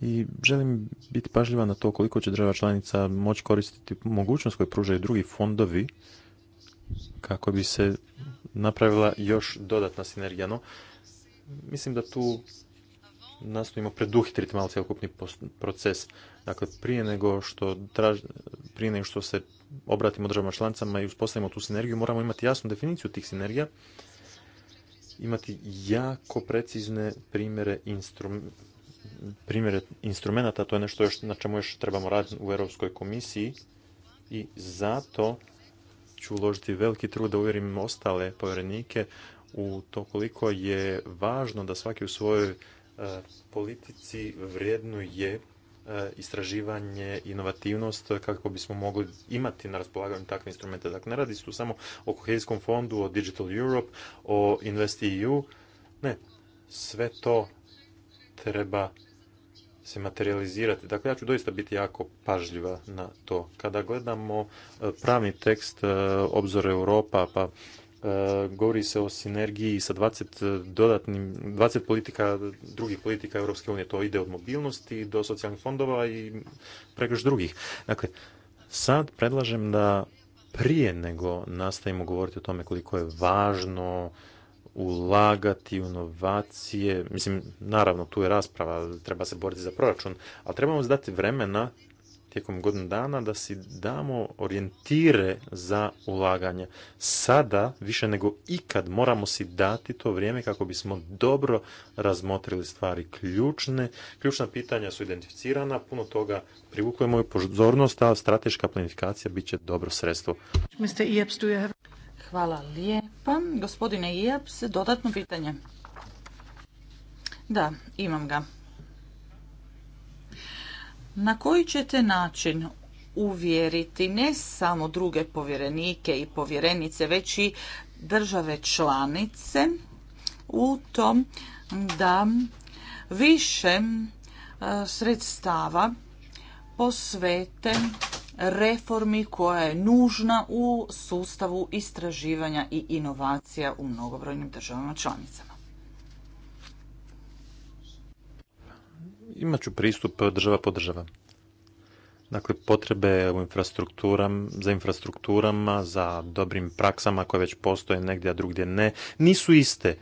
i želim biti pažljiva na to koliko će država članica moći koristiti mogućnost koju pružaju drugi fondovi kako bi se napravila još dodatna sinergija. No, mislim da tu nastojimo preduhitriti malo cjelokupni proces. Dakle, prije nego što, traž, prije nego što se obratimo državama članicama i uspostavimo tu sinergiju, moramo imati jasnu definiciju tih sinergija, imati jako precizne primjere instrum, primjere instrumenta, to je nešto još, na čemu još trebamo raditi u Europskoj komisiji i zato ću uložiti veliki trud da uvjerim ostale povjerenike u to koliko je važno da svaki u svojoj e, politici vrijednuje e, istraživanje, inovativnost kako bismo mogli imati na raspolaganju takve instrumente. Dakle, ne radi se tu samo o kohezijskom fondu, o Digital Europe, o InvestEU. Ne, sve to treba se materializirati. Dakle, ja ću doista biti jako pažljiva na to. Kada gledamo e, pravni tekst e, Obzor Europa, pa e, govori se o sinergiji sa 20 dodatnim, 20 politika, drugih politika Europske unije. To ide od mobilnosti do socijalnih fondova i preko drugih. Dakle, sad predlažem da prije nego nastavimo govoriti o tome koliko je važno ulagati u inovacije. Mislim, naravno, tu je rasprava, treba se boriti za proračun, ali trebamo dati vremena tijekom godinu dana da si damo orijentire za ulaganje. Sada, više nego ikad, moramo si dati to vrijeme kako bismo dobro razmotrili stvari ključne. Ključna pitanja su identificirana, puno toga privukujemo i pozornost, a strateška planifikacija bit će dobro sredstvo. Hvala lijepa. Gospodine Ijaps, dodatno pitanje. Da, imam ga. Na koji ćete način uvjeriti ne samo druge povjerenike i povjerenice, već i države članice u to da više e, sredstava posvete reformi koja je nužna u sustavu istraživanja i inovacija u mnogobrojnim državama članicama. Imaću pristup država po država. Dakle, potrebe u infrastrukturam, za infrastrukturama, za dobrim praksama koje već postoje negdje, a drugdje ne, nisu iste.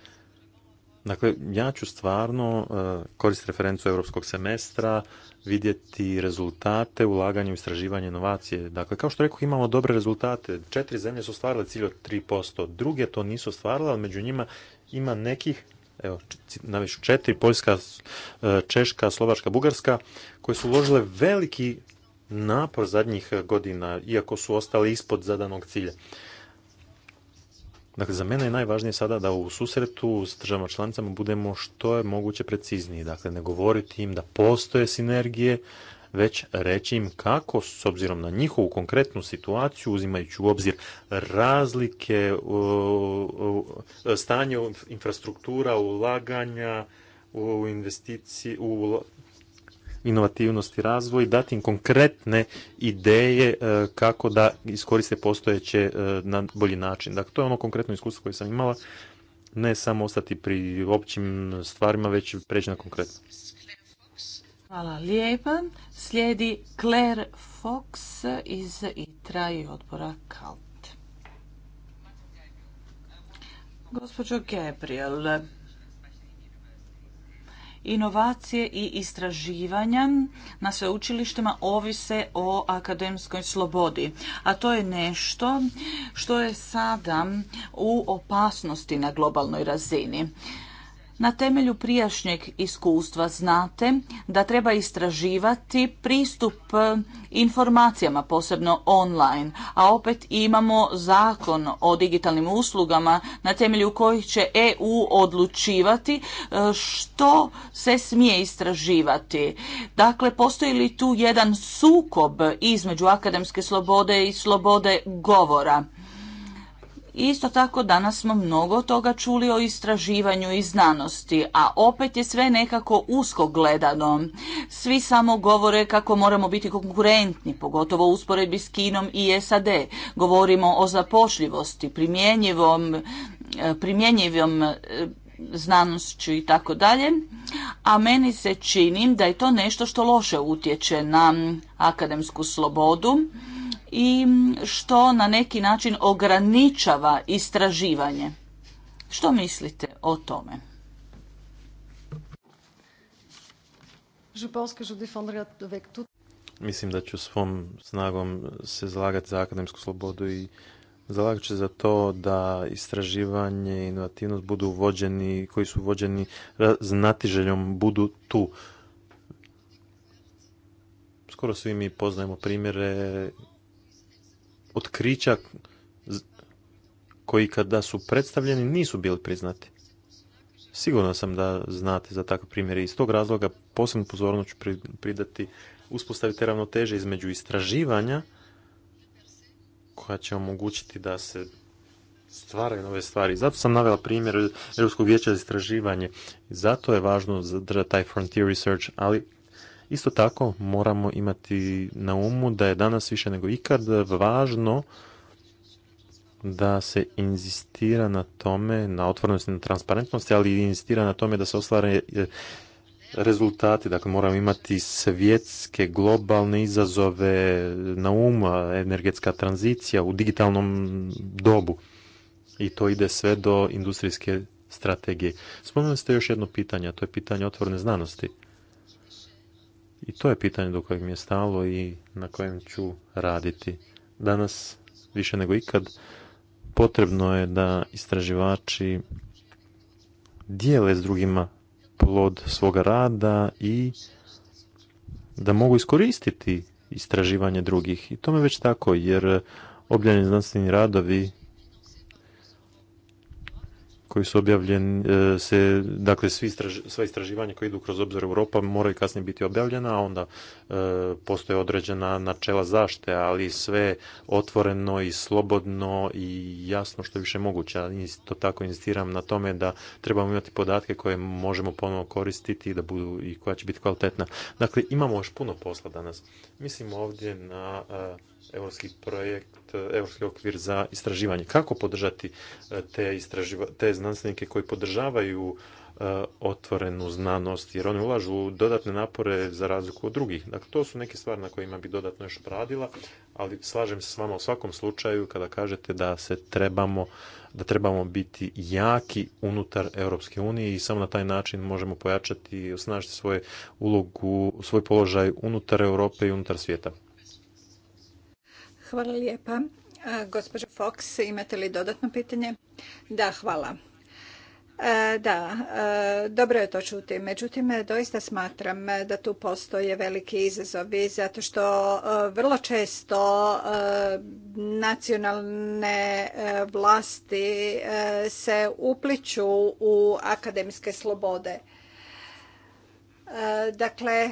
Dakle, ja ću stvarno e, koristiti referencu europskog semestra, vidjeti rezultate ulaganja u istraživanje inovacije. Dakle, kao što rekao, imamo dobre rezultate. Četiri zemlje su ostvarile cilj od 3%, druge to nisu ostvarile, ali među njima ima nekih evo, četiri, Poljska, e, Češka, Slovačka, Bugarska, koje su uložile veliki napor zadnjih godina, iako su ostali ispod zadanog cilja. Dakle, za mene je najvažnije sada da u susretu s državama članicama budemo što je moguće precizniji. Dakle, ne govoriti im da postoje sinergije, već reći im kako, s obzirom na njihovu konkretnu situaciju, uzimajući u obzir razlike, stanje infrastruktura, ulaganja, u investiciji, u inovativnost i razvoj, dati im konkretne ideje e, kako da iskoriste postojeće e, na bolji način. Dakle, to je ono konkretno iskustvo koje sam imala, ne samo ostati pri općim stvarima, već preći na konkretno. Hvala lijepa. Slijedi Claire Fox iz ITRA i odbora KALT. Gospođo Gabriel, Inovacije i istraživanja na sveučilištima ovise o akademskoj slobodi, a to je nešto što je sada u opasnosti na globalnoj razini. Na temelju prijašnjeg iskustva znate da treba istraživati pristup e, informacijama, posebno online, a opet imamo zakon o digitalnim uslugama na temelju kojih će EU odlučivati e, što se smije istraživati. Dakle, postoji li tu jedan sukob između akademske slobode i slobode govora? Isto tako danas smo mnogo toga čuli o istraživanju i znanosti, a opet je sve nekako usko gledano. Svi samo govore kako moramo biti konkurentni, pogotovo u usporedbi s Kinom i SAD. Govorimo o zapošljivosti, primjenjivom, e, primjenjivom e, znanošću i tako dalje, a meni se čini da je to nešto što loše utječe na akademsku slobodu i što na neki način ograničava istraživanje. Što mislite o tome? Mislim da ću svom snagom se zalagati za akademsku slobodu i zalagat ću za to da istraživanje i inovativnost budu vođeni, koji su vođeni znatiželjom, budu tu. Skoro svi mi poznajemo primjere otkrića koji kada su predstavljeni nisu bili priznati. Sigurno sam da znate za takve primjere i iz tog razloga posebnu pozorno ću pridati uspostaviti ravnoteže između istraživanja koja će omogućiti da se stvaraju nove stvari. Zato sam navela primjer Europskog vijeća za istraživanje. Zato je važno zadržati taj frontier research, ali Isto tako moramo imati na umu da je danas više nego ikad važno da se inzistira na tome, na otvorenosti, na transparentnosti, ali i inzistira na tome da se ostvare e, rezultati. Dakle, moramo imati svjetske, globalne izazove na umu, energetska tranzicija u digitalnom dobu. I to ide sve do industrijske strategije. Spomenuli ste još jedno pitanje, a to je pitanje otvorene znanosti. I to je pitanje do kojeg mi je stalo i na kojem ću raditi. Danas, više nego ikad, potrebno je da istraživači dijele s drugima plod svoga rada i da mogu iskoristiti istraživanje drugih. I to me već tako, jer objavljeni znanstveni radovi koji su objavljeni, e, se, dakle svi istraž, sva istraživanja koja idu kroz obzor Europa moraju kasnije biti objavljena, a onda e, postoje određena načela zaštite, ali sve otvoreno i slobodno i jasno što je više moguće. Isto tako insistiram na tome da trebamo imati podatke koje možemo ponovo koristiti da budu i koja će biti kvalitetna. Dakle, imamo još puno posla danas. Mislim ovdje na e, europski projekt E, evropski okvir za istraživanje. Kako podržati e, te, istraživa, te znanstvenike koji podržavaju e, otvorenu znanost, jer oni ulažu dodatne napore za razliku od drugih. Dakle, to su neke stvari na kojima bi dodatno još radila, ali slažem se s vama u svakom slučaju kada kažete da se trebamo da trebamo biti jaki unutar Europske unije i samo na taj način možemo pojačati i osnažiti svoju ulogu, svoj položaj unutar Europe i unutar svijeta. Hvala lijepa. Gospođa Fox, imate li dodatno pitanje? Da, hvala. E, da, e, dobro je to čuti. Međutim, doista smatram da tu postoje veliki izazovi zato što e, vrlo često nacionalne vlasti se upliču u akademske slobode. Dakle,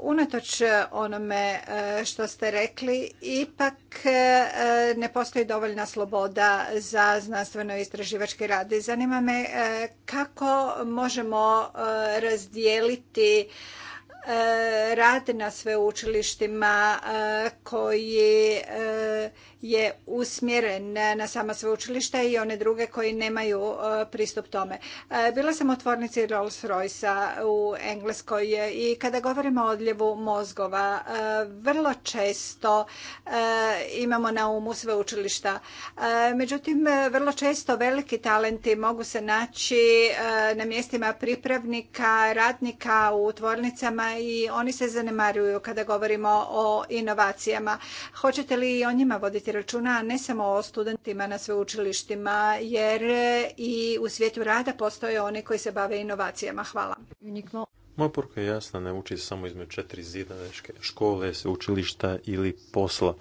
unatoč onome e, što ste rekli, ipak e, ne postoji dovoljna sloboda za znanstveno-istraživački rad. zanima me e, kako možemo razdijeliti rad na sveučilištima koji je usmjeren na sama sveučilišta i one druge koji nemaju e, pristup tome. E, bila sam u tvornici Rolls-Royce u Engleskoj i kada govorimo o odljevu mozgova, e, vrlo često imamo na umu sveučilišta. Međutim, vrlo često veliki talenti mogu se naći na mjestima pripravnika, radnika u tvornicama i oni se zanemaruju kada govorimo o inovacijama. Hoćete li i o njima voditi voditi računa ne samo o studentima na sveučilištima, jer i u svijetu rada postoje oni koji se bave inovacijama. Hvala. Moja poruka je jasna, ne uči se samo između četiri zida škole, sveučilišta ili posla.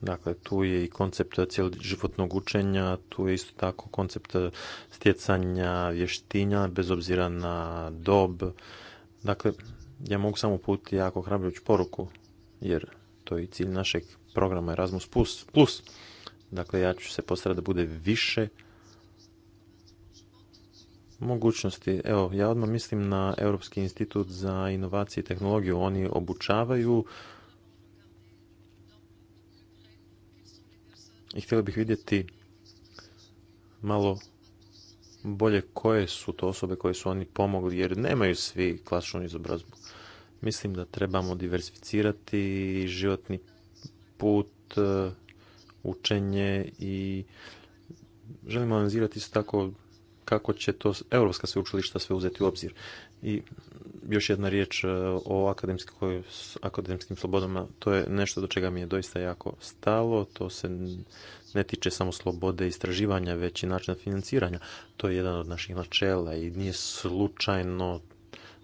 Dakle, tu je i koncept cijeloživotnog učenja, tu je isto tako koncept stjecanja vještinja, bez obzira na dob. Dakle, ja mogu samo uputiti jako hrabrijuću poruku, jer to je i cilj našeg programa Erasmus+. Plus. Dakle, ja ću se postarati da bude više mogućnosti. Evo, ja odmah mislim na Europski institut za inovacije i tehnologiju. Oni obučavaju i htio bih vidjeti malo bolje koje su to osobe koje su oni pomogli, jer nemaju svi klasičnu izobrazbu. Mislim da trebamo diversificirati životni put, e, učenje i želimo analizirati isto tako kako će to europska sveučilišta sve uzeti u obzir. I još jedna riječ e, o akademskim slobodama, to je nešto do čega mi je doista jako stalo, to se ne tiče samo slobode istraživanja, već i načina financiranja. To je jedan od naših načela i nije slučajno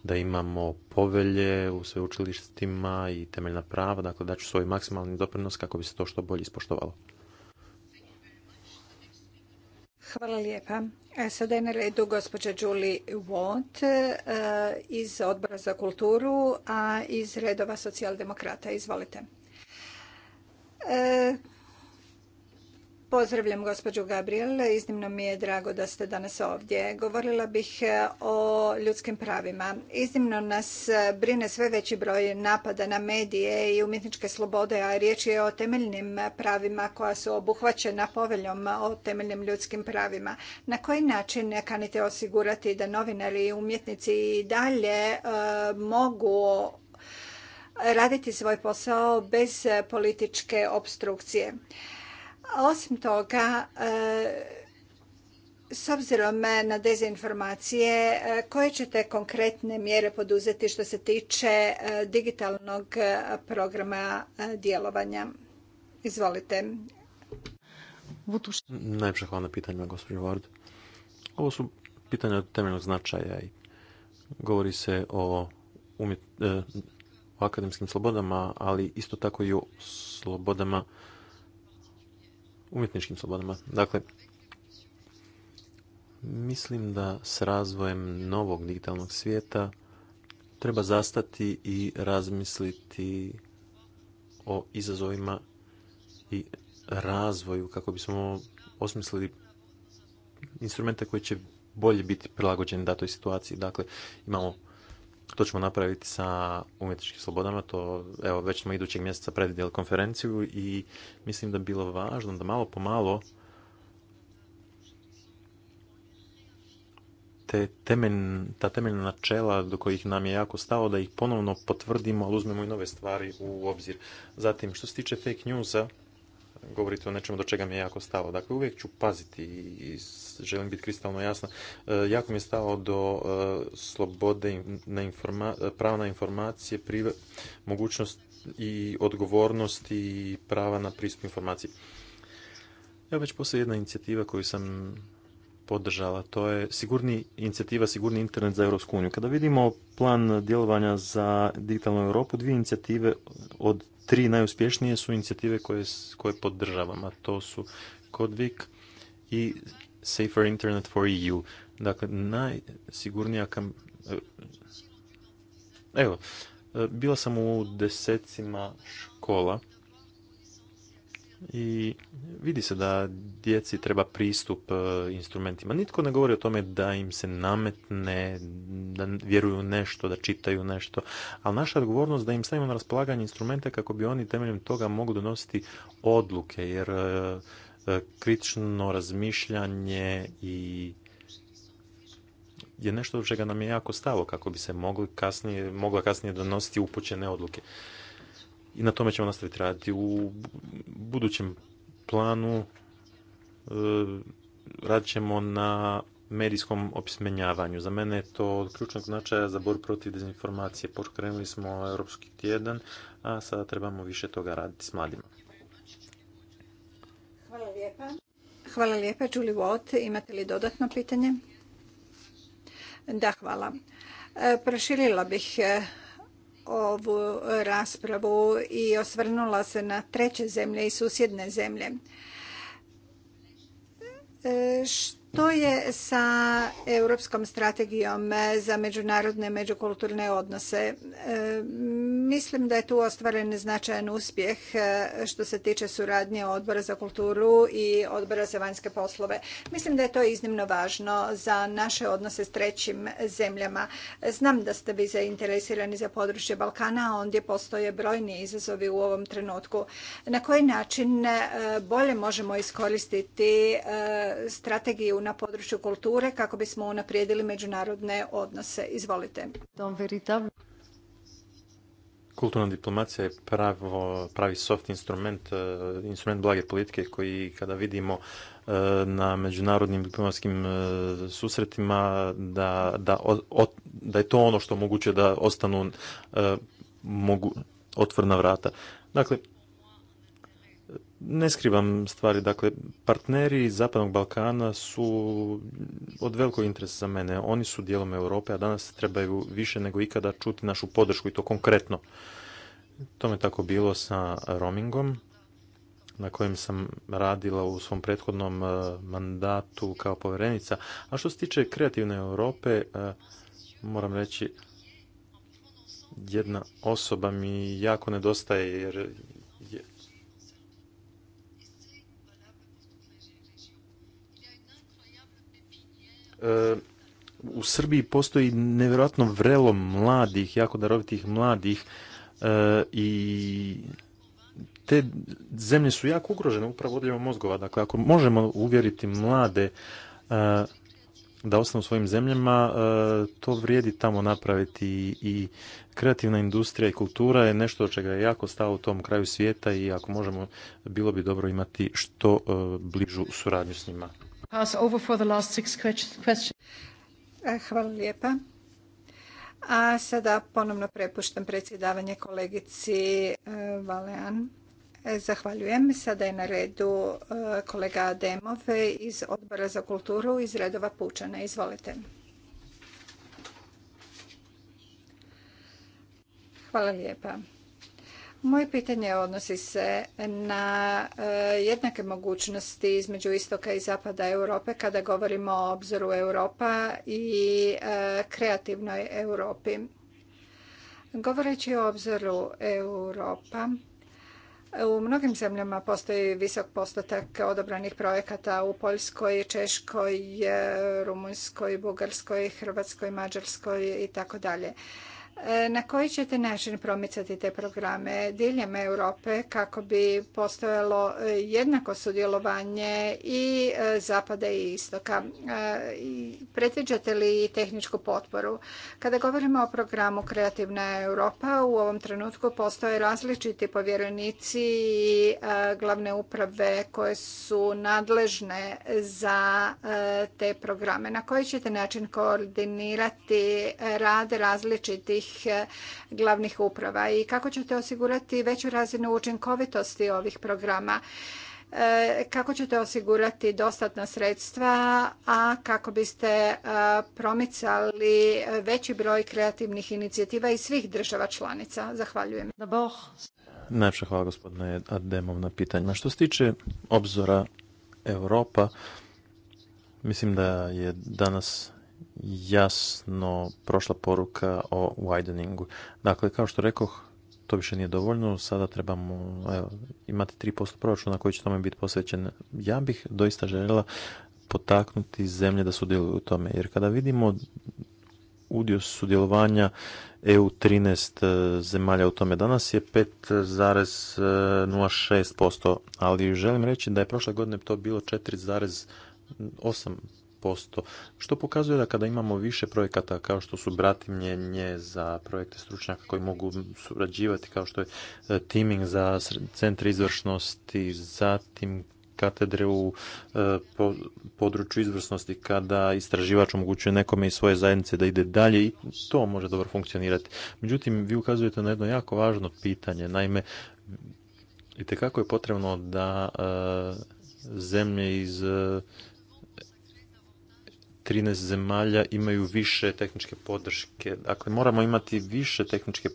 da imamo povelje u sveučilištima i temeljna prava, dakle da ću svoj maksimalni doprinos kako bi se to što bolje ispoštovalo. Hvala lijepa. E, sada je na redu gospođa Julie Watt e, iz Odbora za kulturu, a iz redova socijaldemokrata. Izvolite. E, Pozdravljam gospođu Gabriel, iznimno mi je drago da ste danas ovdje. Govorila bih e, o ljudskim pravima. Iznimno nas e, brine sve veći broj napada na medije i umjetničke slobode, a riječ je o temeljnim pravima koja su obuhvaćena poveljom o temeljnim ljudskim pravima. Na koji način kanite osigurati da novinari i umjetnici i dalje e, mogu raditi svoj posao bez političke obstrukcije? Osim toga, e, s obzirom na dezinformacije, e, koje ćete konkretne mjere poduzeti što se tiče e, digitalnog programa djelovanja? Izvolite. Najpša hvala na pitanjima, gospođo Ward. Ovo su pitanja od temeljnog značaja i govori se o, o akademskim slobodama, ali isto tako i o slobodama umjetničkim slobodama. Dakle, mislim da s razvojem novog digitalnog svijeta treba zastati i razmisliti o izazovima i razvoju kako bismo osmislili instrumente koji će bolje biti prilagođeni datoj situaciji. Dakle, imamo to ćemo napraviti sa umjetničkim slobodama, to evo već smo idućeg mjeseca predvidjeli konferenciju i mislim da bi bilo važno da malo po malo te ta temeljna načela do kojih nam je jako stalo da ih ponovno potvrdimo, ali uzmemo i nove stvari u obzir. Zatim, što se tiče fake newsa, govorite o nečemu do čega mi je jako stalo. Dakle, uvijek ću paziti i želim biti kristalno jasna. E, jako mi je stalo do e, slobode, prava na informacije, mogućnost i odgovornost i prava na pristup informaciji. Evo već postoji jedna inicijativa koju sam podržala, to je sigurni, inicijativa Sigurni internet za Europsku Kada vidimo plan djelovanja za digitalnu Europu, dvije inicijative od tri najuspješnije su inicijative koje, koje podržavam, a to su Kodvik i Safer Internet for EU. Dakle, najsigurnija kam... Evo, bila sam u desecima škola i vidi se da djeci treba pristup e, instrumentima. Nitko ne govori o tome da im se nametne, da vjeruju nešto, da čitaju nešto, ali naša odgovornost da im stavimo na raspolaganje instrumente kako bi oni temeljem toga mogli donositi odluke, jer e, e, kritično razmišljanje i je nešto od čega nam je jako stalo kako bi se mogli kasnije, mogla kasnije donositi upućene odluke i na tome ćemo nastaviti raditi. U budućem planu e, radit ćemo na medijskom opismenjavanju. Za mene je to od ključnog značaja za bor protiv dezinformacije. Pokrenuli smo Europski tjedan, a sada trebamo više toga raditi s mladima. Hvala lijepa. Hvala lijepa. Julie Watt, imate li dodatno pitanje? Da, hvala. E, proširila bih e, ovu raspravu i osvrnula se na treće zemlje i susjedne zemlje. E, to je sa europskom strategijom za međunarodne međukulturne odnose. E, mislim da je tu ostvaren značajan uspjeh e, što se tiče suradnje odbora za kulturu i odbora za vanjske poslove. Mislim da je to iznimno važno za naše odnose s trećim zemljama. Znam da ste vi zainteresirani za područje Balkana, a ondje postoje brojni izazovi u ovom trenutku. Na koji način e, bolje možemo iskoristiti strategiju na području kulture kako bismo unaprijedili međunarodne odnose. Izvolite. Kulturna diplomacija je pravo, pravi soft instrument, e, instrument blage politike koji kada vidimo e, na međunarodnim diplomatskim e, susretima da, da, da je to ono što moguće da ostanu mogu, otvorna vrata. Dakle, ne skrivam stvari, dakle, partneri Zapadnog Balkana su od velikog interesa za mene. Oni su dijelom Europe, a danas trebaju više nego ikada čuti našu podršku i to konkretno. To me tako bilo sa roamingom, na kojem sam radila u svom prethodnom e, mandatu kao povjerenica. A što se tiče kreativne Europe, e, moram reći, jedna osoba mi jako nedostaje, jer u Srbiji postoji nevjerojatno vrelo mladih, jako darovitih mladih e, i te zemlje su jako ugrožene upravo odljevom mozgova. Dakle, ako možemo uvjeriti mlade e, da ostanu u svojim zemljama, e, to vrijedi tamo napraviti i kreativna industrija i kultura je nešto od čega je jako stao u tom kraju svijeta i ako možemo, bilo bi dobro imati što bližu suradnju s njima. E, hvala lijepa. A sada ponovno prepuštam predsjedavanje kolegici e, Valean. E, zahvaljujem. Sada je na redu kolega Ademov iz Odbora za kulturu iz redova Pučana. Izvolite. Hvala lijepa. Moje pitanje odnosi se na e, jednake mogućnosti između istoka i zapada Europe kada govorimo o obzoru Europa i e, kreativnoj Europi. Govoreći o obzoru Europa, u mnogim zemljama postoji visok postotak odobranih projekata u Poljskoj, Češkoj, e, Rumunjskoj, Bugarskoj, Hrvatskoj, Mađarskoj i tako dalje. E, na koji ćete način promicati te programe diljem Europe kako bi postojalo e, jednako sudjelovanje i e, zapada i istoka? Predviđate li tehničku potporu? Kada govorimo o programu Kreativna Europa, u ovom trenutku postoje različiti povjerenici i glavne uprave koje su nadležne za te programe. Na koji ćete način koordinirati rad različitih E, glavnih uprava i kako ćete osigurati veću razinu učinkovitosti ovih programa? E, kako ćete osigurati dostatna sredstva, a kako biste e, promicali veći broj kreativnih inicijativa iz svih država članica. Zahvaljujem. Najpša hvala gospodine Ademov na pitanje. Što se tiče obzora Europa, mislim da je danas jasno prošla poruka o wideningu. Dakle, kao što rekoh, to više nije dovoljno, sada trebamo evo, imati 3% proračuna koji će tome biti posvećen. Ja bih doista željela potaknuti zemlje da sudjeluju u tome, jer kada vidimo udio sudjelovanja EU 13 e, zemalja u tome danas je 5,06%, e, ali želim reći da je prošle godine to bilo 4,8% što pokazuje da kada imamo više projekata kao što su bratimljenje za projekte stručnjaka koji mogu surađivati, kao što je e, teaming za centre izvršnosti, zatim katedre u e, području izvrsnosti kada istraživač omogućuje nekome iz svoje zajednice da ide dalje i to može dobro funkcionirati. Međutim, vi ukazujete na jedno jako važno pitanje. Naime, i kako je potrebno da e, zemlje iz 13 zemalja imaju više tehničke podrške. Dakle, moramo imati više tehničke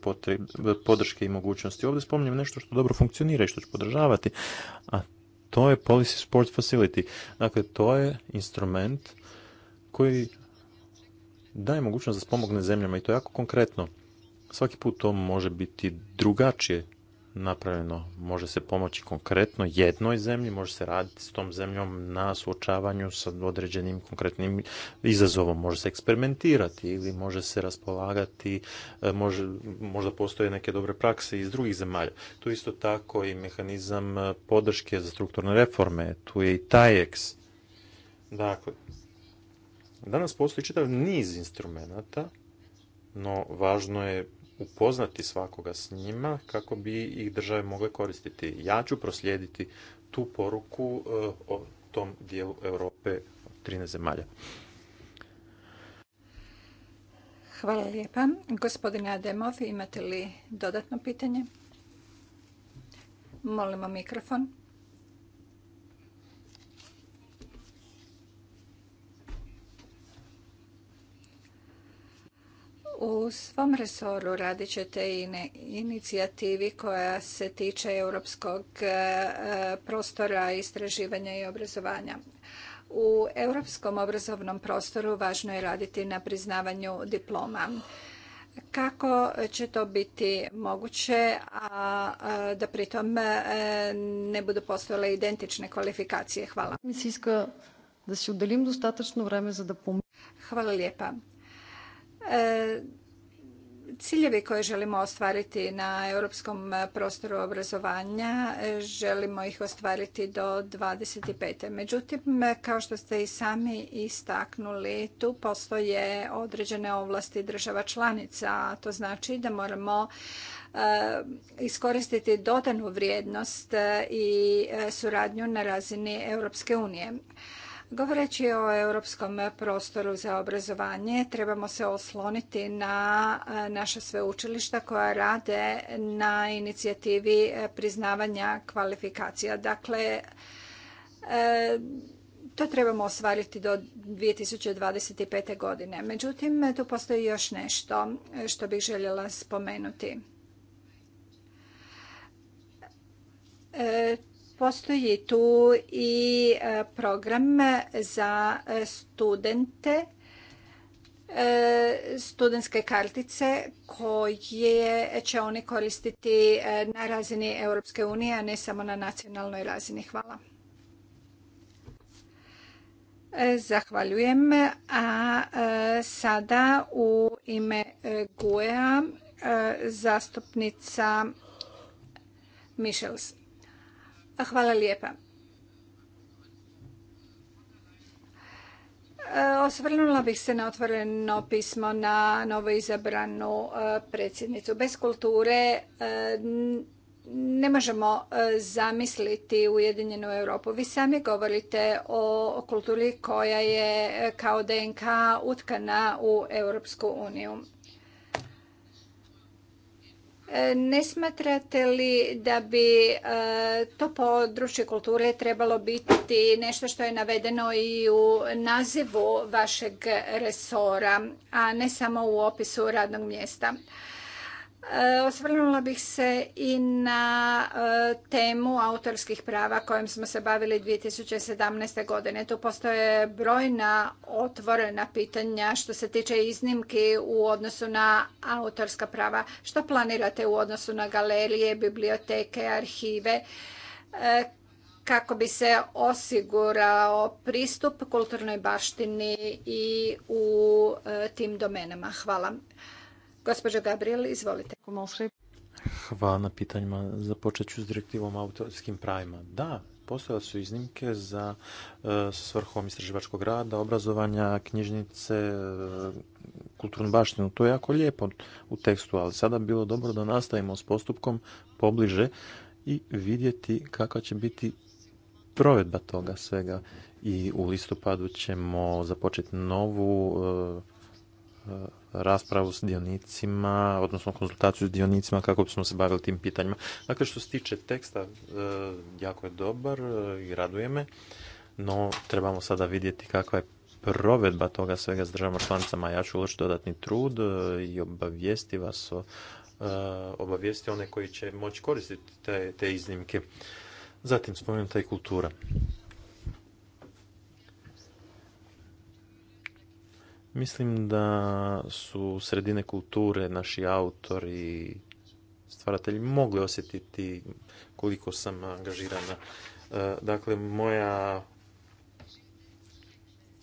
podrške i mogućnosti. Ovdje spominjem nešto što dobro funkcionira i što ću podržavati, a to je Policy Support Facility. Dakle, to je instrument koji daje mogućnost da spomogne zemljama i to jako konkretno. Svaki put to može biti drugačije napravljeno. Može se pomoći konkretno jednoj zemlji, može se raditi s tom zemljom na suočavanju sa određenim konkretnim izazovom. Može se eksperimentirati ili može se raspolagati, e, može, možda postoje neke dobre prakse iz drugih zemalja. Tu isto tako i mehanizam e, podrške za strukturne reforme, tu je i TAX Dakle, danas postoji čitav niz instrumenata, no važno je upoznati svakoga s njima kako bi ih države mogle koristiti. Ja ću proslijediti tu poruku eh, o tom dijelu Europe 13 zemalja. Hvala lijepa. Gospodine Ademov, imate li dodatno pitanje? Molimo mikrofon. U svom resoru radit ćete i na inicijativi koja se tiče europskog e, prostora istraživanja i obrazovanja. U europskom obrazovnom prostoru važno je raditi na priznavanju diploma. Kako će to biti moguće, a da pritom e, ne budu postojale identične kvalifikacije? Hvala. Hvala lijepa. E, ciljevi koje želimo ostvariti na europskom prostoru obrazovanja e, želimo ih ostvariti do 25. Međutim, kao što ste i sami istaknuli, tu postoje određene ovlasti država članica, a to znači da moramo e, iskoristiti dodanu vrijednost i suradnju na razini Europske unije. Govoreći o europskom prostoru za obrazovanje, trebamo se osloniti na e, naša sveučilišta koja rade na inicijativi e, priznavanja kvalifikacija. Dakle, e, to trebamo ostvariti do 2025. godine. Međutim, tu postoji još nešto što bih željela spomenuti. Postoji tu i e, program za e, studente, e, studentske kartice koje će oni koristiti na razini Europske unije, a ne samo na nacionalnoj razini. Hvala. Zahvaljujem. A sada u ime gue zastupnica Michels. Hvala lijepa. E, osvrnula bih se na otvoreno pismo na novoizabranu e, predsjednicu. Bez kulture e, ne možemo zamisliti Ujedinjenu Europu. Vi sami govorite o kulturi koja je kao DNK utkana u Europsku uniju. Ne smatrate li da bi e, to područje kulture trebalo biti nešto što je navedeno i u nazivu vašeg resora, a ne samo u opisu radnog mjesta? E, osvrnula bih se i na e, temu autorskih prava kojom smo se bavili 2017. godine. Tu postoje brojna otvorena pitanja što se tiče iznimki u odnosu na autorska prava. Što planirate u odnosu na galerije, biblioteke, arhive? E, kako bi se osigurao pristup kulturnoj baštini i u tim domenama. Hvala. Gospođo Gabriel, izvolite. Hvala na pitanjima. Započet ću s direktivom autorskim pravima. Da, postojale su iznimke za e, svrhom istraživačkog rada, obrazovanja, knjižnice, e, kulturnu baštinu. To je jako lijepo u tekstu, ali sada bi bilo dobro da nastavimo s postupkom pobliže i vidjeti kakva će biti provedba toga svega. I u listopadu ćemo započeti novu e, raspravu s dionicima, odnosno konzultaciju s dionicima kako bismo se bavili tim pitanjima. Dakle, što se tiče teksta, e, jako je dobar e, i raduje me, no trebamo sada vidjeti kakva je provedba toga svega s državama članicama. Ja ću uložiti dodatni trud e, i obavijesti vas o obavijesti one koji će moći koristiti te, iznimke. Zatim spomenuta i kultura. Mislim da su sredine kulture, naši autori, stvaratelji mogli osjetiti koliko sam angažirana. E, dakle, moja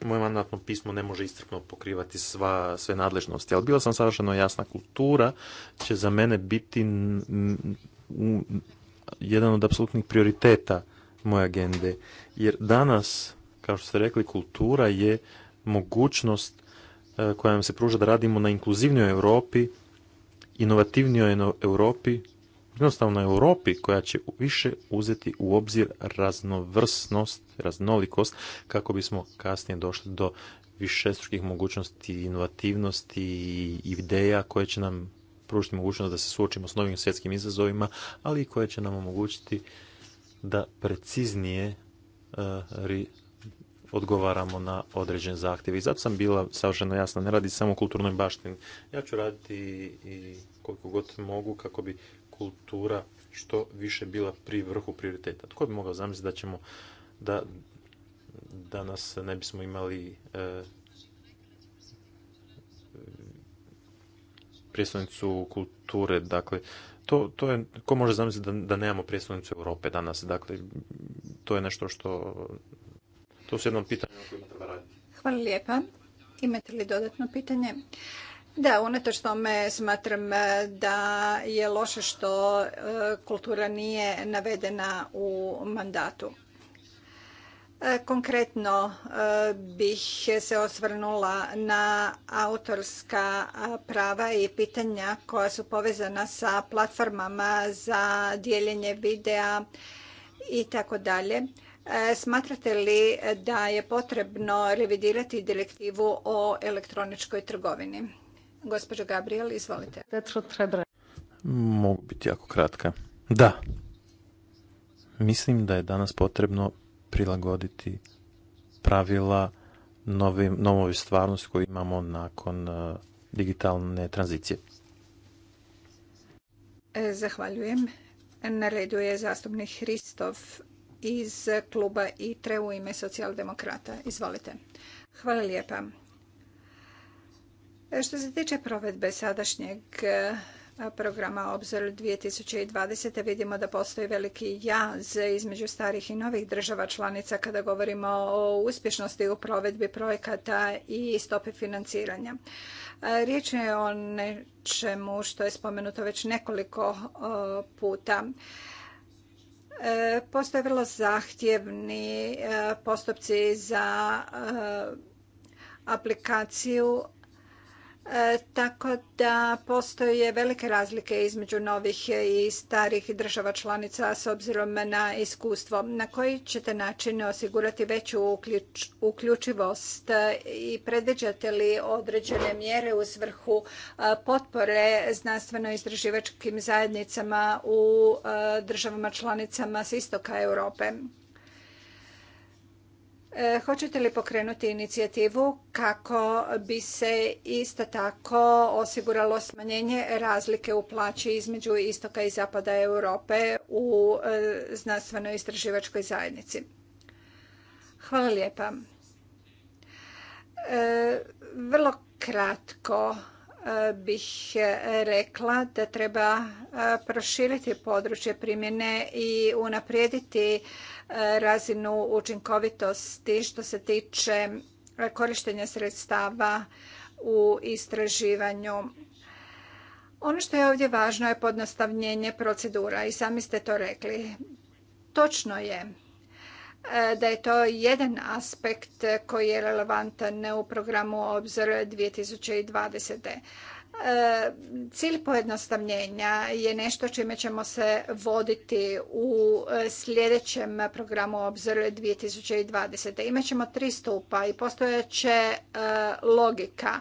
moje mandatno pismo ne može istrpno pokrivati sva, sve nadležnosti, ali bila sam savršeno jasna kultura će za mene biti jedan od apsolutnih prioriteta moje agende. Jer danas, kao što ste rekli, kultura je mogućnost E, koja nam se pruža da radimo na inkluzivnijoj Europi, inovativnijoj Europi, jednostavno Europi koja će više uzeti u obzir raznovrsnost, raznolikost kako bismo kasnije došli do višestrukih mogućnosti, inovativnosti i ideja koje će nam pružiti mogućnost da se suočimo s novim svjetskim izazovima, ali i koje će nam omogućiti da preciznije e, odgovaramo na određen zahtjev. I zato sam bila savršeno jasna, ne radi samo o kulturnoj baštini. Ja ću raditi i koliko god mogu kako bi kultura što više bila pri vrhu prioriteta. Tko bi mogao zamisliti da ćemo da danas ne bismo imali e, prijestolnicu kulture, dakle to, to je, ko može zamisliti da, da nemamo prijestolnicu Europe danas, dakle to je nešto što to su jednom pitanju treba raditi. Hvala lijepa. Imate li dodatno pitanje? Da, unatoč tome smatram e, da je loše što e, kultura nije navedena u mandatu. E, konkretno bih se osvrnula na autorska prava i pitanja koja su povezana sa platformama za dijeljenje videa i tako dalje. E, smatrate li da je potrebno revidirati direktivu o elektroničkoj trgovini? Gospođo Gabriel, izvolite. Mogu biti jako kratka. Da, mislim da je danas potrebno prilagoditi pravila novim, novoj stvarnosti koju imamo nakon e, digitalne tranzicije. E, zahvaljujem. Na redu je zastupnik Hristov iz kluba ITRE u ime socijaldemokrata. Izvolite. Hvala lijepa. E, što se tiče provedbe sadašnjeg e, programa Obzor 2020. vidimo da postoji veliki jaz između starih i novih država članica kada govorimo o uspješnosti u provedbi projekata i stopi financiranja. E, riječ je o nečemu što je spomenuto već nekoliko puta. E, postoje vrlo zahtjevni e, postupci za e, aplikaciju E, tako da postoje velike razlike između novih i starih država članica s obzirom na iskustvo. Na koji ćete način osigurati veću uključivost i predviđate li određene mjere u svrhu e, potpore znanstveno-istraživačkim zajednicama u e, državama članicama s istoka Europe? E, hoćete li pokrenuti inicijativu kako bi se isto tako osiguralo smanjenje razlike u plaći između istoka i zapada Europe u e, znanstvenoj istraživačkoj zajednici? Hvala lijepa. E, vrlo kratko bih rekla da treba e, proširiti područje primjene i unaprijediti e, razinu učinkovitosti što se tiče e, korištenja sredstava u istraživanju. Ono što je ovdje važno je podnostavljenje procedura i sami ste to rekli. Točno je E, da je to jedan aspekt koji je relevantan u programu Obzor 2020. E, cilj pojednostavljenja je nešto čime ćemo se voditi u e, sljedećem programu Obzor 2020. Imaćemo tri stupa i postojeće logika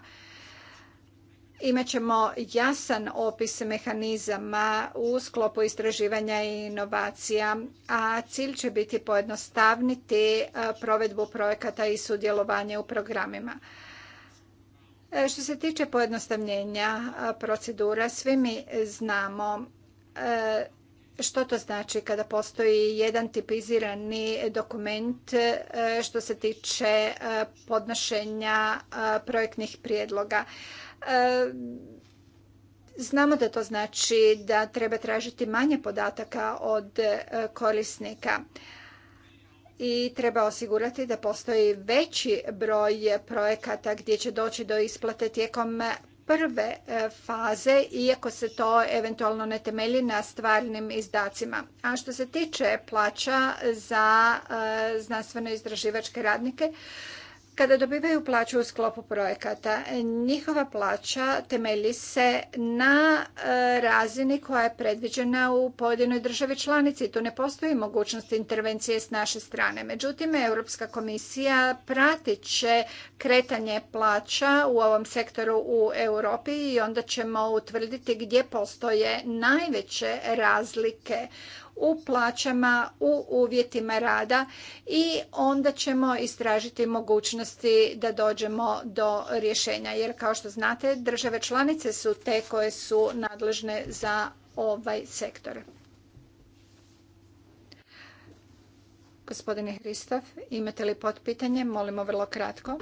Imat ćemo jasan opis mehanizama u sklopu istraživanja i inovacija, a cilj će biti pojednostavniti e, provedbu projekata i sudjelovanje u programima. E, što se tiče pojednostavljenja e, procedura, svi mi znamo što to znači kada postoji jedan tipizirani dokument što se tiče podnošenja projektnih prijedloga. Znamo da to znači da treba tražiti manje podataka od e, korisnika i treba osigurati da postoji veći broj projekata gdje će doći do isplate tijekom prve e, faze, iako se to eventualno ne temelji na stvarnim izdacima. A što se tiče plaća za e, znanstveno izdraživačke radnike, kada dobivaju plaću u sklopu projekata, njihova plaća temelji se na e, razini koja je predviđena u pojedinoj državi članici. Tu ne postoji mogućnost intervencije s naše strane. Međutim, Europska komisija pratit će kretanje plaća u ovom sektoru u Europi i onda ćemo utvrditi gdje postoje najveće razlike u plaćama, u uvjetima rada i onda ćemo istražiti mogućnosti da dođemo do rješenja. Jer kao što znate, države članice su te koje su nadležne za ovaj sektor. Gospodine Hristov, imate li potpitanje? Molimo vrlo kratko.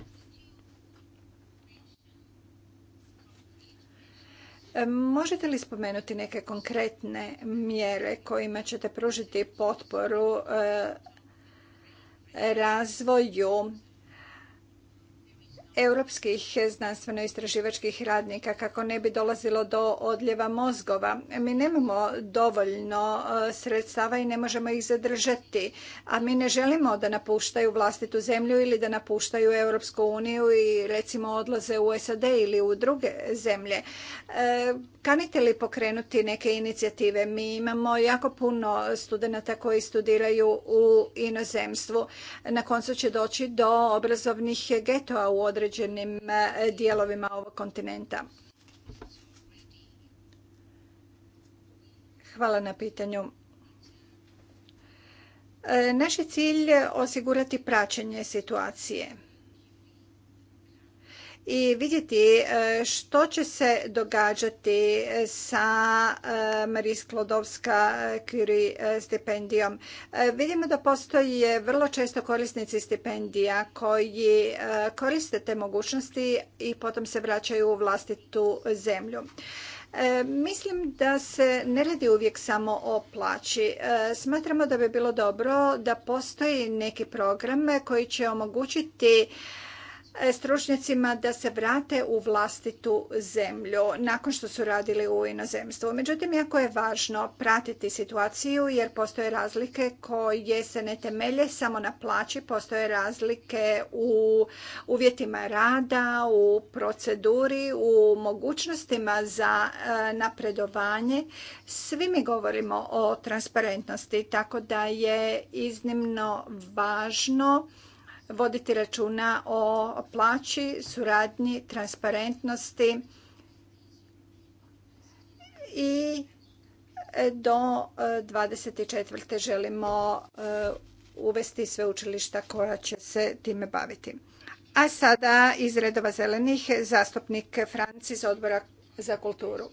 Možete li spomenuti neke konkretne mjere kojima ćete pružiti potporu e, razvoju europskih znanstveno-istraživačkih radnika kako ne bi dolazilo do odljeva mozgova. Mi nemamo dovoljno e, sredstava i ne možemo ih zadržati, a mi ne želimo da napuštaju vlastitu zemlju ili da napuštaju Europsku uniju i recimo odlaze u SAD ili u druge zemlje. E, kanite li pokrenuti neke inicijative? Mi imamo jako puno studenata koji studiraju u inozemstvu. Na koncu će doći do obrazovnih getoa u određenim e, dijelovima ovog kontinenta. Hvala na pitanju. E, naš je osigurati praćenje situacije i vidjeti e, što će se događati sa e, Maris Klodovska Curie e, stipendijom. Vidimo da postoji vrlo često korisnici stipendija koji koriste te mogućnosti i potom se vraćaju u vlastitu zemlju. Mislim da se ne radi uvijek samo o plaći. Smatramo da bi bilo dobro da postoji neki program koji će omogućiti E, stručnjacima da se vrate u vlastitu zemlju nakon što su radili u inozemstvu. Međutim, jako je važno pratiti situaciju jer postoje razlike koje se ne temelje samo na plaći, postoje razlike u uvjetima rada, u proceduri, u mogućnostima za e, napredovanje. Svi mi govorimo o transparentnosti, tako da je iznimno važno voditi računa o plaći, suradnji, transparentnosti i do 24. E, želimo e, uvesti sve učilišta koja će se time baviti. A sada iz redova zelenih zastupnik Franci iz odbora za kulturu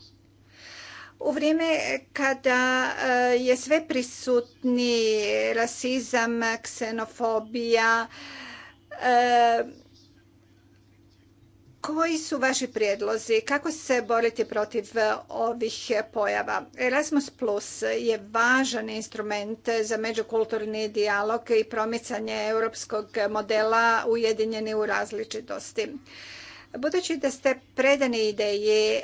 u vrijeme e, kada e, je sve prisutni rasizam, ksenofobija, e, koji su vaši prijedlozi? Kako se boriti protiv ovih pojava? Erasmus Plus je važan instrument za međukulturni dijalog i promicanje europskog modela ujedinjeni u različitosti. Budući da ste predani ideji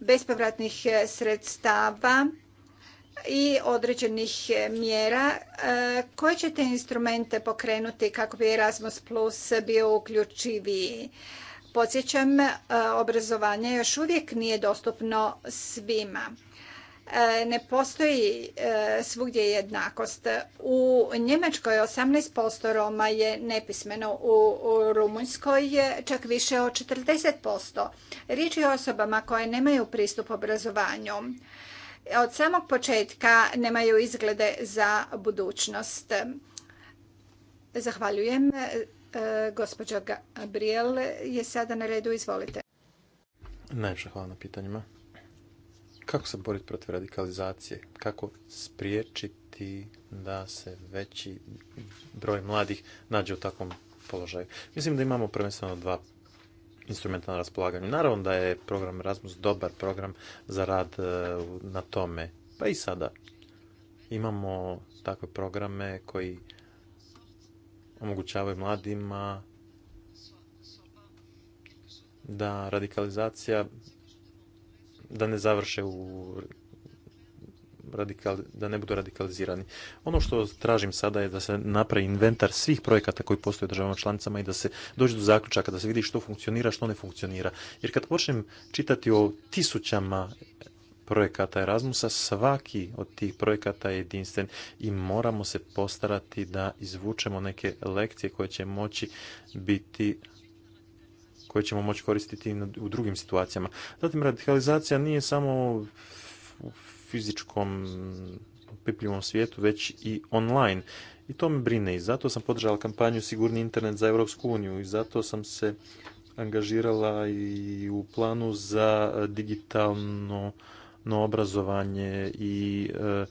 bespovratnih e, sredstava i određenih e, mjera. E, koje ćete instrumente pokrenuti kako bi Erasmus Plus bio uključiviji? Podsjećam, obrazovanje još uvijek nije dostupno svima. E, ne postoji e, svugdje jednakost. U Njemačkoj 18% Roma je nepismeno, u Rumunjskoj je čak više od 40%. Riječ je o osobama koje nemaju pristup obrazovanju. Od samog početka nemaju izglede za budućnost. Zahvaljujem. E, gospođa Gabriel je sada na redu. Izvolite. Ne hvala na pitanjima. Kako se boriti protiv radikalizacije? Kako spriječiti da se veći broj mladih nađe u takvom položaju? Mislim da imamo prvenstveno dva instrumenta na raspolaganju. Naravno da je program Erasmus dobar program za rad e, na tome. Pa i sada. Imamo takve programe koji omogućavaju mladima da radikalizacija da ne završe u radikali da ne budu radikalizirani. Ono što tražim sada je da se napravi inventar svih projekata koji postoje u državama članicama i da se dođe do zaključaka, da se vidi što funkcionira, što ne funkcionira. Jer kad počnem čitati o tisućama projekata Erasmusa, svaki od tih projekata je jedinstven i moramo se postarati da izvučemo neke lekcije koje će moći biti koje ćemo moći koristiti u drugim situacijama. Zatim, radikalizacija nije samo u fizičkom pipljivom svijetu, već i online. I to me brine i zato sam podržala kampanju Sigurni internet za Europsku uniju i zato sam se angažirala i u planu za digitalno obrazovanje i e,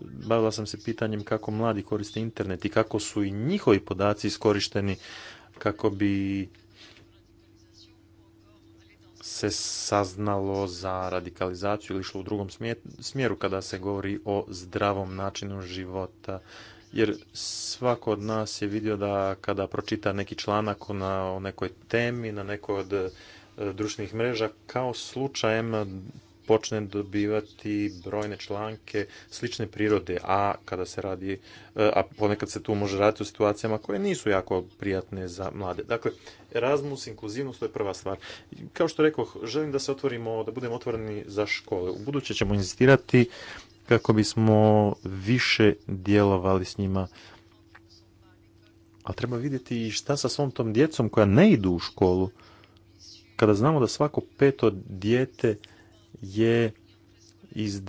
bavila sam se pitanjem kako mladi koriste internet i kako su i njihovi podaci iskorišteni kako bi se saznalo za radikalizaciju ili išlo u drugom smjeru kada se govori o zdravom načinu života. Jer svako od nas je vidio da kada pročita neki članak na, o nekoj temi, na nekoj od e, društvenih mreža, kao slučajem počne dobivati brojne članke slične prirode, a kada se radi, e, a ponekad se tu može raditi u situacijama koje nisu jako prijatne za mlade. Dakle, Erasmus, inkluzivnost, to je prva stvar. Kao što rekao, želim da se otvorimo, da budemo otvoreni za škole. U buduće ćemo insistirati kako bismo više djelovali s njima. ali treba vidjeti i šta sa svom tom djecom koja ne idu u školu. Kada znamo da svako peto dijete je iz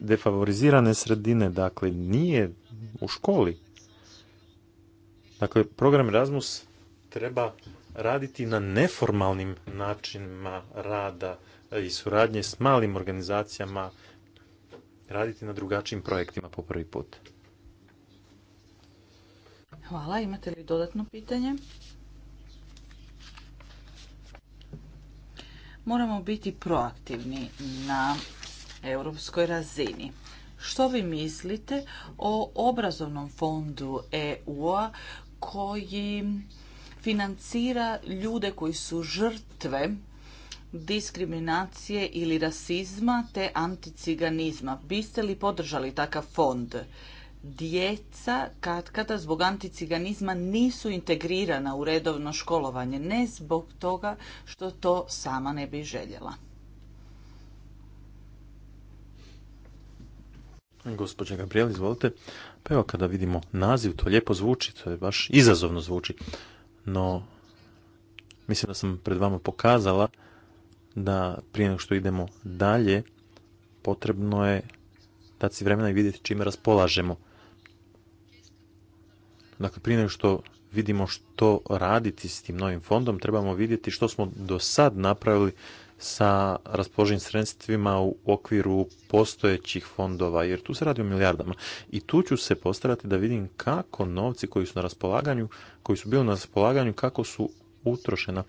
defavorizirane sredine, dakle nije u školi. Dakle, program Erasmus treba raditi na neformalnim načinima rada i suradnje s malim organizacijama, raditi na drugačijim projektima po prvi put. Hvala. Imate li dodatno pitanje? moramo biti proaktivni na europskoj razini. Što vi mislite o obrazovnom fondu EU-a koji financira ljude koji su žrtve diskriminacije ili rasizma te anticiganizma. Biste li podržali takav fond? djeca kad zbog anticiganizma nisu integrirana u redovno školovanje, ne zbog toga što to sama ne bi željela. Gospođa Gabriel, izvolite. Pa evo kada vidimo naziv, to lijepo zvuči, to je baš izazovno zvuči. No, mislim da sam pred vama pokazala da prije nego što idemo dalje, potrebno je dati si vremena i vidjeti čime raspolažemo dakle prije nego što vidimo što raditi s tim novim fondom, trebamo vidjeti što smo do sad napravili sa raspoloženim sredstvima u okviru postojećih fondova, jer tu se radi o milijardama. I tu ću se postarati da vidim kako novci koji su na raspolaganju, koji su bili na raspolaganju, kako su utrošena,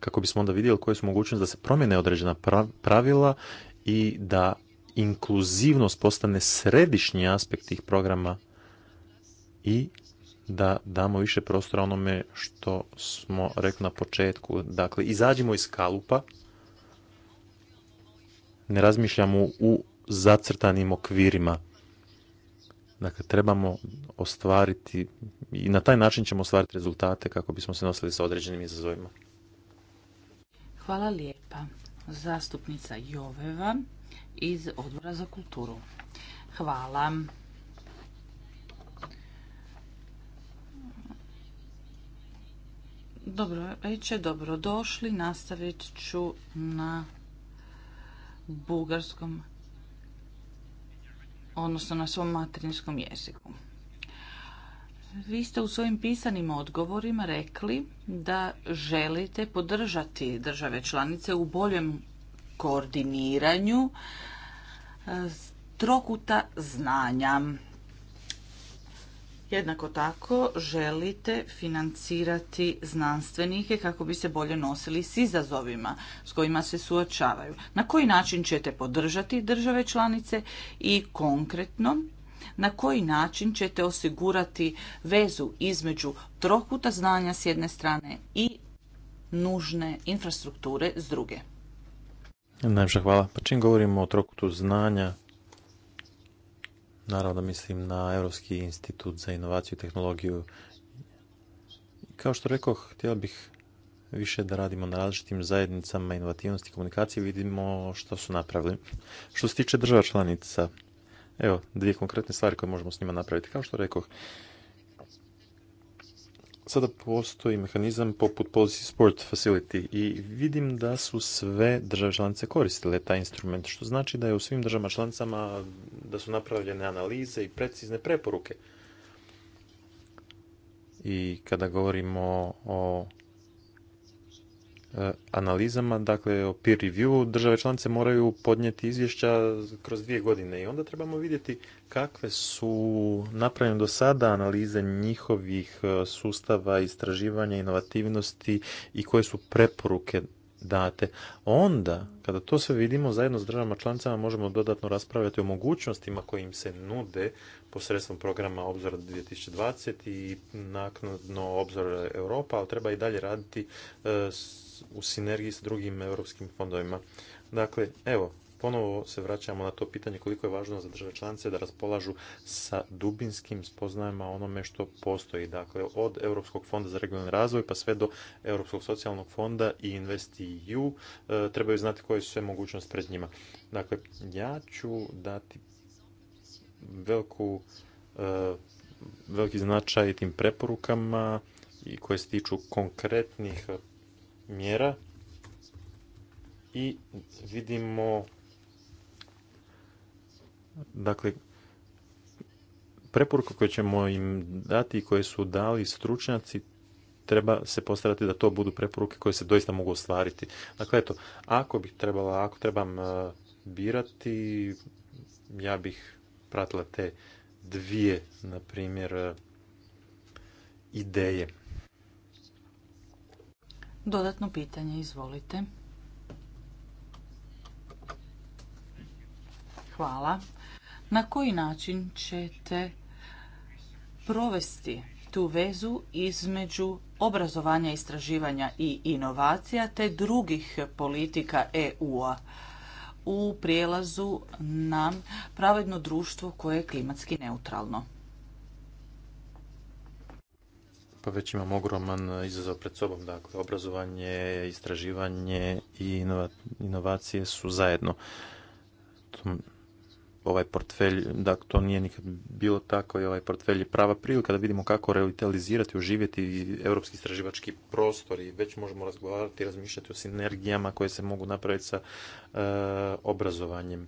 kako bismo onda vidjeli koje su mogućnosti da se promjene određena pravila i da inkluzivnost postane središnji aspekt tih programa i da damo više prostora onome što smo rekli na početku. Dakle, izađimo iz kalupa, ne razmišljamo u zacrtanim okvirima. Dakle, trebamo ostvariti i na taj način ćemo ostvariti rezultate kako bismo se nosili sa određenim izazovima. Hvala lijepa. Zastupnica Joveva iz Odbora za kulturu. Hvala. Dobro večer, dobro došli. Nastavit ću na bugarskom, odnosno na svom materinskom jeziku. Vi ste u svojim pisanim odgovorima rekli da želite podržati države članice u boljem koordiniranju e, trokuta znanja Jednako tako želite financirati znanstvenike kako bi se bolje nosili s izazovima s kojima se suočavaju. Na koji način ćete podržati države članice i konkretno na koji način ćete osigurati vezu između trokuta znanja s jedne strane i nužne infrastrukture s druge. Najviše hvala. Pa čim govorimo o trokutu znanja Naravno mislim na Europski institut za inovaciju i tehnologiju. Kao što rekoh, htio bih više da radimo na različitim zajednicama inovativnosti i komunikacije, vidimo što su napravili. Što se tiče država članica, evo, dvije konkretne stvari koje možemo s njima napraviti. Kao što rekoh, sada postoji mehanizam poput Policy Sport Facility i vidim da su sve države članice koristile taj instrument, što znači da je u svim državama članicama da su napravljene analize i precizne preporuke. I kada govorimo o E, analizama, dakle o peer review, države članice moraju podnijeti izvješća kroz dvije godine i onda trebamo vidjeti kakve su napravljene do sada analize njihovih e, sustava, istraživanja, inovativnosti i koje su preporuke date. Onda, kada to sve vidimo, zajedno s državama članicama možemo dodatno raspravljati o mogućnostima im se nude posredstvom programa Obzor 2020 i naknadno Obzor Europa, ali treba i dalje raditi e, s u sinergiji s drugim europskim fondovima. Dakle, evo, ponovo se vraćamo na to pitanje koliko je važno za države članice da raspolažu sa dubinskim spoznajama onome što postoji. Dakle, od Europskog fonda za regionalni razvoj pa sve do Europskog socijalnog fonda i InvestEU e, trebaju znati koje su sve mogućnosti pred njima. Dakle, ja ću dati veliku, e, veliki značaj tim preporukama i koje se tiču konkretnih mjera i vidimo dakle preporuke koje ćemo im dati i koje su dali stručnjaci treba se postaviti da to budu preporuke koje se doista mogu ostvariti. Dakle, eto, ako bih trebala, ako trebam e, birati, ja bih pratila te dvije, na primjer, e, ideje. Dodatno pitanje, izvolite. Hvala. Na koji način ćete provesti tu vezu između obrazovanja, istraživanja i inovacija te drugih politika EU-a u prijelazu na pravedno društvo koje je klimatski neutralno? pa već imam ogroman izazov pred sobom. Dakle, obrazovanje, istraživanje i inovacije su zajedno. Ovaj portfelj, dakle, to nije nikad bilo tako i ovaj portfelj je prava prilika da vidimo kako revitalizirati, oživjeti europski istraživački prostor i već možemo razgovarati i razmišljati o sinergijama koje se mogu napraviti sa e, obrazovanjem.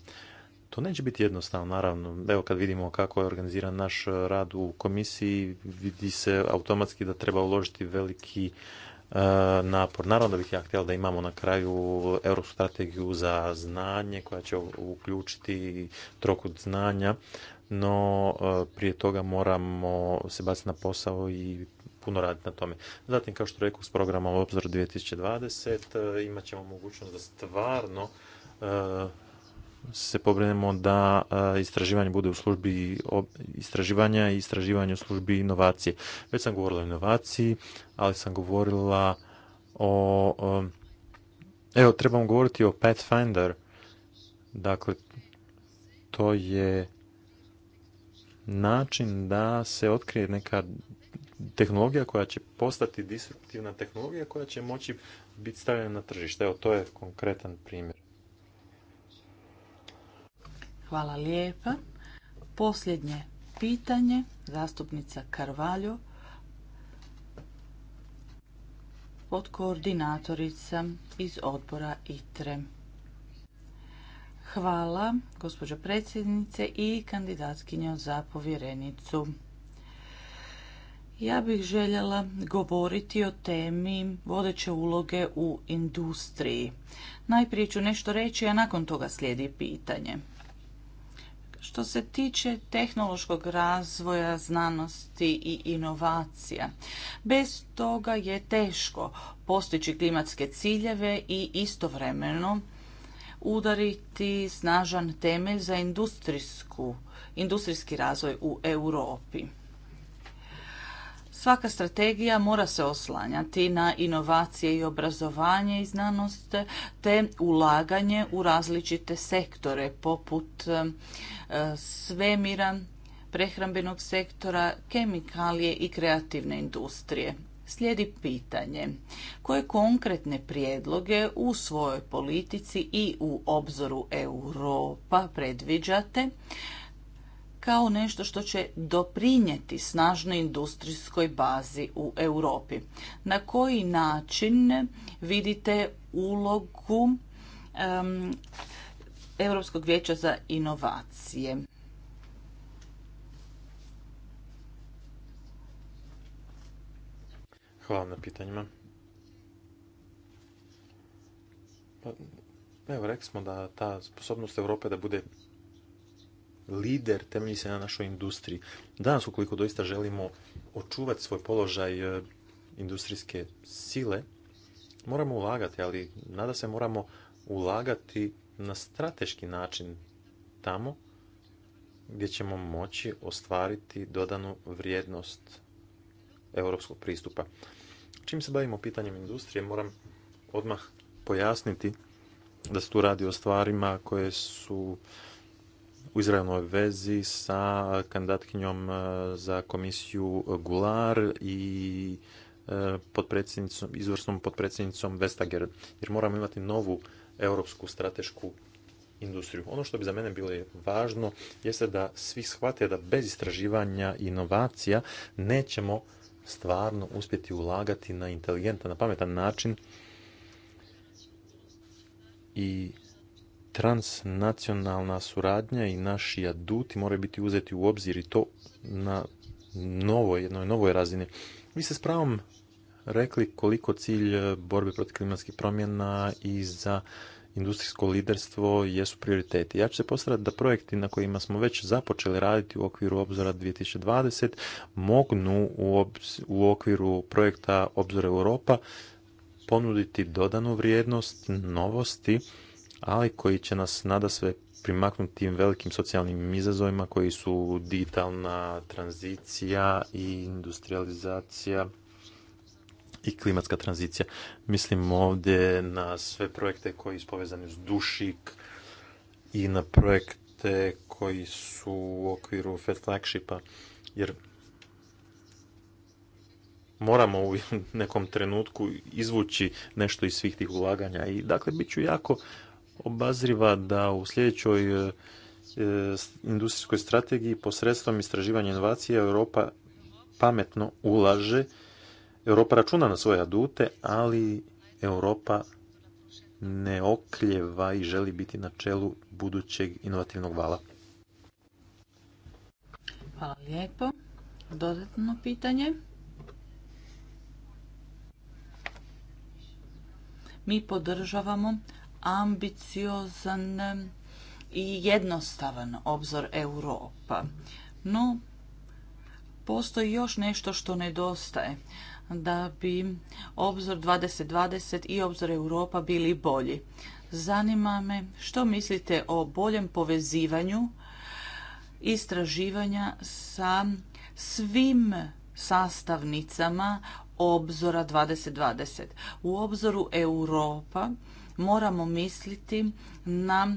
To neće biti jednostavno, naravno. Evo kad vidimo kako je organiziran naš e, rad u komisiji, vidi se automatski da treba uložiti veliki e, napor. Naravno da bih ja htjela da imamo na kraju europsku strategiju za znanje koja će uključiti trokut znanja, no e, prije toga moramo se baciti na posao i puno raditi na tome. Zatim, kao što rekao, s programom Obzor 2020 imat ćemo mogućnost da stvarno se pobrinemo da e, istraživanje bude u službi istraživanja i istraživanje u službi inovacije. Već sam govorila o inovaciji, ali sam govorila o... E, evo, trebamo govoriti o Pathfinder. Dakle, to je način da se otkrije neka tehnologija koja će postati disruptivna tehnologija koja će moći biti stavljena na tržište. Evo, to je konkretan primjer. Hvala lijepa. Posljednje pitanje, zastupnica Karvaljo, od koordinatorica iz odbora ITRE. Hvala, gospođo predsjednice i kandidatkinjo za povjerenicu. Ja bih željela govoriti o temi vodeće uloge u industriji. Najprije ću nešto reći, a nakon toga slijedi pitanje. Što se tiče tehnološkog razvoja znanosti i inovacija, bez toga je teško postići klimatske ciljeve i istovremeno udariti snažan temelj za industrijski razvoj u Europi. Svaka strategija mora se oslanjati na inovacije i obrazovanje i znanost te ulaganje u različite sektore poput e, svemira, prehrambenog sektora, kemikalije i kreativne industrije. Slijedi pitanje koje konkretne prijedloge u svojoj politici i u obzoru Europa predviđate kao nešto što će doprinijeti snažnoj industrijskoj bazi u Europi. Na koji način vidite ulogu Europskog vijeća za inovacije? Hvala na pitanjima. Pa, evo, rekli smo da ta sposobnost Europe da bude lider temelji se na našoj industriji. Danas, ukoliko doista želimo očuvati svoj položaj e, industrijske sile, moramo ulagati, ali nada se moramo ulagati na strateški način tamo gdje ćemo moći ostvariti dodanu vrijednost europskog pristupa. Čim se bavimo pitanjem industrije, moram odmah pojasniti da se tu radi o stvarima koje su u izravnoj vezi sa kandidatkinjom e, za komisiju Gular i e, izvrsnom podpredsjednicom Vestager, jer moramo imati novu europsku stratešku industriju. Ono što bi za mene bilo važno jeste da svi shvate da bez istraživanja i inovacija nećemo stvarno uspjeti ulagati na inteligentan, na pametan način i transnacionalna suradnja i naši aduti moraju biti uzeti u obzir i to na novoj, jednoj novoj razini. Vi ste s pravom rekli koliko cilj e, borbe protiv klimatskih promjena i za industrijsko liderstvo jesu prioriteti. Ja ću se postaviti da projekti na kojima smo već započeli raditi u okviru obzora 2020 mognu u okviru projekta Obzor Europa ponuditi dodanu vrijednost, novosti ali koji će nas nada sve primaknuti tim velikim socijalnim izazovima koji su digitalna tranzicija i industrializacija i klimatska tranzicija. Mislim ovdje na sve projekte koji su povezani s dušik i na projekte koji su u okviru Fed Flagshipa, jer moramo u [LAUGHS] nekom trenutku izvući nešto iz svih tih ulaganja i dakle bit ću jako obazriva da u sljedećoj e, e, industrijskoj strategiji posredstvom istraživanja inovacija Europa pametno ulaže. Europa računa na svoje adute, ali Europa ne okljeva i želi biti na čelu budućeg inovativnog vala. Hvala lijepo. Dodatno pitanje. Mi podržavamo ambiciozan i jednostavan obzor Europa. No, postoji još nešto što nedostaje da bi obzor 2020 i obzor Europa bili bolji. Zanima me što mislite o boljem povezivanju istraživanja sa svim sastavnicama obzora 2020. U obzoru Europa moramo misliti na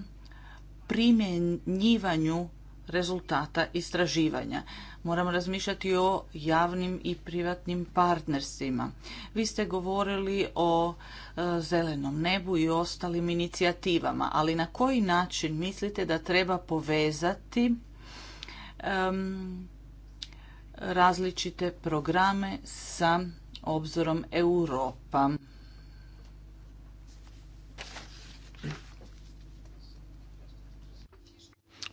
primjenjivanju rezultata istraživanja. Moramo razmišljati o javnim i privatnim partnerstvima. Vi ste govorili o e, zelenom nebu i ostalim inicijativama, ali na koji način mislite da treba povezati različite programe sa obzorom Europa?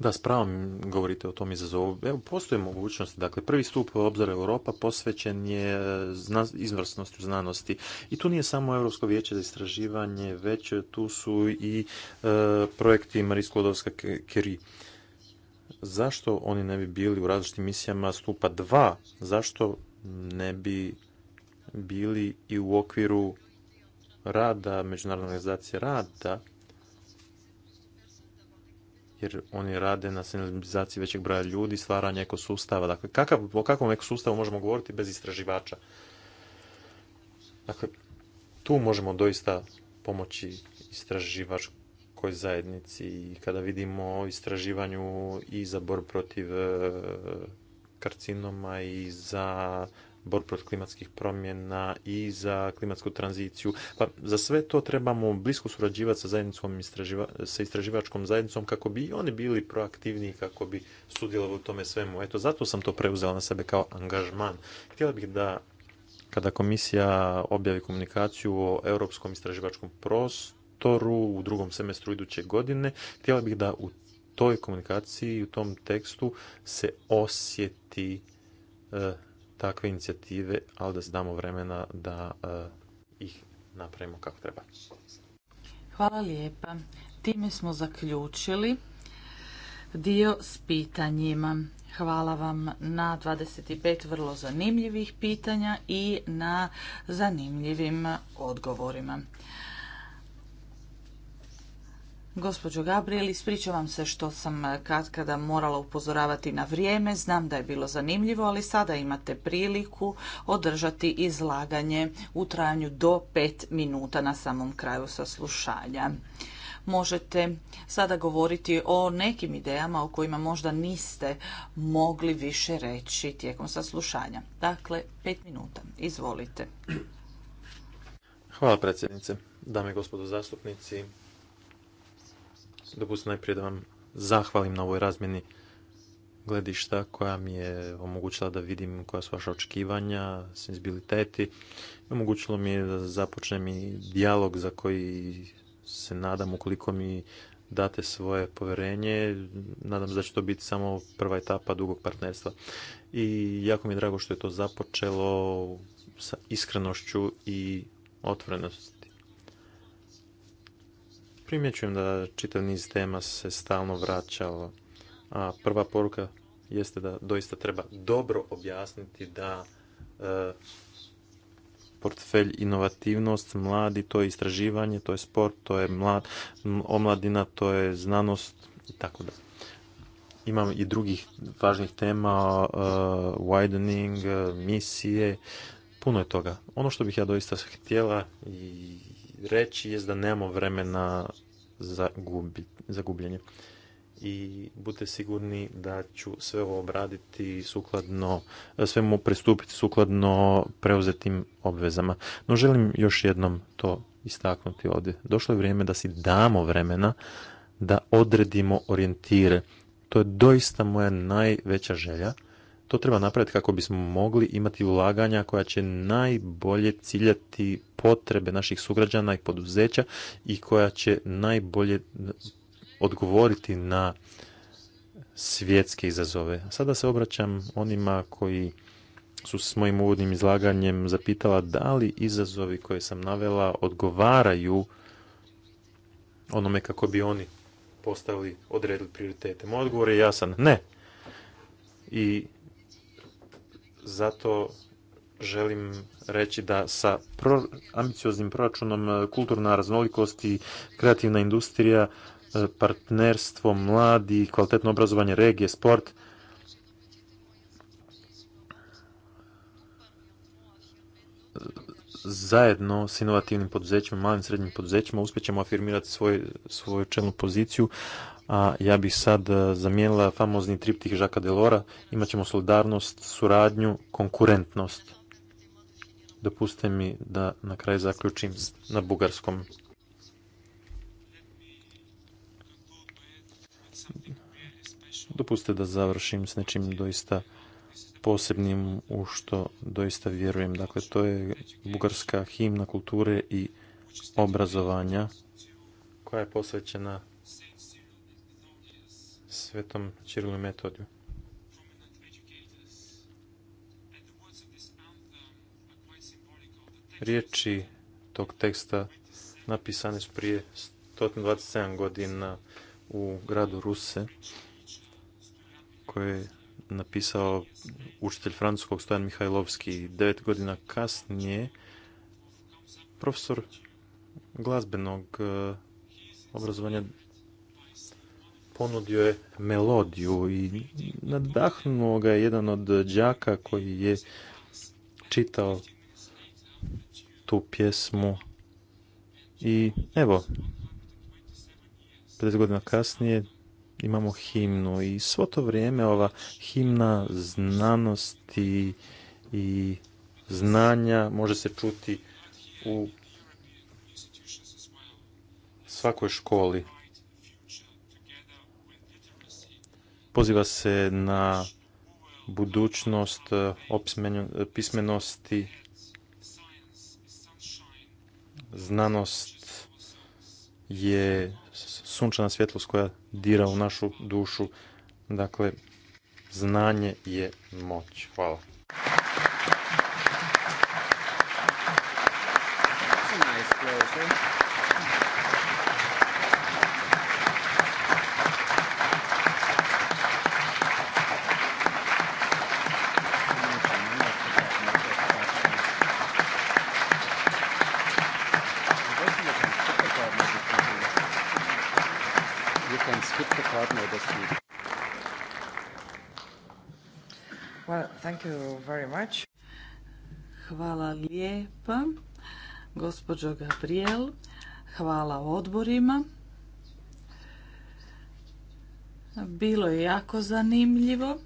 Da, s pravom govorite o tom izazovu. Evo, postoje mogućnosti. Dakle, prvi stup obzor Europa posvećen je e, izvrsnosti u znanosti. I tu nije samo Europsko vijeće za istraživanje, već tu su i e, projekti Marie Sklodovska-Curie. Zašto oni ne bi bili u različitim misijama stupa 2? Zašto ne bi bili i u okviru rada, Međunarodne organizacije rada, jer oni rade na senzibilizaciji većeg broja ljudi, stvaranje ekosustava. Dakle, kakav, o kakvom ekosustavu možemo govoriti bez istraživača? Dakle, tu možemo doista pomoći istraživačkoj zajednici i kada vidimo o istraživanju i za borbu protiv e, karcinoma i za bor protiv klimatskih promjena i za klimatsku tranziciju. Pa za sve to trebamo blisko surađivati sa, zajednicom, istraživa, sa istraživačkom zajednicom kako bi i oni bili proaktivniji, kako bi sudjelovali u tome svemu. Eto, zato sam to preuzela na sebe kao angažman. Htjela bih da kada komisija objavi komunikaciju o europskom istraživačkom prostoru u drugom semestru iduće godine, htjela bih da u toj komunikaciji, u tom tekstu se osjeti e, takve inicijative, ali da se damo vremena da eh, ih napravimo kako treba. Hvala lijepa. Time smo zaključili dio s pitanjima. Hvala vam na 25 vrlo zanimljivih pitanja i na zanimljivim odgovorima. Gospođo Gabriel, ispričavam se što sam kad kada morala upozoravati na vrijeme. Znam da je bilo zanimljivo, ali sada imate priliku održati izlaganje u trajanju do pet minuta na samom kraju saslušanja. Možete sada govoriti o nekim idejama o kojima možda niste mogli više reći tijekom saslušanja. Dakle, pet minuta. Izvolite. Hvala predsjednice, dame i gospodo zastupnici, dopustite najprije da vam zahvalim na ovoj razmjeni gledišta koja mi je omogućila da vidim koja su vaša očekivanja, senzibiliteti. Omogućilo mi je da započnem i dijalog za koji se nadam ukoliko mi date svoje povjerenje. Nadam se da će to biti samo prva etapa dugog partnerstva. I jako mi je drago što je to započelo sa iskrenošću i otvorenosti Primjećujem da čitav niz tema se stalno vraća, a prva poruka jeste da doista treba dobro objasniti da e, portfelj inovativnost, mladi, to je istraživanje, to je sport, to je omladina, to je znanost i tako da. Imam i drugih važnih tema, e, widening, e, misije, puno je toga. Ono što bih ja doista htjela i reći je da nemamo vremena za gubljenje. I budite sigurni da ću sve ovo obraditi sukladno, svemu pristupiti sukladno preuzetim obvezama. No želim još jednom to istaknuti ovdje. Došlo je vrijeme da si damo vremena da odredimo orijentire. To je doista moja najveća želja to treba napraviti kako bismo mogli imati ulaganja koja će najbolje ciljati potrebe naših sugrađana i poduzeća i koja će najbolje odgovoriti na svjetske izazove. Sada se obraćam onima koji su s mojim uvodnim izlaganjem zapitala da li izazovi koje sam navela odgovaraju onome kako bi oni postavili, odredili prioritete. Moj odgovor je jasan, ne. I zato želim reći da sa pro, ambicioznim proračunom e, kulturna raznolikost i kreativna industrija, e, partnerstvo, mladi, kvalitetno obrazovanje regije, sport, zajedno s inovativnim poduzećima, malim srednjim poduzećima uspjećemo afirmirati svoj, svoju čelnu poziciju, a ja bih sad e, zamijenila famozni triptih Žaka Delora, Imaćemo solidarnost, suradnju, konkurentnost. Dopustite mi da na kraj zaključim na bugarskom. Dopustite da završim s nečim doista posebnim u što doista vjerujem. Dakle, to je bugarska himna kulture i obrazovanja koja je posvećena svetom Čirilu metodiju. Riječi tog teksta napisane su prije 127 godina u gradu Ruse koje napisao učitelj francuskog Stojan Mihajlovski. Devet godina kasnije profesor glazbenog e, obrazovanja ponudio je melodiju i nadahnuo ga je jedan od đaka koji je čitao tu pjesmu i evo 50 godina kasnije imamo himnu i svo to vrijeme ova himna znanosti i znanja može se čuti u svakoj školi. Poziva se na budućnost pismenosti, znanost je sunčana svjetlost koja dira u našu dušu. Dakle, znanje je moć. Hvala. Gabriel. Hvala odborima. Bilo je jako zanimljivo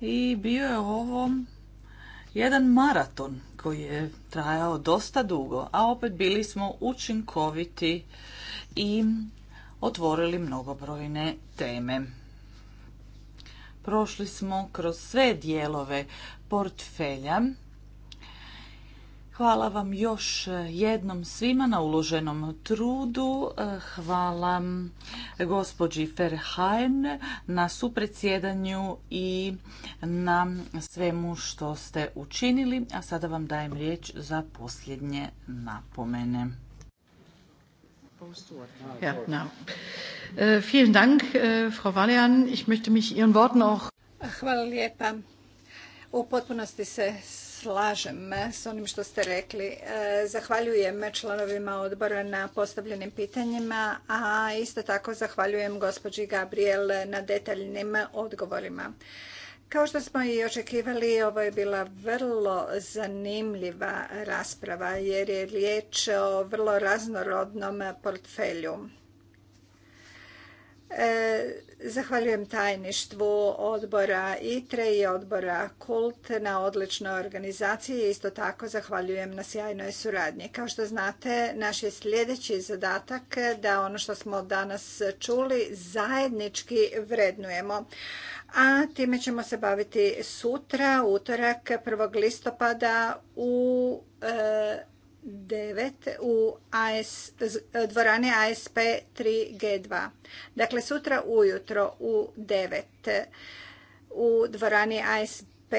i bio je ovo jedan maraton koji je trajao dosta dugo, a opet bili smo učinkoviti i otvorili mnogobrojne teme. Prošli smo kroz sve dijelove portfelja Hvala vam još jednom svima na uloženom trudu. Hvala gospođi Ferhajn na supredsjedanju i na svemu što ste učinili. A sada vam dajem riječ za posljednje napomene. Ja, Hvala lijepa. U potpunosti se slažem s onim što ste rekli. E, zahvaljujem članovima odbora na postavljenim pitanjima, a isto tako zahvaljujem gospođi Gabriel na detaljnim odgovorima. Kao što smo i očekivali, ovo je bila vrlo zanimljiva rasprava jer je riječ o vrlo raznorodnom portfelju. E, Zahvaljujem tajništvu odbora ITRE i odbora KULT na odličnoj organizaciji i isto tako zahvaljujem na sjajnoj suradnji. Kao što znate, naš je sljedeći zadatak da ono što smo danas čuli zajednički vrednujemo. A time ćemo se baviti sutra, utorak 1. listopada u e, 9 u dvorani ASP 3G2. Dakle, sutra ujutro u 9 u dvorani ASP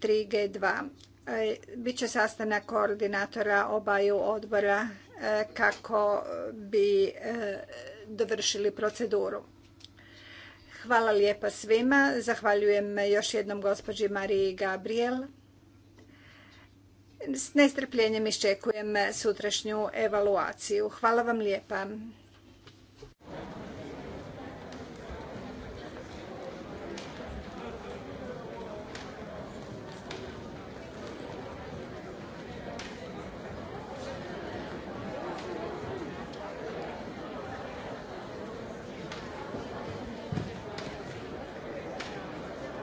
3G2 e, biće sastanak koordinatora obaju odbora e, kako bi e, dovršili proceduru. Hvala lijepa svima. Zahvaljujem još jednom gospođi Mariji Gabriel. S nestrpljenjem iščekujem sutrašnju evaluaciju. Hvala vam lijepa.